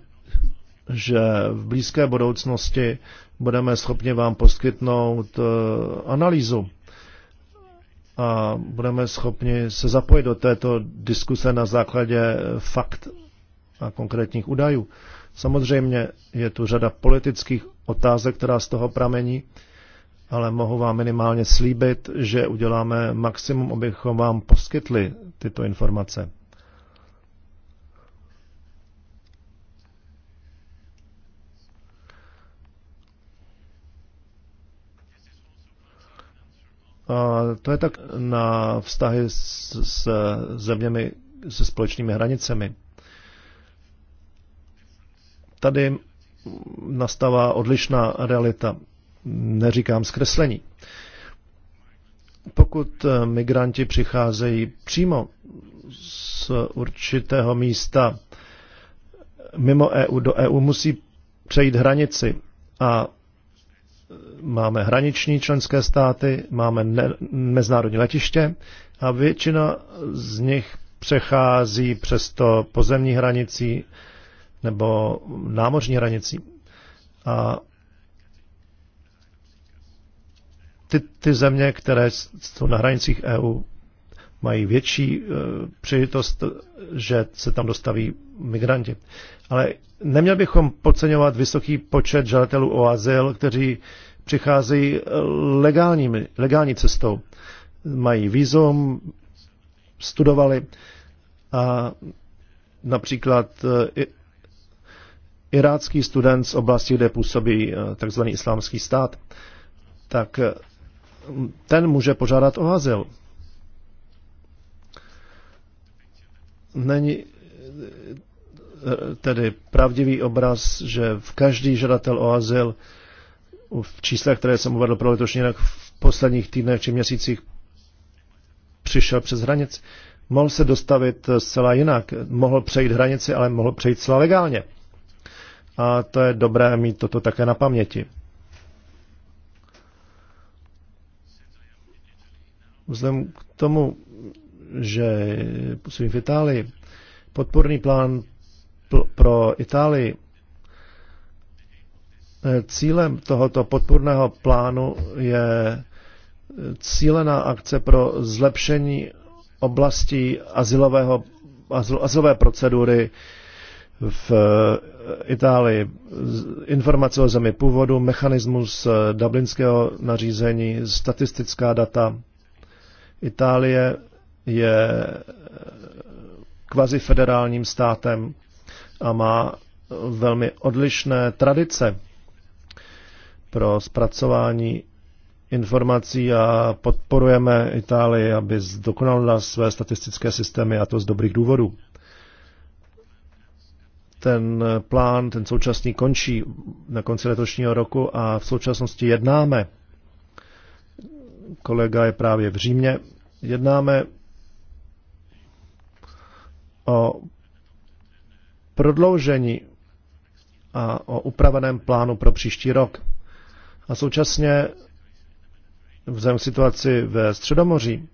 že v blízké budoucnosti budeme schopni vám poskytnout eh, analýzu a budeme schopni se zapojit do této diskuse na základě fakt a konkrétních údajů. Samozřejmě je tu řada politických otázek, která z toho pramení, ale mohu vám minimálně slíbit, že uděláme maximum, abychom vám poskytli tyto informace. A to je tak na vztahy s, s zeměmi se společnými hranicemi. Tady nastává odlišná realita, neříkám zkreslení. Pokud eh, migranti přicházejí přímo z určitého místa eh, mimo EU do EU, musí přejít hranici a eh, máme hraniční členské státy, máme ne- mezinárodní letiště a většina z nich přechází přes to pozemní hranicí nebo námořní hranicí. A ty, ty země, které jsou na hranicích EU, mají větší e, příležitost, že se tam dostaví migranti. Ale neměl bychom podceňovat vysoký počet žadatelů o azyl, kteří přicházejí legálními, legální cestou. Mají výzum, studovali a například e, irácký student z oblasti, kde působí eh, tzv. islámský stát, tak eh, ten může požádat o azyl. Není eh, tedy pravdivý obraz, že v každý žadatel o azyl v číslech, které jsem uvedl pro letošní rok v posledních týdnech či měsících přišel přes hranic, mohl se dostavit zcela jinak. Mohl přejít hranici, ale mohl přejít zcela legálně a to je dobré mít toto také na paměti. Vzhledem k tomu, že působím v Itálii, podporný plán pro Itálii eh, Cílem tohoto podporného plánu je cílená akce pro zlepšení oblastí azylového, azyl, azylové procedury v eh, Itálii informace o zemi původu, mechanismus eh, dublinského nařízení, statistická data. Itálie je eh, kvazi federálním státem a má velmi odlišné tradice pro zpracování informací a podporujeme Itálii, aby zdokonalila své statistické systémy a to z dobrých důvodů ten plán, ten současný končí na konci letošního roku a v současnosti jednáme. Kolega je právě v Římě. Jednáme o prodloužení a o upraveném plánu pro příští rok. A současně vzhledem situaci ve Středomoří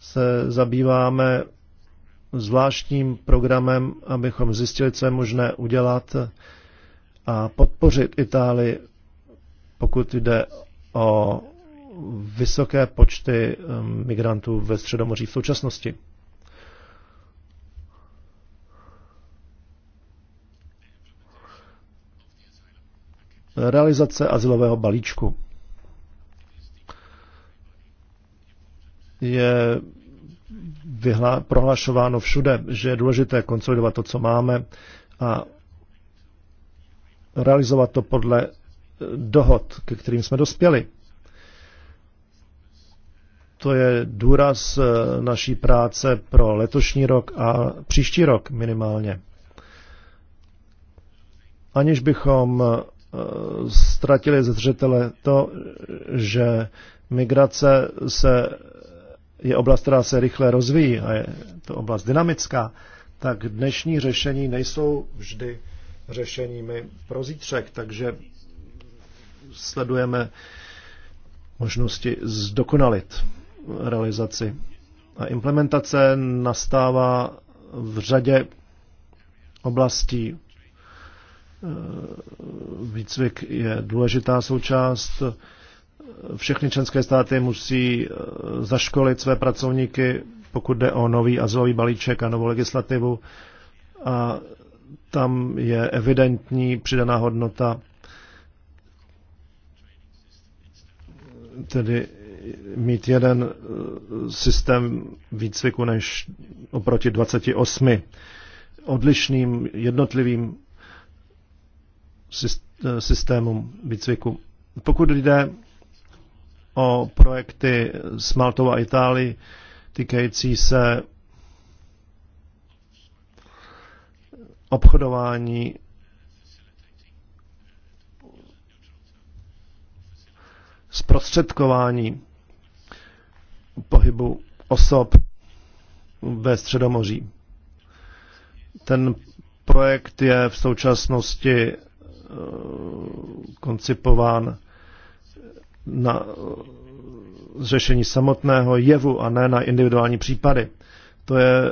se zabýváme zvláštním programem, abychom zjistili, co je možné udělat a podpořit Itálii, pokud jde o vysoké počty um, migrantů ve Středomoří v současnosti. Realizace azylového balíčku je vyhla, prohlašováno všude, že je důležité konsolidovat to, co máme a realizovat to podle eh, dohod, ke kterým jsme dospěli. To je důraz eh, naší práce pro letošní rok a příští rok minimálně. Aniž bychom eh, ztratili ze zřetele to, že migrace se je oblast, která se rychle rozvíjí a je to oblast dynamická, tak dnešní řešení nejsou vždy řešeními pro zítřek, takže sledujeme možnosti zdokonalit realizaci. A implementace nastává v řadě oblastí. E, výcvik je důležitá součást všechny členské státy musí eh, zaškolit své pracovníky, pokud jde o nový azylový balíček a novou legislativu. A tam je evidentní přidaná hodnota, tedy mít jeden eh, systém výcviku než oproti 28 odlišným jednotlivým eh, systémům výcviku. Pokud jde o projekty s Maltou a Itálií týkající se obchodování zprostředkování pohybu osob ve Středomoří. Ten projekt je v současnosti eh, koncipován na řešení samotného jevu a ne na individuální případy. To je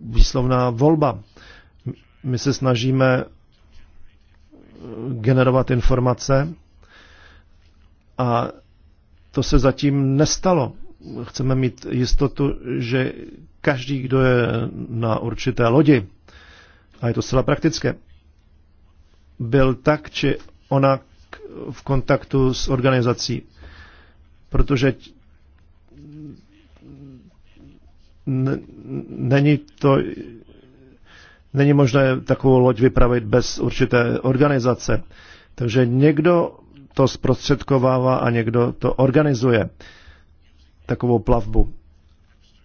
výslovná volba. My se snažíme eh, generovat informace a to se zatím nestalo. Chceme mít jistotu, že každý, kdo je na určité lodi, a je to zcela praktické, byl tak či onak v kontaktu s organizací, protože není to není možné takovou loď vypravit bez určité organizace. Takže někdo to zprostředkovává a někdo to organizuje, takovou plavbu.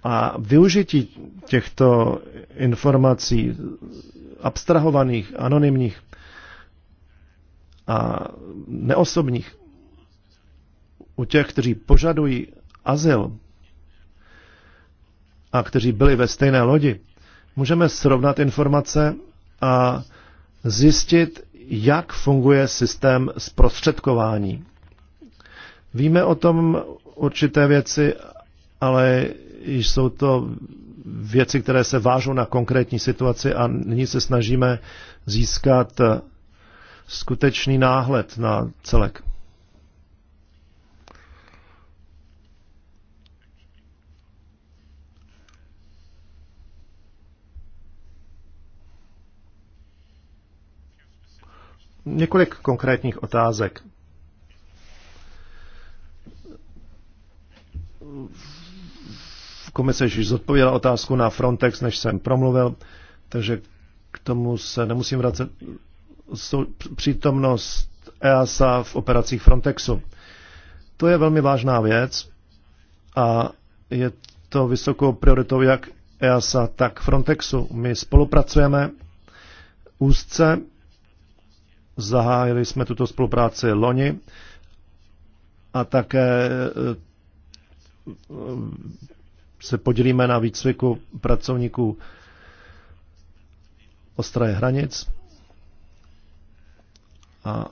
A využití těchto informací abstrahovaných, anonymních, a neosobních. U těch, kteří požadují azyl a kteří byli ve stejné lodi, můžeme srovnat informace a zjistit, jak funguje systém zprostředkování. Víme o tom určité věci, ale jsou to věci, které se vážou na konkrétní situaci a nyní se snažíme získat skutečný náhled na celek. Několik konkrétních otázek. Komise již zodpověděla otázku na Frontex, než jsem promluvil, takže k tomu se nemusím vracet přítomnost EASA v operacích Frontexu. To je velmi vážná věc a je to vysokou prioritou jak EASA, tak Frontexu. My spolupracujeme úzce, zahájili jsme tuto spolupráci loni a také eh, se podělíme na výcviku pracovníků ostraje hranic a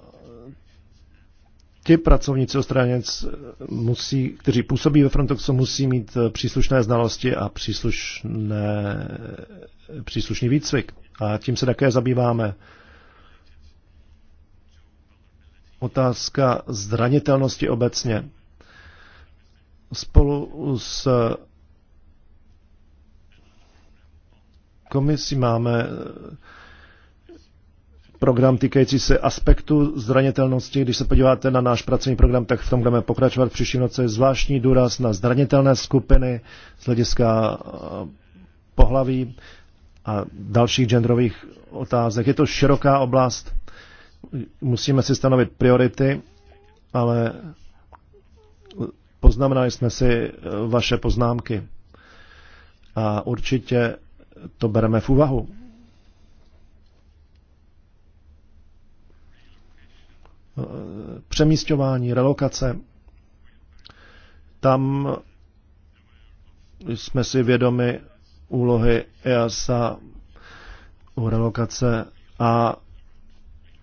ti pracovníci ostraněc, musí, kteří působí ve Frontexu, musí mít eh, příslušné znalosti a příslušné, příslušný výcvik. A tím se také zabýváme. Otázka zranitelnosti obecně. Spolu s komisí máme eh, program týkající se aspektu zranitelnosti. Když se podíváte na náš pracovní program, tak v tom budeme pokračovat příští noci. Zvláštní důraz na zranitelné skupiny z hlediska eh, pohlaví a dalších genderových otázek. Je to široká oblast, musíme si stanovit priority, ale poznamenali jsme si eh, vaše poznámky. A určitě to bereme v úvahu. přemístování, relokace. Tam jsme si vědomi úlohy EASA u relokace a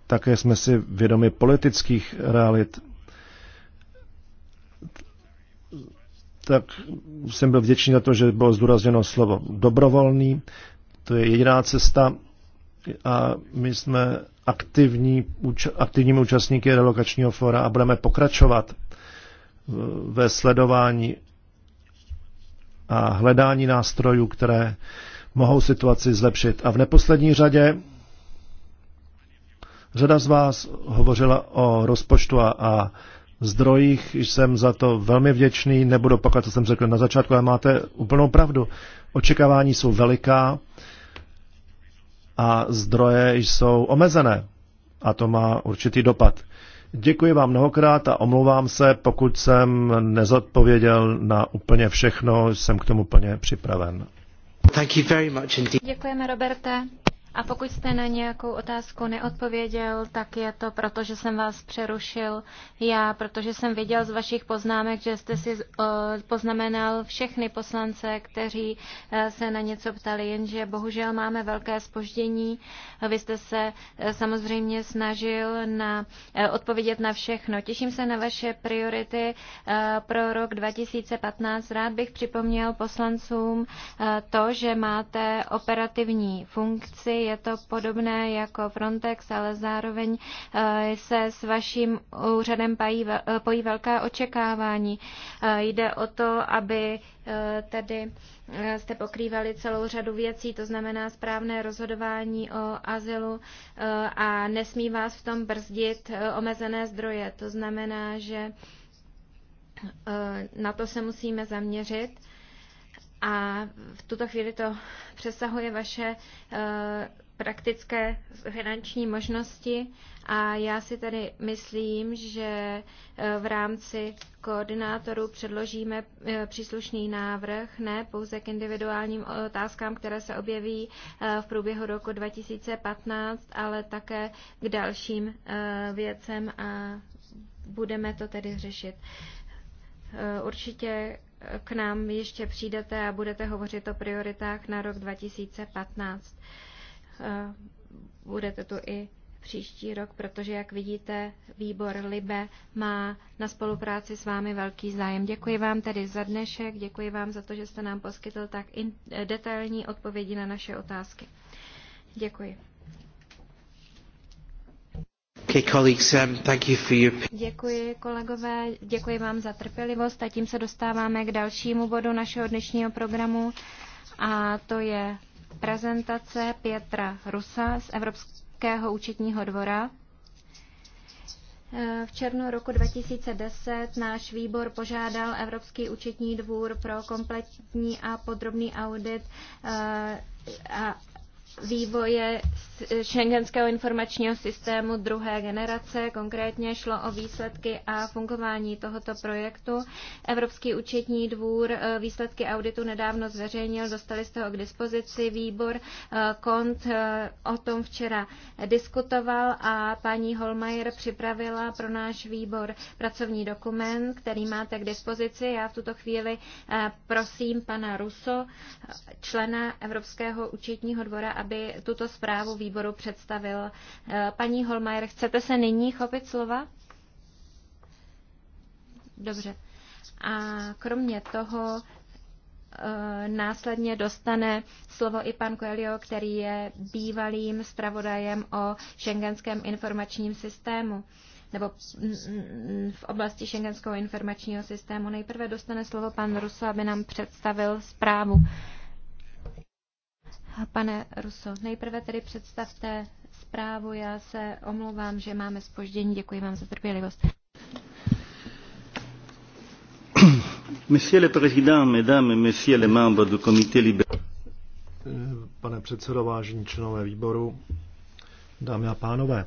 také jsme si vědomi politických realit. Tak jsem byl vděčný za to, že bylo zdůrazněno slovo dobrovolný. To je jediná cesta, a my jsme aktivní, aktivními účastníky relokačního fora a budeme pokračovat ve sledování a hledání nástrojů, které mohou situaci zlepšit. A v neposlední řadě řada z vás hovořila o rozpočtu a, a zdrojích. Jsem za to velmi vděčný, nebudu opakovat, co jsem řekl na začátku, ale máte úplnou pravdu. Očekávání jsou veliká a zdroje jsou omezené. A to má určitý dopad. Děkuji vám mnohokrát a omlouvám se, pokud jsem nezodpověděl na úplně všechno, jsem k tomu plně připraven. Děkujeme, Roberte. A pokud jste na nějakou otázku neodpověděl, tak je to proto, že jsem vás přerušil já, protože jsem viděl z vašich poznámek, že jste si eh, poznamenal všechny poslance, kteří eh, se na něco ptali, jenže bohužel máme velké spoždění. Vy jste se eh, samozřejmě snažil na, odpovědět na všechno. Těším se na vaše priority pro rok 2015. Rád bych připomněl poslancům to, že máte operativní funkci, je to podobné jako Frontex, ale zároveň eh, se s vaším úřadem eh, pojí velká očekávání. Eh, jde o to, aby tedy jste pokrývali celou řadu věcí, to znamená správné rozhodování o azylu a nesmí vás v tom brzdit omezené zdroje. To znamená, že na to se musíme zaměřit a v tuto chvíli to přesahuje vaše eh, praktické finanční možnosti a já si tady myslím, že eh, v rámci koordinátorů předložíme eh, příslušný návrh, ne pouze k individuálním otázkám, které se objeví v průběhu roku 2015, ale také k dalším věcem a budeme to tedy řešit. Určitě k nám ještě přijdete a budete hovořit o prioritách na rok 2015. Eh, budete tu i příští rok, protože, jak vidíte, výbor Libe má na spolupráci s vámi velký zájem. Děkuji vám tedy za dnešek, děkuji vám za to, že jste nám poskytl tak detailní odpovědi na naše otázky. Děkuji. Um, děkuji kolegové, děkuji vám za trpělivost a tím se dostáváme k dalšímu bodu našeho dnešního programu a to je prezentace Pětra Rusa z Evropského účetního dvora. V červnu roku 2010 náš výbor požádal Evropský účetní dvůr pro kompletní a podrobný audit eh, a vývoje šengenského informačního systému druhé generace. Konkrétně šlo o výsledky a fungování tohoto projektu. Evropský účetní dvůr eh, výsledky auditu nedávno zveřejnil, dostali jste ho k dispozici. Výbor eh, KONT eh, o tom včera diskutoval a paní Holmajer připravila pro náš výbor pracovní dokument, který máte k dispozici. Já v tuto chvíli prosím pana Ruso, člena Evropského účetního dvora, aby aby tuto zprávu výboru představil. Eh, paní Holmajer, chcete se nyní chopit slova? Dobře. A kromě toho eh, následně dostane slovo i pan Coelho, který je bývalým zpravodajem o šengenském informačním systému nebo v oblasti šengenského informačního systému. Nejprve dostane slovo pan Rusu, aby nám představil zprávu. Pane Ruso, nejprve tedy představte zprávu. Já se omlouvám, že máme spoždění. Děkuji vám za trpělivost. *clears throat* Monsieur le président, mesdames messieurs les membres du comité libéral. Pane předsedo, vážení členové výboru, dámy a pánové.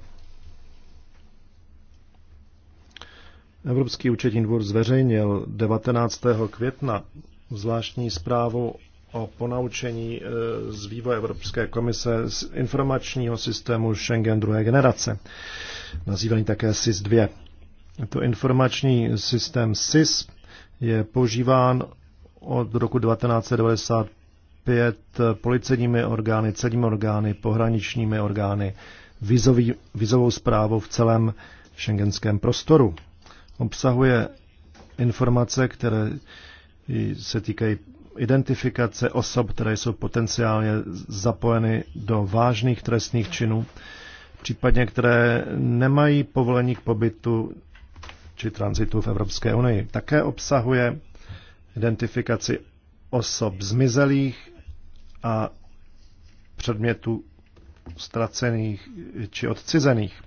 Evropský účetní dvůr zveřejnil 19. května zvláštní zprávu o ponaučení e, z vývoje Evropské komise z informačního systému Schengen druhé generace, nazývaný také SIS-2. To informační systém SIS je používán od roku 1995 policejními orgány, celními orgány, pohraničními orgány, vizový, vizovou zprávou v celém šengenském prostoru. Obsahuje informace, které se týkají identifikace osob, které jsou potenciálně zapojeny do vážných trestných činů, případně které nemají povolení k pobytu či tranzitu v Evropské unii. Také obsahuje identifikaci osob zmizelých a předmětů ztracených či odcizených.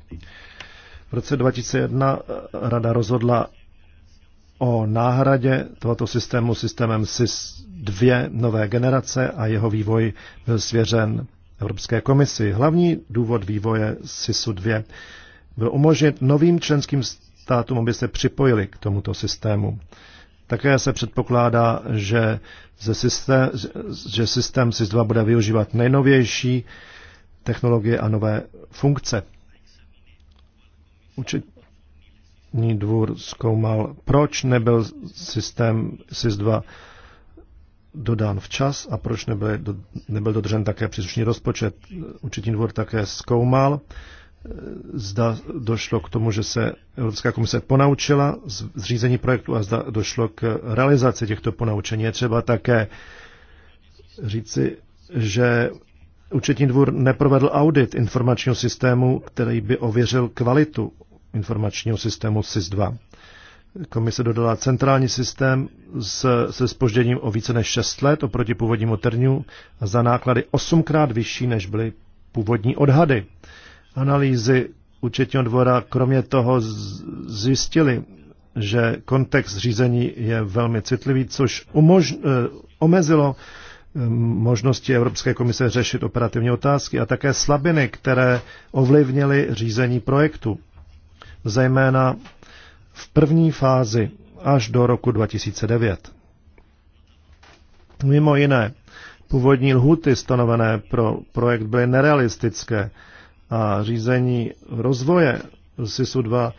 V roce 2001 Rada rozhodla o náhradě tohoto systému systémem SIS dvě nové generace a jeho vývoj byl svěřen Evropské komisi. Hlavní důvod vývoje SISu 2 byl umožnit novým členským státům, aby se připojili k tomuto systému. Také se předpokládá, že, ze systém, že systém SIS 2 bude využívat nejnovější technologie a nové funkce. Učitní dvůr zkoumal, proč nebyl systém SIS 2 dodán včas a proč nebyl, nebyl dodržen také příslušný rozpočet. Určitý dvor také zkoumal, eh, zda došlo k tomu, že se Evropská komise ponaučila z zřízení projektu a zda došlo k realizaci těchto ponaučení. Je třeba také říci, že Účetní dvůr neprovedl audit informačního systému, který by ověřil kvalitu informačního systému SIS-2. Komise dodala centrální systém s, se spožděním o více než 6 let oproti původnímu termínu za náklady 8 x vyšší, než byly původní odhady. Analýzy účetního dvora kromě toho zjistily, že kontext řízení je velmi citlivý, což umož, eh, omezilo eh, možnosti Evropské komise řešit operativní otázky a také slabiny, které ovlivnily řízení projektu. Zejména v první fázi až do roku 2009. Mimo jiné, původní lhuty stanovené pro projekt byly nerealistické a řízení rozvoje SISu 2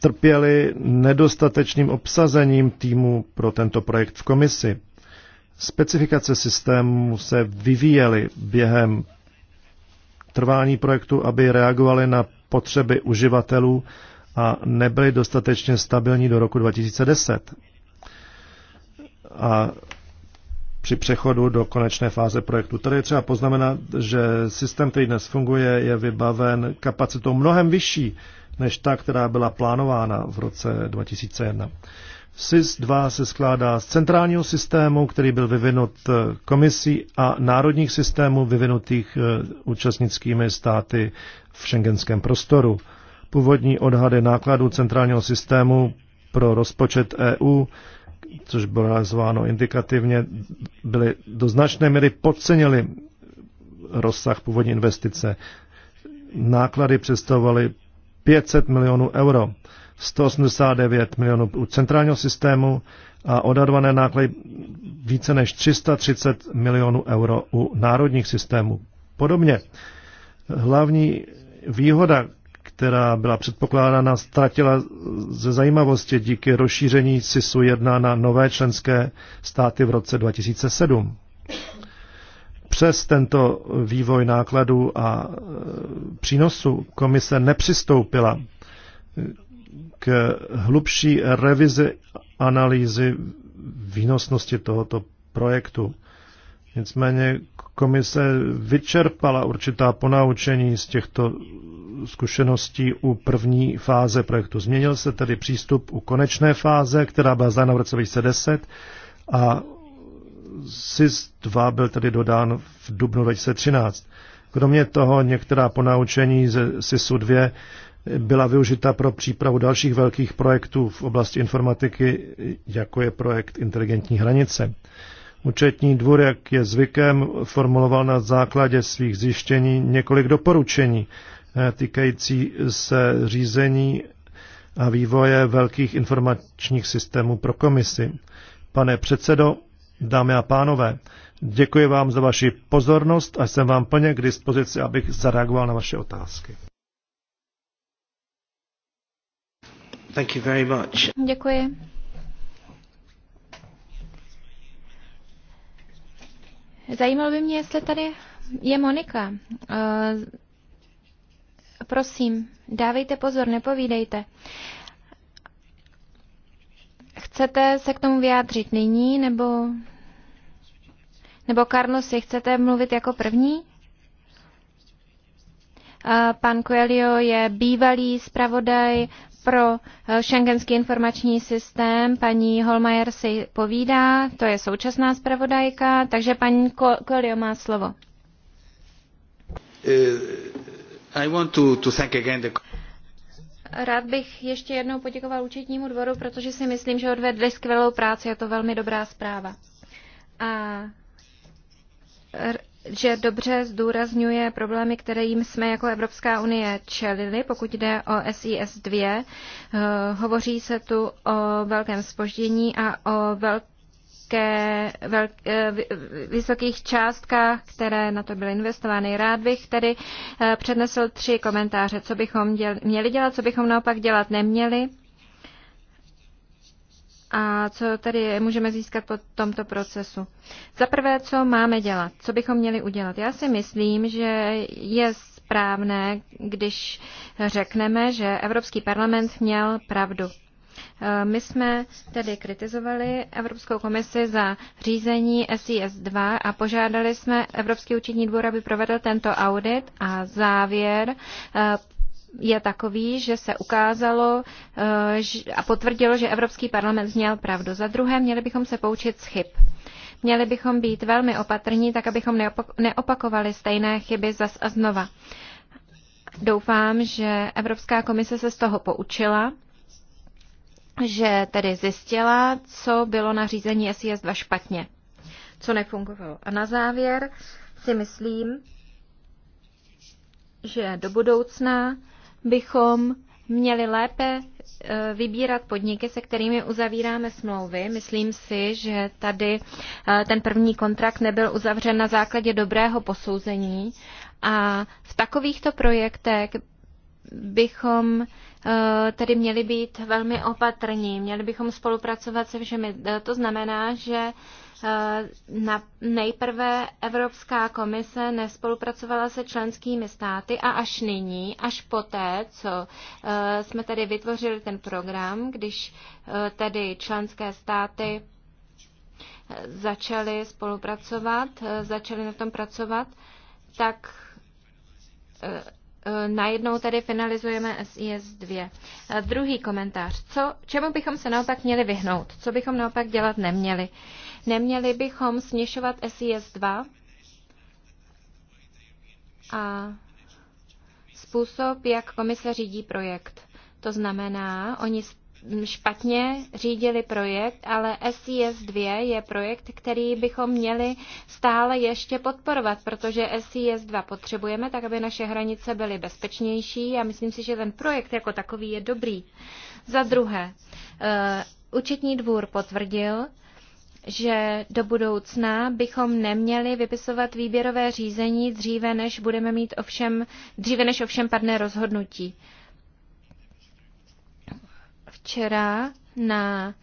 trpěli nedostatečným obsazením týmu pro tento projekt v komisi. Specifikace systému se vyvíjely během trvání projektu, aby reagovaly na potřeby uživatelů a nebyly dostatečně stabilní do roku 2010. A při přechodu do konečné fáze projektu. Tady je třeba poznamenat, že systém, který dnes funguje, je vybaven kapacitou mnohem vyšší než ta, která byla plánována v roce 2001. SIS-2 se skládá z centrálního systému, který byl vyvinut komisí a národních systémů vyvinutých eh, účastnickými státy v šengenském prostoru. Původní odhady nákladů centrálního systému pro rozpočet EU, což bylo realizováno indikativně, byly do značné míry podcenily rozsah původní investice. Náklady představovaly 500 milionů euro, 189 milionů u centrálního systému a odhadované náklady více než 330 milionů euro u národních systémů. Podobně hlavní výhoda, která byla předpokládána, ztratila ze zajímavosti díky rozšíření CISu 1 na nové členské státy v roce 2007. Přes tento vývoj nákladů a e, přínosu komise nepřistoupila e, k hlubší revizi analýzy výnosnosti tohoto projektu. Nicméně komise vyčerpala určitá ponaučení z těchto zkušeností u první fáze projektu. Změnil se tedy přístup u konečné fáze, která byla zdána v roce 2010 a SIS-2 byl tedy dodán v dubnu 2013. Kromě toho některá ponaučení ze SISu 2 byla využita pro přípravu dalších velkých projektů v oblasti informatiky, jako je projekt Inteligentní hranice. Účetní dvůr, jak je zvykem, formuloval na základě svých zjištění několik doporučení, Eh, týkající se řízení a vývoje velkých informačních systémů pro komisi. Pane předsedo, dámy a pánové, děkuji vám za vaši pozornost a jsem vám plně k dispozici, abych zareagoval na vaše otázky. Thank you very much. Děkuji. Zajímalo by mě, jestli tady je Monika eh, Prosím, dávejte pozor, nepovídejte. Chcete se k tomu vyjádřit nyní, nebo... Nebo si chcete mluvit jako první? Pan Coelho je bývalý zpravodaj pro šengenský e, informační systém. Paní Holmajer si povídá, to je současná zpravodajka, takže paní Coelho má slovo. E, Rád bych ještě jednou poděkoval účetnímu dvoru, protože si myslím, že odvedli skvělou práci, je to velmi dobrá zpráva. A že dobře zdůrazňuje problémy, které jim jsme jako Evropská unie čelili, pokud jde o SIS 2. Eh, hovoří se tu o velkém spoždění a o velkém velké, velk, eh, vysokých částkách, které na to byly investovány. Rád bych tedy eh, přednesl tři komentáře, co bychom děl, měli dělat, co bychom naopak dělat neměli a co tedy můžeme získat po tomto procesu. Za prvé, co máme dělat, co bychom měli udělat. Já si myslím, že je správné, když řekneme, že Evropský parlament měl pravdu. Eh, my jsme tedy kritizovali Evropskou komisi za řízení SIS 2 a požádali jsme Evropský účetní dvůr, aby provedl tento audit a závěr eh, je takový, že se ukázalo eh, a potvrdilo, že Evropský parlament měl pravdu. Za druhé, měli bychom se poučit z chyb. Měli bychom být velmi opatrní, tak abychom neopakovali stejné chyby zas a znova. Doufám, že Evropská komise se z toho poučila že tedy zjistila, co bylo na řízení SIS 2 špatně, co nefungovalo. A na závěr si myslím, že do budoucna bychom měli lépe e, vybírat podniky, se kterými uzavíráme smlouvy. Myslím si, že tady e, ten první kontrakt nebyl uzavřen na základě dobrého posouzení a v takovýchto projektech bychom eh, tedy měli být velmi opatrní, měli bychom spolupracovat se všemi. Eh, to znamená, že eh, na, nejprve Evropská komise nespolupracovala se členskými státy a až nyní, až poté, co jsme tady vytvořili ten program, když tedy členské státy začaly spolupracovat, začaly na tom pracovat, tak Eh, najednou tady finalizujeme SIS 2. A druhý komentář. Co, čemu bychom se naopak měli vyhnout? Co bychom naopak dělat neměli? Neměli bychom směšovat SIS 2 a způsob, jak komise řídí projekt. To znamená, oni špatně řídili projekt, ale SES 2 je projekt, který bychom měli stále ještě podporovat, protože SES 2 potřebujeme, tak aby naše hranice byly bezpečnější a myslím si, že ten projekt jako takový je dobrý. Za druhé, eh, účetní dvůr potvrdil, že do budoucna bychom neměli vypisovat výběrové řízení dříve, než budeme mít ovšem, dříve než ovšem padne rozhodnutí. Uh, Včera na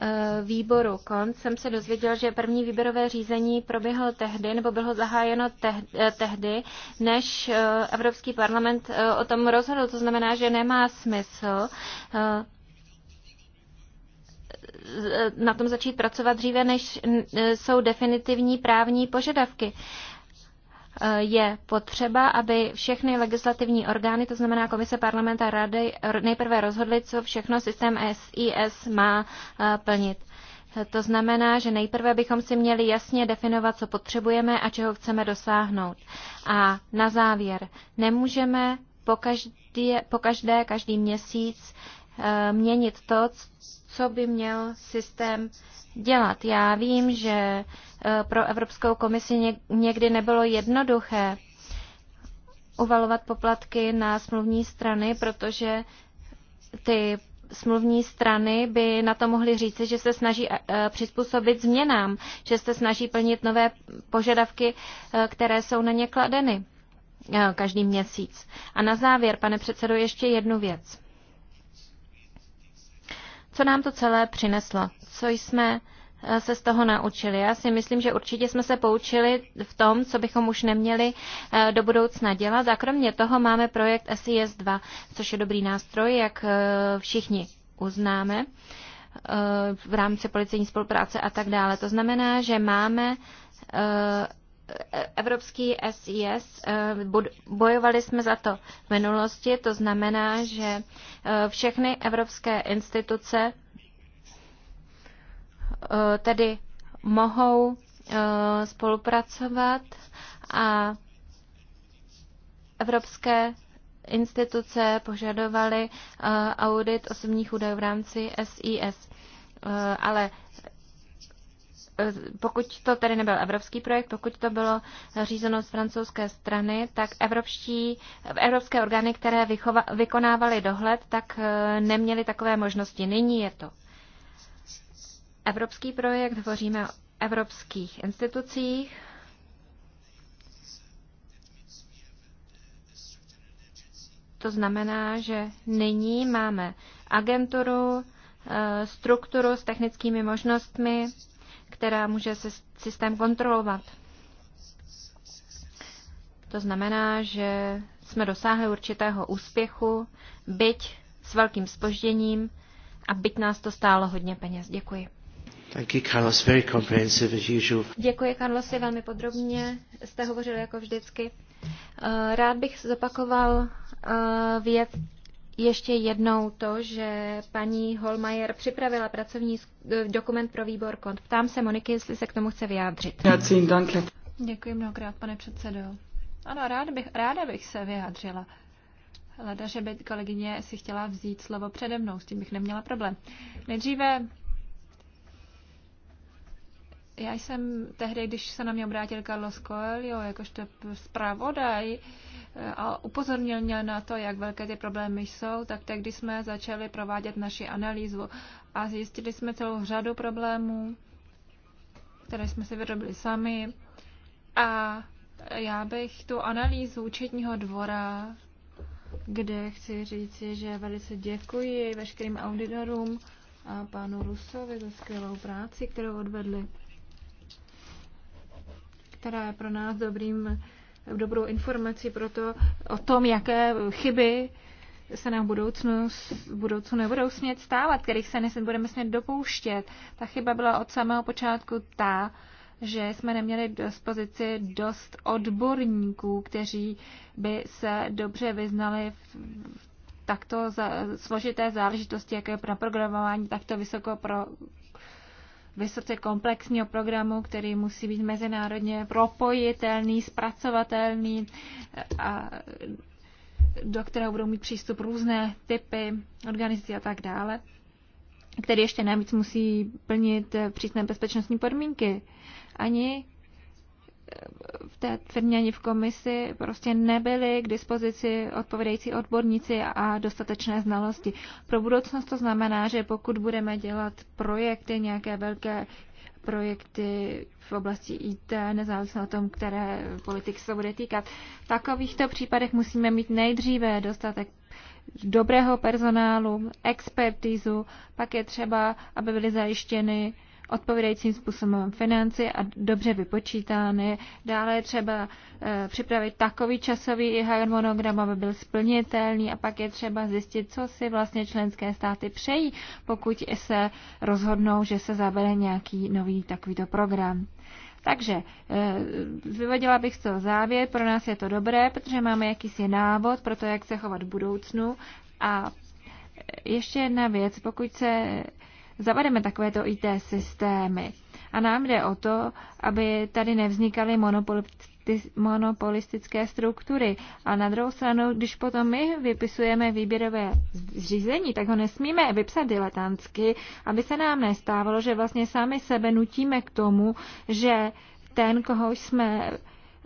eh, výboru KONC jsem se dozvěděl, že první výběrové řízení proběhlo tehdy, nebo bylo zahájeno eh, tehdy, než eh, Evropský parlament o tom rozhodl. To znamená, že nemá smysl na tom začít pracovat dříve, než jsou definitivní právní požadavky. Eh, je potřeba, aby všechny legislativní orgány, to znamená Komise parlamenta rady, nejprve rozhodly, co všechno systém SIS má eh, plnit. Eh, to znamená, že nejprve bychom si měli jasně definovat, co potřebujeme a čeho chceme dosáhnout. A na závěr, nemůžeme po každé, po každé každý měsíc měnit to, co by měl systém dělat. Já vím, že eh, pro Evropskou komisi někdy nebylo jednoduché uvalovat poplatky na smluvní strany, protože ty smluvní strany by na to mohly říci, že se snaží eh, eh, přizpůsobit změnám, že se snaží plnit nové požadavky, které jsou na ně kladeny každý měsíc. A na závěr, pane předsedo, ještě jednu věc co nám to celé přineslo, co jsme eh, se z toho naučili. Já si myslím, že určitě jsme se poučili v tom, co bychom už neměli eh, do budoucna dělat. A kromě toho máme projekt SIS 2, což je dobrý nástroj, jak eh, všichni uznáme v rámci policejní spolupráce a tak dále. To znamená, že máme evropský SIS, eh, bojovali jsme za to v minulosti, to znamená, že eh, všechny evropské instituce eh, tedy mohou spolupracovat a evropské instituce požadovaly audit osobních údajů v rámci SIS. Ale pokud to tedy nebyl evropský projekt, pokud to bylo řízeno z francouzské strany, tak evropští, evropské orgány, které vychova, vykonávaly dohled, tak eh, neměly takové možnosti. Nyní je to evropský projekt, hovoříme o evropských institucích, To znamená, že nyní máme agenturu, eh, strukturu s technickými možnostmi, která může systém kontrolovat. To znamená, že jsme dosáhli určitého úspěchu, byť s velkým spožděním a byť nás to stálo hodně peněz. Děkuji. Thank you, Carlos. Very comprehensive as usual. Děkuji, Carlosi, velmi podrobně. Jste hovořil jako vždycky. Eh, rád bych zopakoval eh, věc, ještě jednou to, že paní Holmajer připravila pracovní eh, dokument pro výbor kont. Ptám se Moniky, jestli se k tomu chce vyjádřit. Děkuji mnohokrát, pane předsedo. Ano, rád bych, ráda bych se vyjádřila. Hleda, že by kolegyně si chtěla vzít slovo přede mnou, s tím bych neměla problém. Nejdříve já jsem tehdy, když se na mě obrátil Carlos Coelho jakožto zpravodaj, a upozornil mě na to, jak velké ty problémy jsou, tak tehdy jsme začali provádět naši analýzu a zjistili jsme celou řadu problémů, které jsme si vyrobili sami. A já bych tu analýzu účetního dvora, kde chci říct, že velice děkuji veškerým auditorům a panu Rusovi za skvělou práci, kterou odvedli, která je pro nás dobrým dobrou informaci pro to, o tom, jaké chyby se nám budoucnu, budoucnu nebudou smět stávat, kterých se nesmí budeme smět dopouštět. Ta chyba byla od samého počátku ta, že jsme neměli k dispozici dost odborníků, kteří by se dobře vyznali v takto složité záležitosti, jako je pro programování takto vysoko pro vysoce komplexního programu, který musí být mezinárodně propojitelný, zpracovatelný eh, a do kterého budou mít přístup různé typy organizací a tak dále, který ještě navíc musí plnit přísné bezpečnostní podmínky. Ani v té firmě ani v komisi prostě nebyly k dispozici odpovědající odborníci a dostatečné znalosti. Pro budoucnost to znamená, že pokud budeme dělat projekty, nějaké velké projekty v oblasti IT, nezávisle na tom, které politik se bude týkat. V takovýchto případech musíme mít nejdříve dostatek dobrého personálu, expertízu, pak je třeba, aby byly zajištěny odpovídajícím způsobem financi a dobře vypočítány. Dále je třeba eh, připravit takový časový harmonogram, aby byl splnitelný a pak je třeba zjistit, co si vlastně členské státy přejí, pokud se rozhodnou, že se zabere nějaký nový takovýto program. Takže eh, vyvodila bych z toho závěr, pro nás je to dobré, protože máme jakýsi návod pro to, jak se chovat v budoucnu a eh, ještě jedna věc, pokud se zavedeme takovéto IT systémy. A nám jde o to, aby tady nevznikaly monopolistické struktury. A na druhou stranu, když potom my vypisujeme výběrové zřízení, tak ho nesmíme vypsat diletantsky, aby se nám nestávalo, že vlastně sami sebe nutíme k tomu, že ten, koho jsme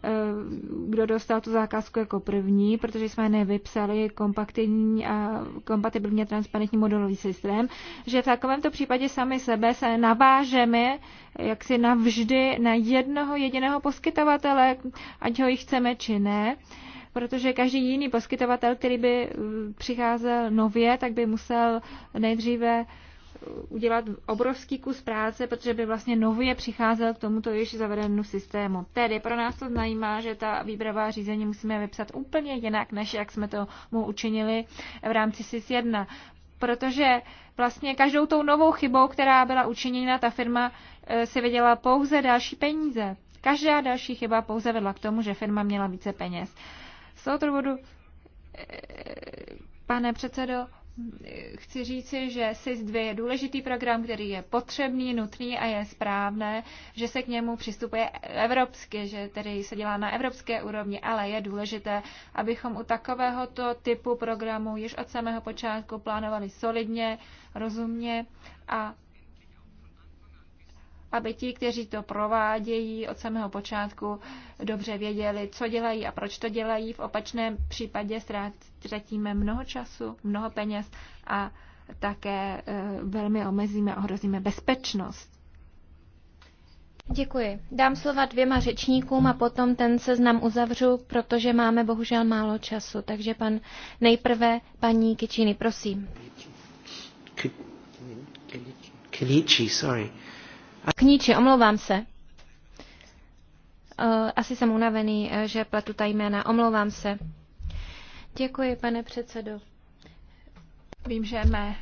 Eh, kdo dostal tu zakázku jako první, protože jsme nevypsali kompaktivní a kompatibilní a transparentní modulový systém, že v takovémto případě sami sebe se navážeme jaksi navždy na jednoho jediného poskytovatele, ať ho ji chceme či ne protože každý jiný poskytovatel, který by eh, přicházel nově, tak by musel nejdříve udělat obrovský kus práce, protože by vlastně nově přicházel k tomuto již zavedenému systému. Tedy pro nás to znajímá, že ta výběrová řízení musíme vypsat úplně jinak, než jak jsme to mu učinili v rámci SIS-1 protože vlastně každou tou novou chybou, která byla učiněna, ta firma eh, si vydělala pouze další peníze. Každá další chyba pouze vedla k tomu, že firma měla více peněz. Z toho důvodu, eh, pane předsedo, chci říci, že SIS-2 je důležitý program, který je potřebný, nutný a je správné, že se k němu přistupuje evropsky, že tedy se dělá na evropské úrovni, ale je důležité, abychom u takovéhoto typu programu již od samého počátku plánovali solidně, rozumně a aby ti, kteří to provádějí od samého počátku, dobře věděli, co dělají a proč to dělají. V opačném případě ztratíme mnoho času, mnoho peněz a také velmi omezíme a ohrozíme bezpečnost. Děkuji. Dám slova dvěma řečníkům a potom ten seznam uzavřu, protože máme bohužel málo času. Takže pan nejprve paní Kičiny, prosím. Kličí, sorry. Kníči, omlouvám se. Eh, asi jsem unavený, eh, že pletu ta jména. Omlouvám se. Děkuji, pane předsedo. Vím, že mé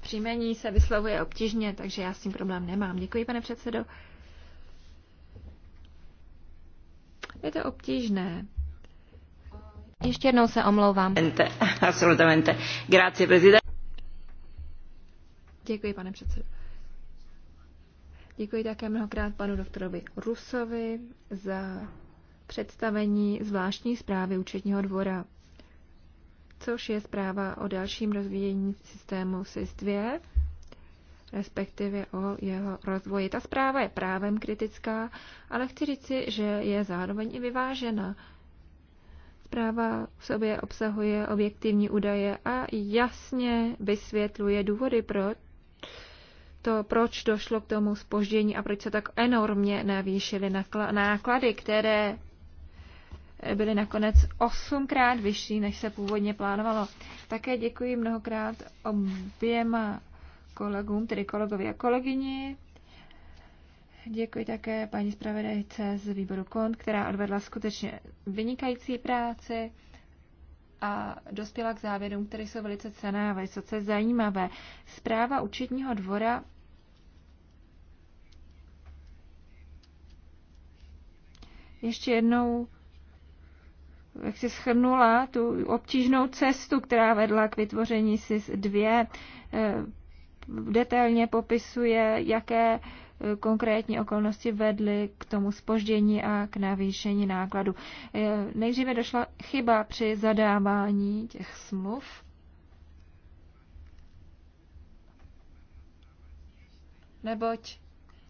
příjmení se vyslovuje obtížně, takže já s tím problém nemám. Děkuji, pane předsedo. Je to obtížné. Ještě jednou se omlouvám. Absolutamente. Grazie, prezident. Děkuji, pane předsedo. Děkuji také mnohokrát panu doktorovi Rusovi za představení zvláštní zprávy účetního dvora, což je zpráva o dalším rozvíjení systému SIS-2, respektive o jeho rozvoji. Ta zpráva je právem kritická, ale chci říci, že je zároveň i vyvážena. Zpráva v sobě obsahuje objektivní údaje a jasně vysvětluje důvody, proč to, proč došlo k tomu spoždění a proč se tak enormně navýšily náklady, které byly nakonec osmkrát vyšší, než se původně plánovalo. Také děkuji mnohokrát oběma kolegům, tedy kolegovi a kolegyni. Děkuji také paní zpravodajce z výboru KONT, která odvedla skutečně vynikající práci a dospěla k závěrům, které jsou velice cené a vysoce zajímavé. Zpráva účetního dvora ještě jednou jak si schrnula tu obtížnou cestu, která vedla k vytvoření SIS-2, eh, detailně popisuje, jaké konkrétní okolnosti vedly k tomu spoždění a k navýšení nákladu. Eh, nejdříve došla chyba při zadávání těch smluv. Neboť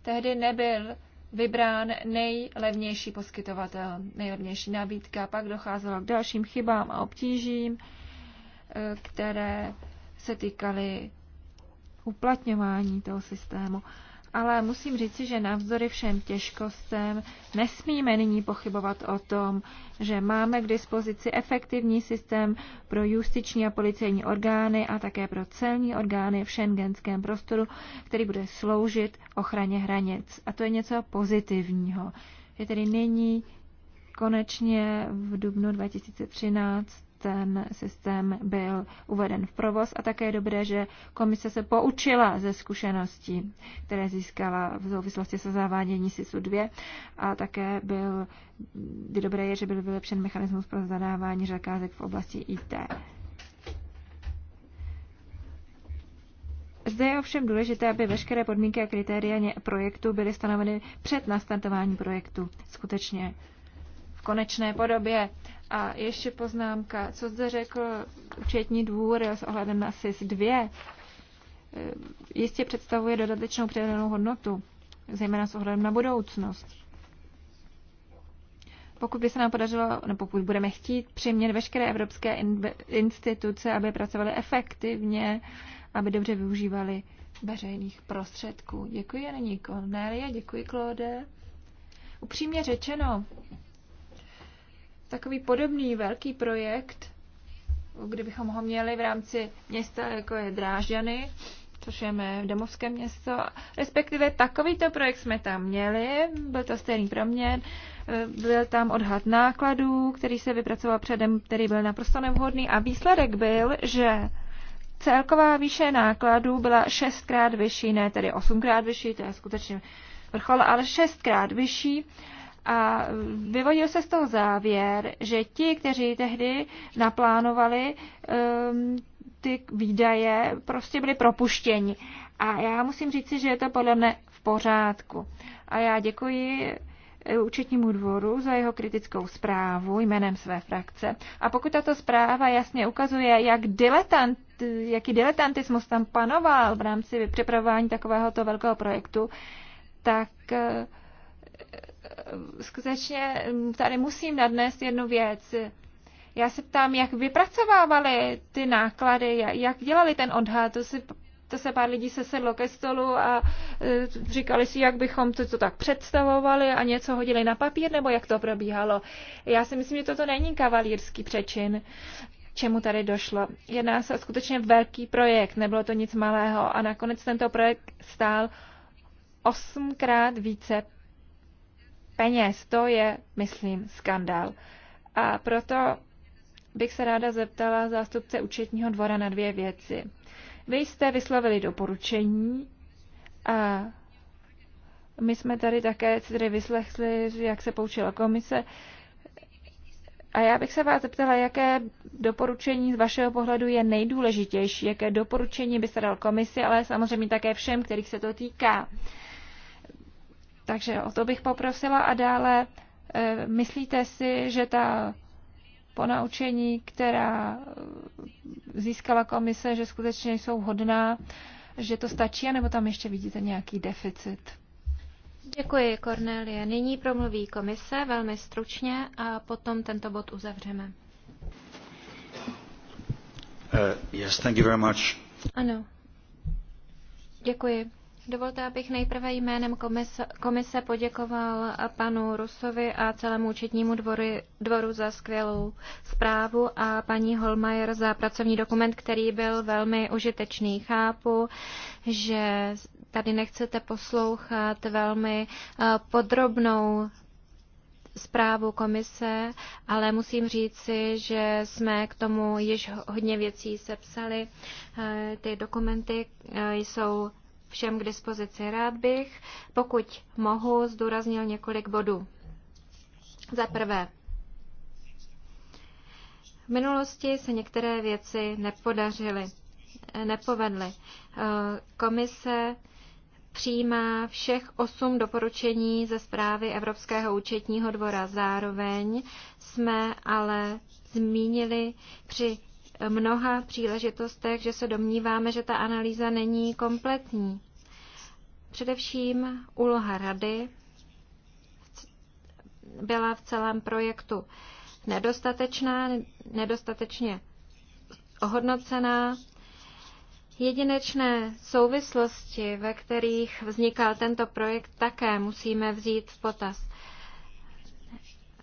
tehdy nebyl vybrán nejlevnější poskytovatel, nejlevnější nabídka. Pak docházelo k dalším chybám a obtížím, eh, které se týkaly uplatňování toho systému ale musím říci, že navzdory všem těžkostem nesmíme nyní pochybovat o tom, že máme k dispozici efektivní systém pro justiční a policejní orgány a také pro celní orgány v šengenském prostoru, který bude sloužit ochraně hranic. A to je něco pozitivního. Je tedy nyní konečně v dubnu 2013 ten systém byl uveden v provoz a také je dobré, že komise se poučila ze zkušeností, které získala v souvislosti se zavádění SISu 2 a také byl, dobré je, že byl vylepšen mechanismus pro zadávání zakázek v oblasti IT. Zde je ovšem důležité, aby veškeré podmínky a kritéria projektu byly stanoveny před nastartováním projektu. Skutečně konečné podobě. A ještě poznámka, co zde řekl účetní dvůr s ohledem na SIS 2, eh, jistě představuje dodatečnou přidanou hodnotu, zejména s ohledem na budoucnost. Pokud by se nám podařilo, nebo pokud budeme chtít přimět veškeré evropské instituce, aby pracovaly efektivně, aby dobře využívali veřejných prostředků. Děkuji, Janí Cornelia, děkuji, Claude. Upřímně řečeno, takový podobný velký projekt, kdybychom ho měli v rámci města, jako je Drážďany, což je mé domovské město. Respektive takovýto projekt jsme tam měli, byl to stejný proměn, byl tam odhad nákladů, který se vypracoval předem, který byl naprosto nevhodný a výsledek byl, že celková výše nákladů byla šestkrát vyšší, ne tedy osmkrát vyšší, to je skutečně vrchol, ale šestkrát vyšší a vyvodil se z toho závěr, že ti, kteří tehdy naplánovali um, ty výdaje, prostě byli propuštěni. A já musím říci, že je to podle mne v pořádku. A já děkuji eh, účetnímu dvoru za jeho kritickou zprávu jménem své frakce. A pokud tato zpráva jasně ukazuje, jak diletant, jaký diletantismus tam panoval v rámci připravování takovéhoto velkého projektu, tak eh, Eh, skutečně mm, tady musím nadnést jednu věc. Já se ptám, jak vypracovávali ty náklady, jak dělali ten odhad, to se to se pár lidí sesedlo ke stolu a eh, říkali si, jak bychom to, to tak představovali a něco hodili na papír, nebo jak to probíhalo. Já si myslím, že toto není kavalírský přečin čemu tady došlo. Jedná se o skutečně velký projekt, nebylo to nic malého a nakonec tento projekt stál osmkrát více peněz. To je, myslím, skandál. A proto bych se ráda zeptala zástupce účetního dvora na dvě věci. Vy jste vyslovili doporučení a my jsme tady také tady vyslechli, jak se poučila komise. A já bych se vás zeptala, jaké doporučení z vašeho pohledu je nejdůležitější, jaké doporučení by se dal komisi, ale samozřejmě také všem, kterých se to týká. Takže o to bych poprosila a dále eh, myslíte si, že ta ponaučení, která eh, získala komise, že skutečně jsou hodná, že to stačí, nebo tam ještě vidíte nějaký deficit? Děkuji, Cornelie. Nyní promluví komise velmi stručně a potom tento bod uzavřeme. Uh, yes, thank you very much. Ano. Děkuji. Dovolte, abych nejprve jménem komise, komise poděkoval panu Rusovi a celému účetnímu dvoru, dvoru za skvělou zprávu a paní Holmajer za pracovní dokument, který byl velmi užitečný. Chápu, že tady nechcete poslouchat velmi eh, podrobnou zprávu komise, ale musím říci, že jsme k tomu již hodně věcí sepsali. Eh, ty dokumenty eh, jsou všem k dispozici. Rád bych, pokud mohu, zdůraznil několik bodů. Za prvé, v minulosti se některé věci nepodařily, nepovedly. Eh, komise přijímá všech osm doporučení ze zprávy Evropského účetního dvora. Zároveň jsme ale zmínili při mnoha příležitostech, že se domníváme, že ta analýza není kompletní. Především úloha rady byla v celém projektu nedostatečná, nedostatečně ohodnocená. Jedinečné souvislosti, ve kterých vznikal tento projekt, také musíme vzít v potaz.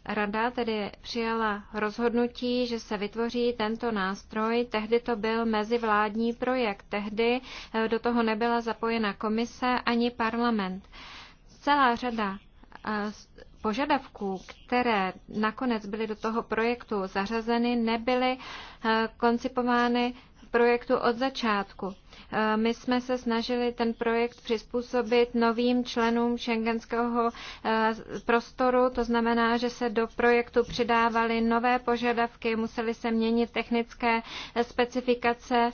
Rada tedy přijala rozhodnutí, že se vytvoří tento nástroj. Tehdy to byl mezivládní projekt. Tehdy eh, do toho nebyla zapojena komise ani parlament. Celá řada eh, požadavků, které nakonec byly do toho projektu zařazeny, nebyly eh, koncipovány projektu od začátku. Eh, my jsme se snažili ten projekt přizpůsobit novým členům šengenského eh, prostoru, to znamená, že se do projektu přidávaly nové požadavky, museli se měnit technické eh, specifikace,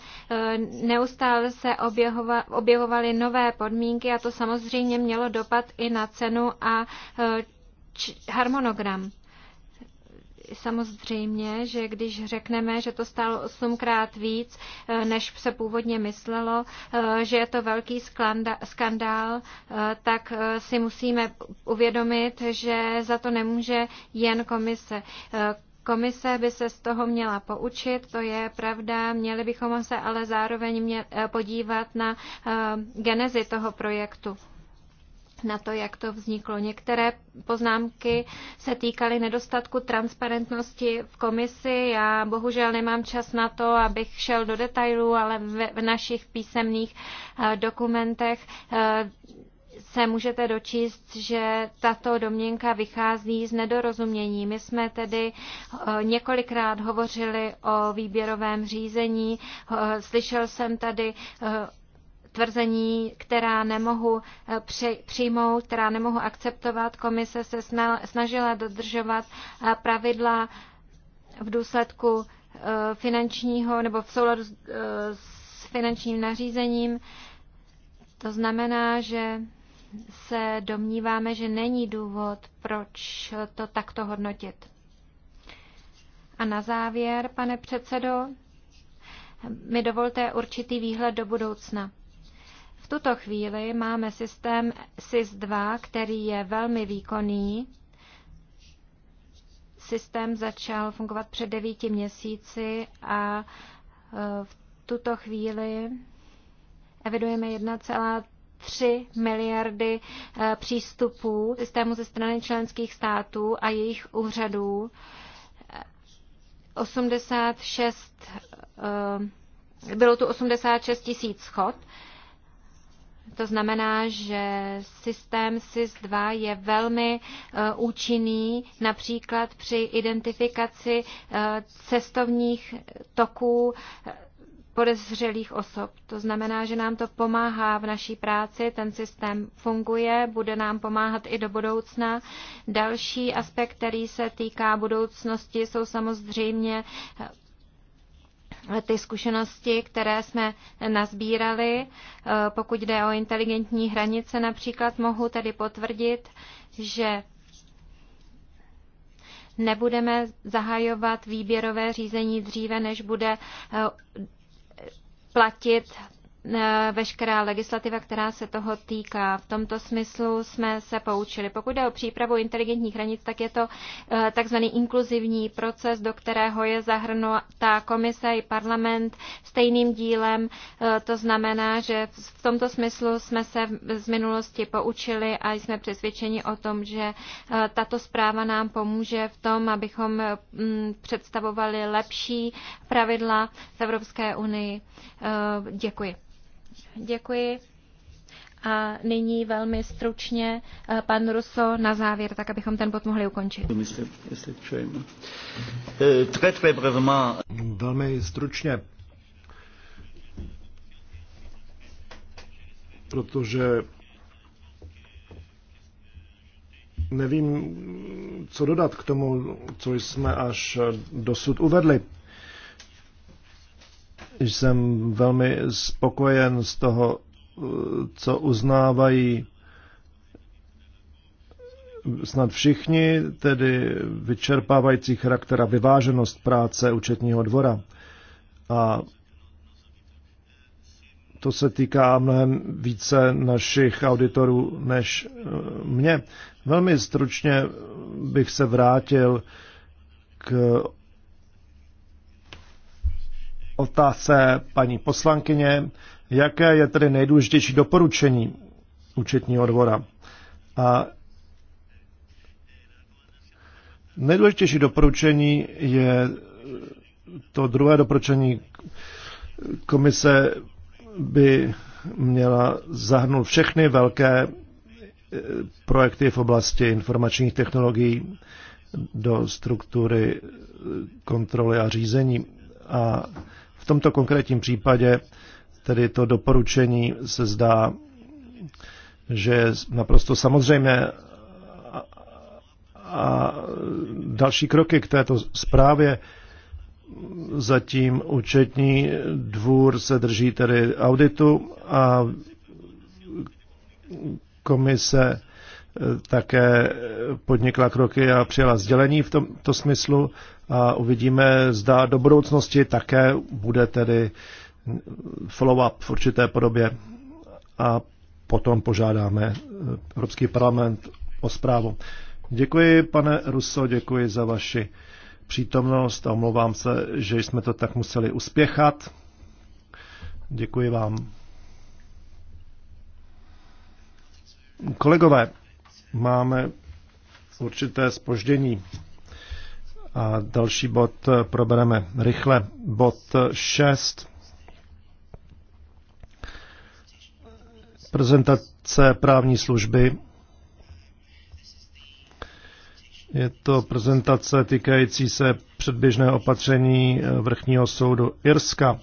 neustále se objevovaly nové podmínky a to samozřejmě mělo dopad i na cenu a harmonogram samozřejmě, že když řekneme, že to stálo osmkrát víc, eh, než se původně myslelo, eh, že je to velký skandál, eh, tak si musíme uvědomit, že za to nemůže jen komise. Komise by se z toho měla poučit, to je pravda, měli bychom se ale zároveň podívat na genezi toho projektu na to, jak to vzniklo. Některé poznámky se týkaly nedostatku transparentnosti v komisi. Já bohužel nemám čas na to, abych šel do detailů, ale v, našich písemných eh, dokumentech eh, se můžete dočíst, že tato domněnka vychází z nedorozumění. My jsme tedy eh, několikrát hovořili o výběrovém řízení, slyšel jsem tady tvrzení, která nemohu eh, přijmout, která nemohu akceptovat. Komise se snažila dodržovat eh, pravidla v důsledku eh, finančního nebo v souladu s finančním nařízením. To znamená, že se domníváme, že není důvod, proč to takto hodnotit. A na závěr, pane předsedo, mi dovolte určitý výhled do budoucna tuto chvíli máme systém SIS-2, který je velmi výkonný. Systém začal fungovat před devíti měsíci a e, v tuto chvíli evidujeme 1,3 miliardy e, přístupů systému ze strany členských států a jejich úřadů. 86, e, bylo tu 86 tisíc schod to znamená, že systém SIS-2 je velmi eh, účinný například při identifikaci eh, cestovních toků eh, podezřelých osob. To znamená, že nám to pomáhá v naší práci, ten systém funguje, bude nám pomáhat i do budoucna. Další aspekt, který se týká budoucnosti, jsou samozřejmě ty zkušenosti, které jsme nazbírali, eh, pokud jde o inteligentní hranice například, mohu tedy potvrdit, že nebudeme zahajovat výběrové řízení dříve, než bude eh, platit Eh, veškerá legislativa, která se toho týká. V tomto smyslu jsme se poučili. Pokud jde o přípravu inteligentních hranic, tak je to eh, takzvaný inkluzivní proces, do kterého je zahrnutá komise i parlament stejným dílem. Eh, to znamená, že v tomto smyslu jsme se z minulosti poučili a jsme přesvědčeni o tom, že tato zpráva nám pomůže v tom, abychom mm, představovali lepší pravidla v Evropské unii. Děkuji. Děkuji. A nyní velmi stručně eh, pan Russo na závěr, tak abychom ten bod mohli ukončit. Eh, velmi stručně, protože nevím, co dodat k tomu, co jsme až dosud uvedli. Jsem velmi spokojen z toho, co uznávají snad všichni, tedy vyčerpávající charakter a vyváženost práce účetního dvora. A to se týká mnohem více našich auditorů než eh, mě. Velmi stručně bych se vrátil k otázce paní poslankyně, jaké je tedy nejdůležitější doporučení účetního dvora. A nejdůležitější doporučení je to druhé doporučení komise by měla zahrnout všechny velké eh, projekty v oblasti informačních technologií do struktury eh, kontroly a řízení. A v tomto konkrétním případě tedy to doporučení se zdá, že je naprosto samozřejmě a další kroky k této zprávě zatím účetní dvůr se drží tedy auditu a komise také podnikla kroky a přijala sdělení v tomto smyslu a uvidíme, zda do budoucnosti také bude tedy follow-up v určité podobě a potom požádáme Evropský parlament o zprávu. Děkuji, pane Ruso, děkuji za vaši přítomnost a omlouvám se, že jsme to tak museli uspěchat. Děkuji vám. Kolegové, máme určité spoždění. A další bod probereme rychle. Bod 6. Prezentace právní služby. Je to prezentace týkající se předběžné opatření Vrchního soudu Irska.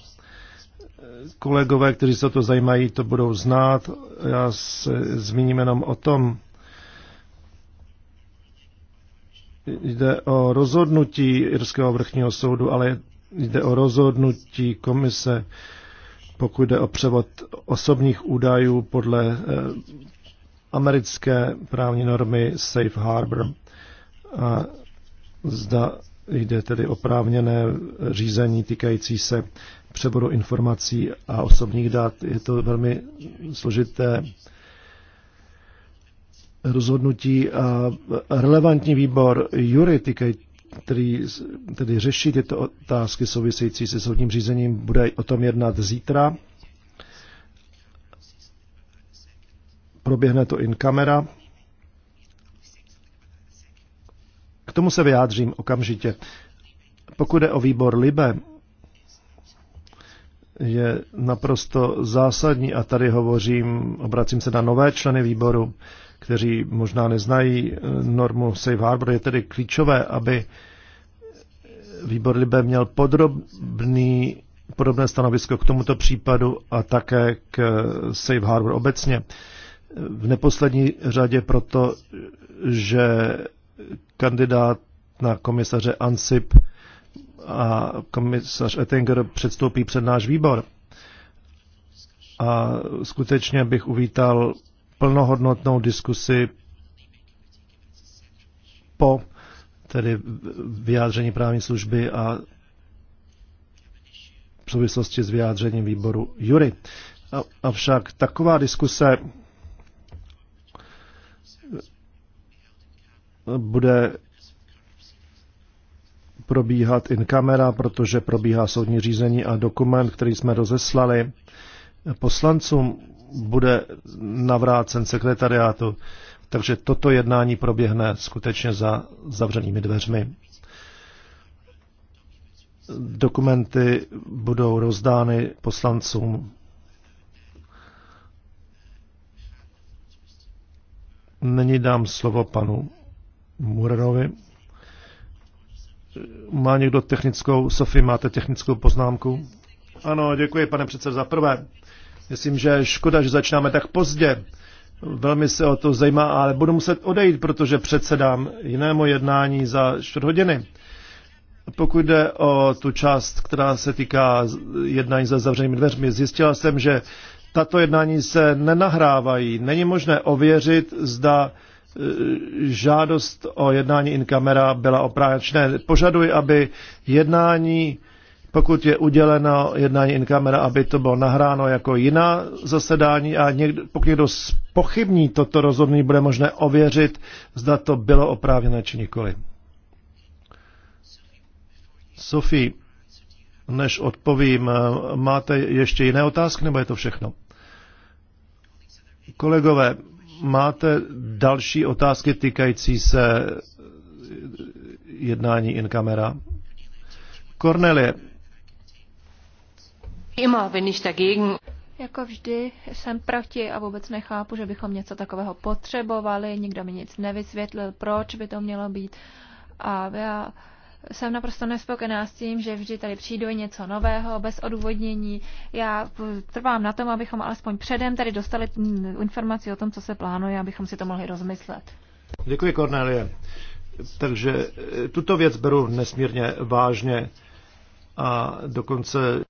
Kolegové, kteří se to zajímají, to budou znát. Já se zmíním jenom o tom, jde o rozhodnutí Irského vrchního soudu, ale jde o rozhodnutí komise, pokud jde o převod osobních údajů podle eh, americké právní normy Safe Harbor. A zda jde tedy o právněné řízení týkající se převodu informací a osobních dat. Je to velmi složité rozhodnutí a relevantní výbor jury, který tedy řeší tyto otázky související se soudním řízením, bude o tom jednat zítra. Proběhne to in kamera. K tomu se vyjádřím okamžitě. Pokud je o výbor Libe, je naprosto zásadní, a tady hovořím, obracím se na nové členy výboru, kteří možná neznají eh, normu Safe Harbor, je tedy klíčové, aby výbor Libe měl podrobný, podobné stanovisko k tomuto případu a také k eh, Safe Harbor obecně. V neposlední řadě proto, že kandidát na komisaře Ansip a komisař Ettinger předstoupí před náš výbor. A skutečně bych uvítal plnohodnotnou diskusi po tedy vyjádření právní služby a v souvislosti s vyjádřením výboru Jury. Avšak taková diskuse bude probíhat in camera, protože probíhá soudní řízení a dokument, který jsme rozeslali poslancům bude navrácen sekretariátu. Takže toto jednání proběhne skutečně za zavřenými dveřmi. Dokumenty budou rozdány poslancům. Není dám slovo panu Murerovi. Má někdo technickou? Sofie, máte technickou poznámku? Ano, děkuji, pane předsedo. Za prvé, Myslím, že škoda, že začínáme tak pozdě. Velmi se o to zajímá, ale budu muset odejít, protože předsedám jinému jednání za čtvrt hodiny. Pokud jde o tu část, která se týká jednání za zavřenými dveřmi, zjistila jsem, že tato jednání se nenahrávají. Není možné ověřit, zda e, žádost o jednání in camera byla opráčné. Požaduji, aby jednání pokud je uděleno jednání in camera, aby to bylo nahráno jako jiná zasedání a někdo, pokud někdo pochybní toto rozhodnutí, bude možné ověřit, zda to bylo oprávněné či nikoli. Sofie, než odpovím, máte ještě jiné otázky, nebo je to všechno? Kolegové, máte další otázky týkající se jednání in camera? Cornelie, Immer bin ich dagegen. Jako vždy jsem proti a vůbec nechápu, že bychom něco takového potřebovali. Nikdo mi nic nevysvětlil, proč by to mělo být. A já jsem naprosto nespokojená s tím, že vždy tady přijde něco nového, bez odůvodnění. Já trvám na tom, abychom alespoň předem tady dostali informaci o tom, co se plánuje, abychom si to mohli rozmyslet. Děkuji, Kornelie. Takže eh, tuto věc beru nesmírně vážně a dokonce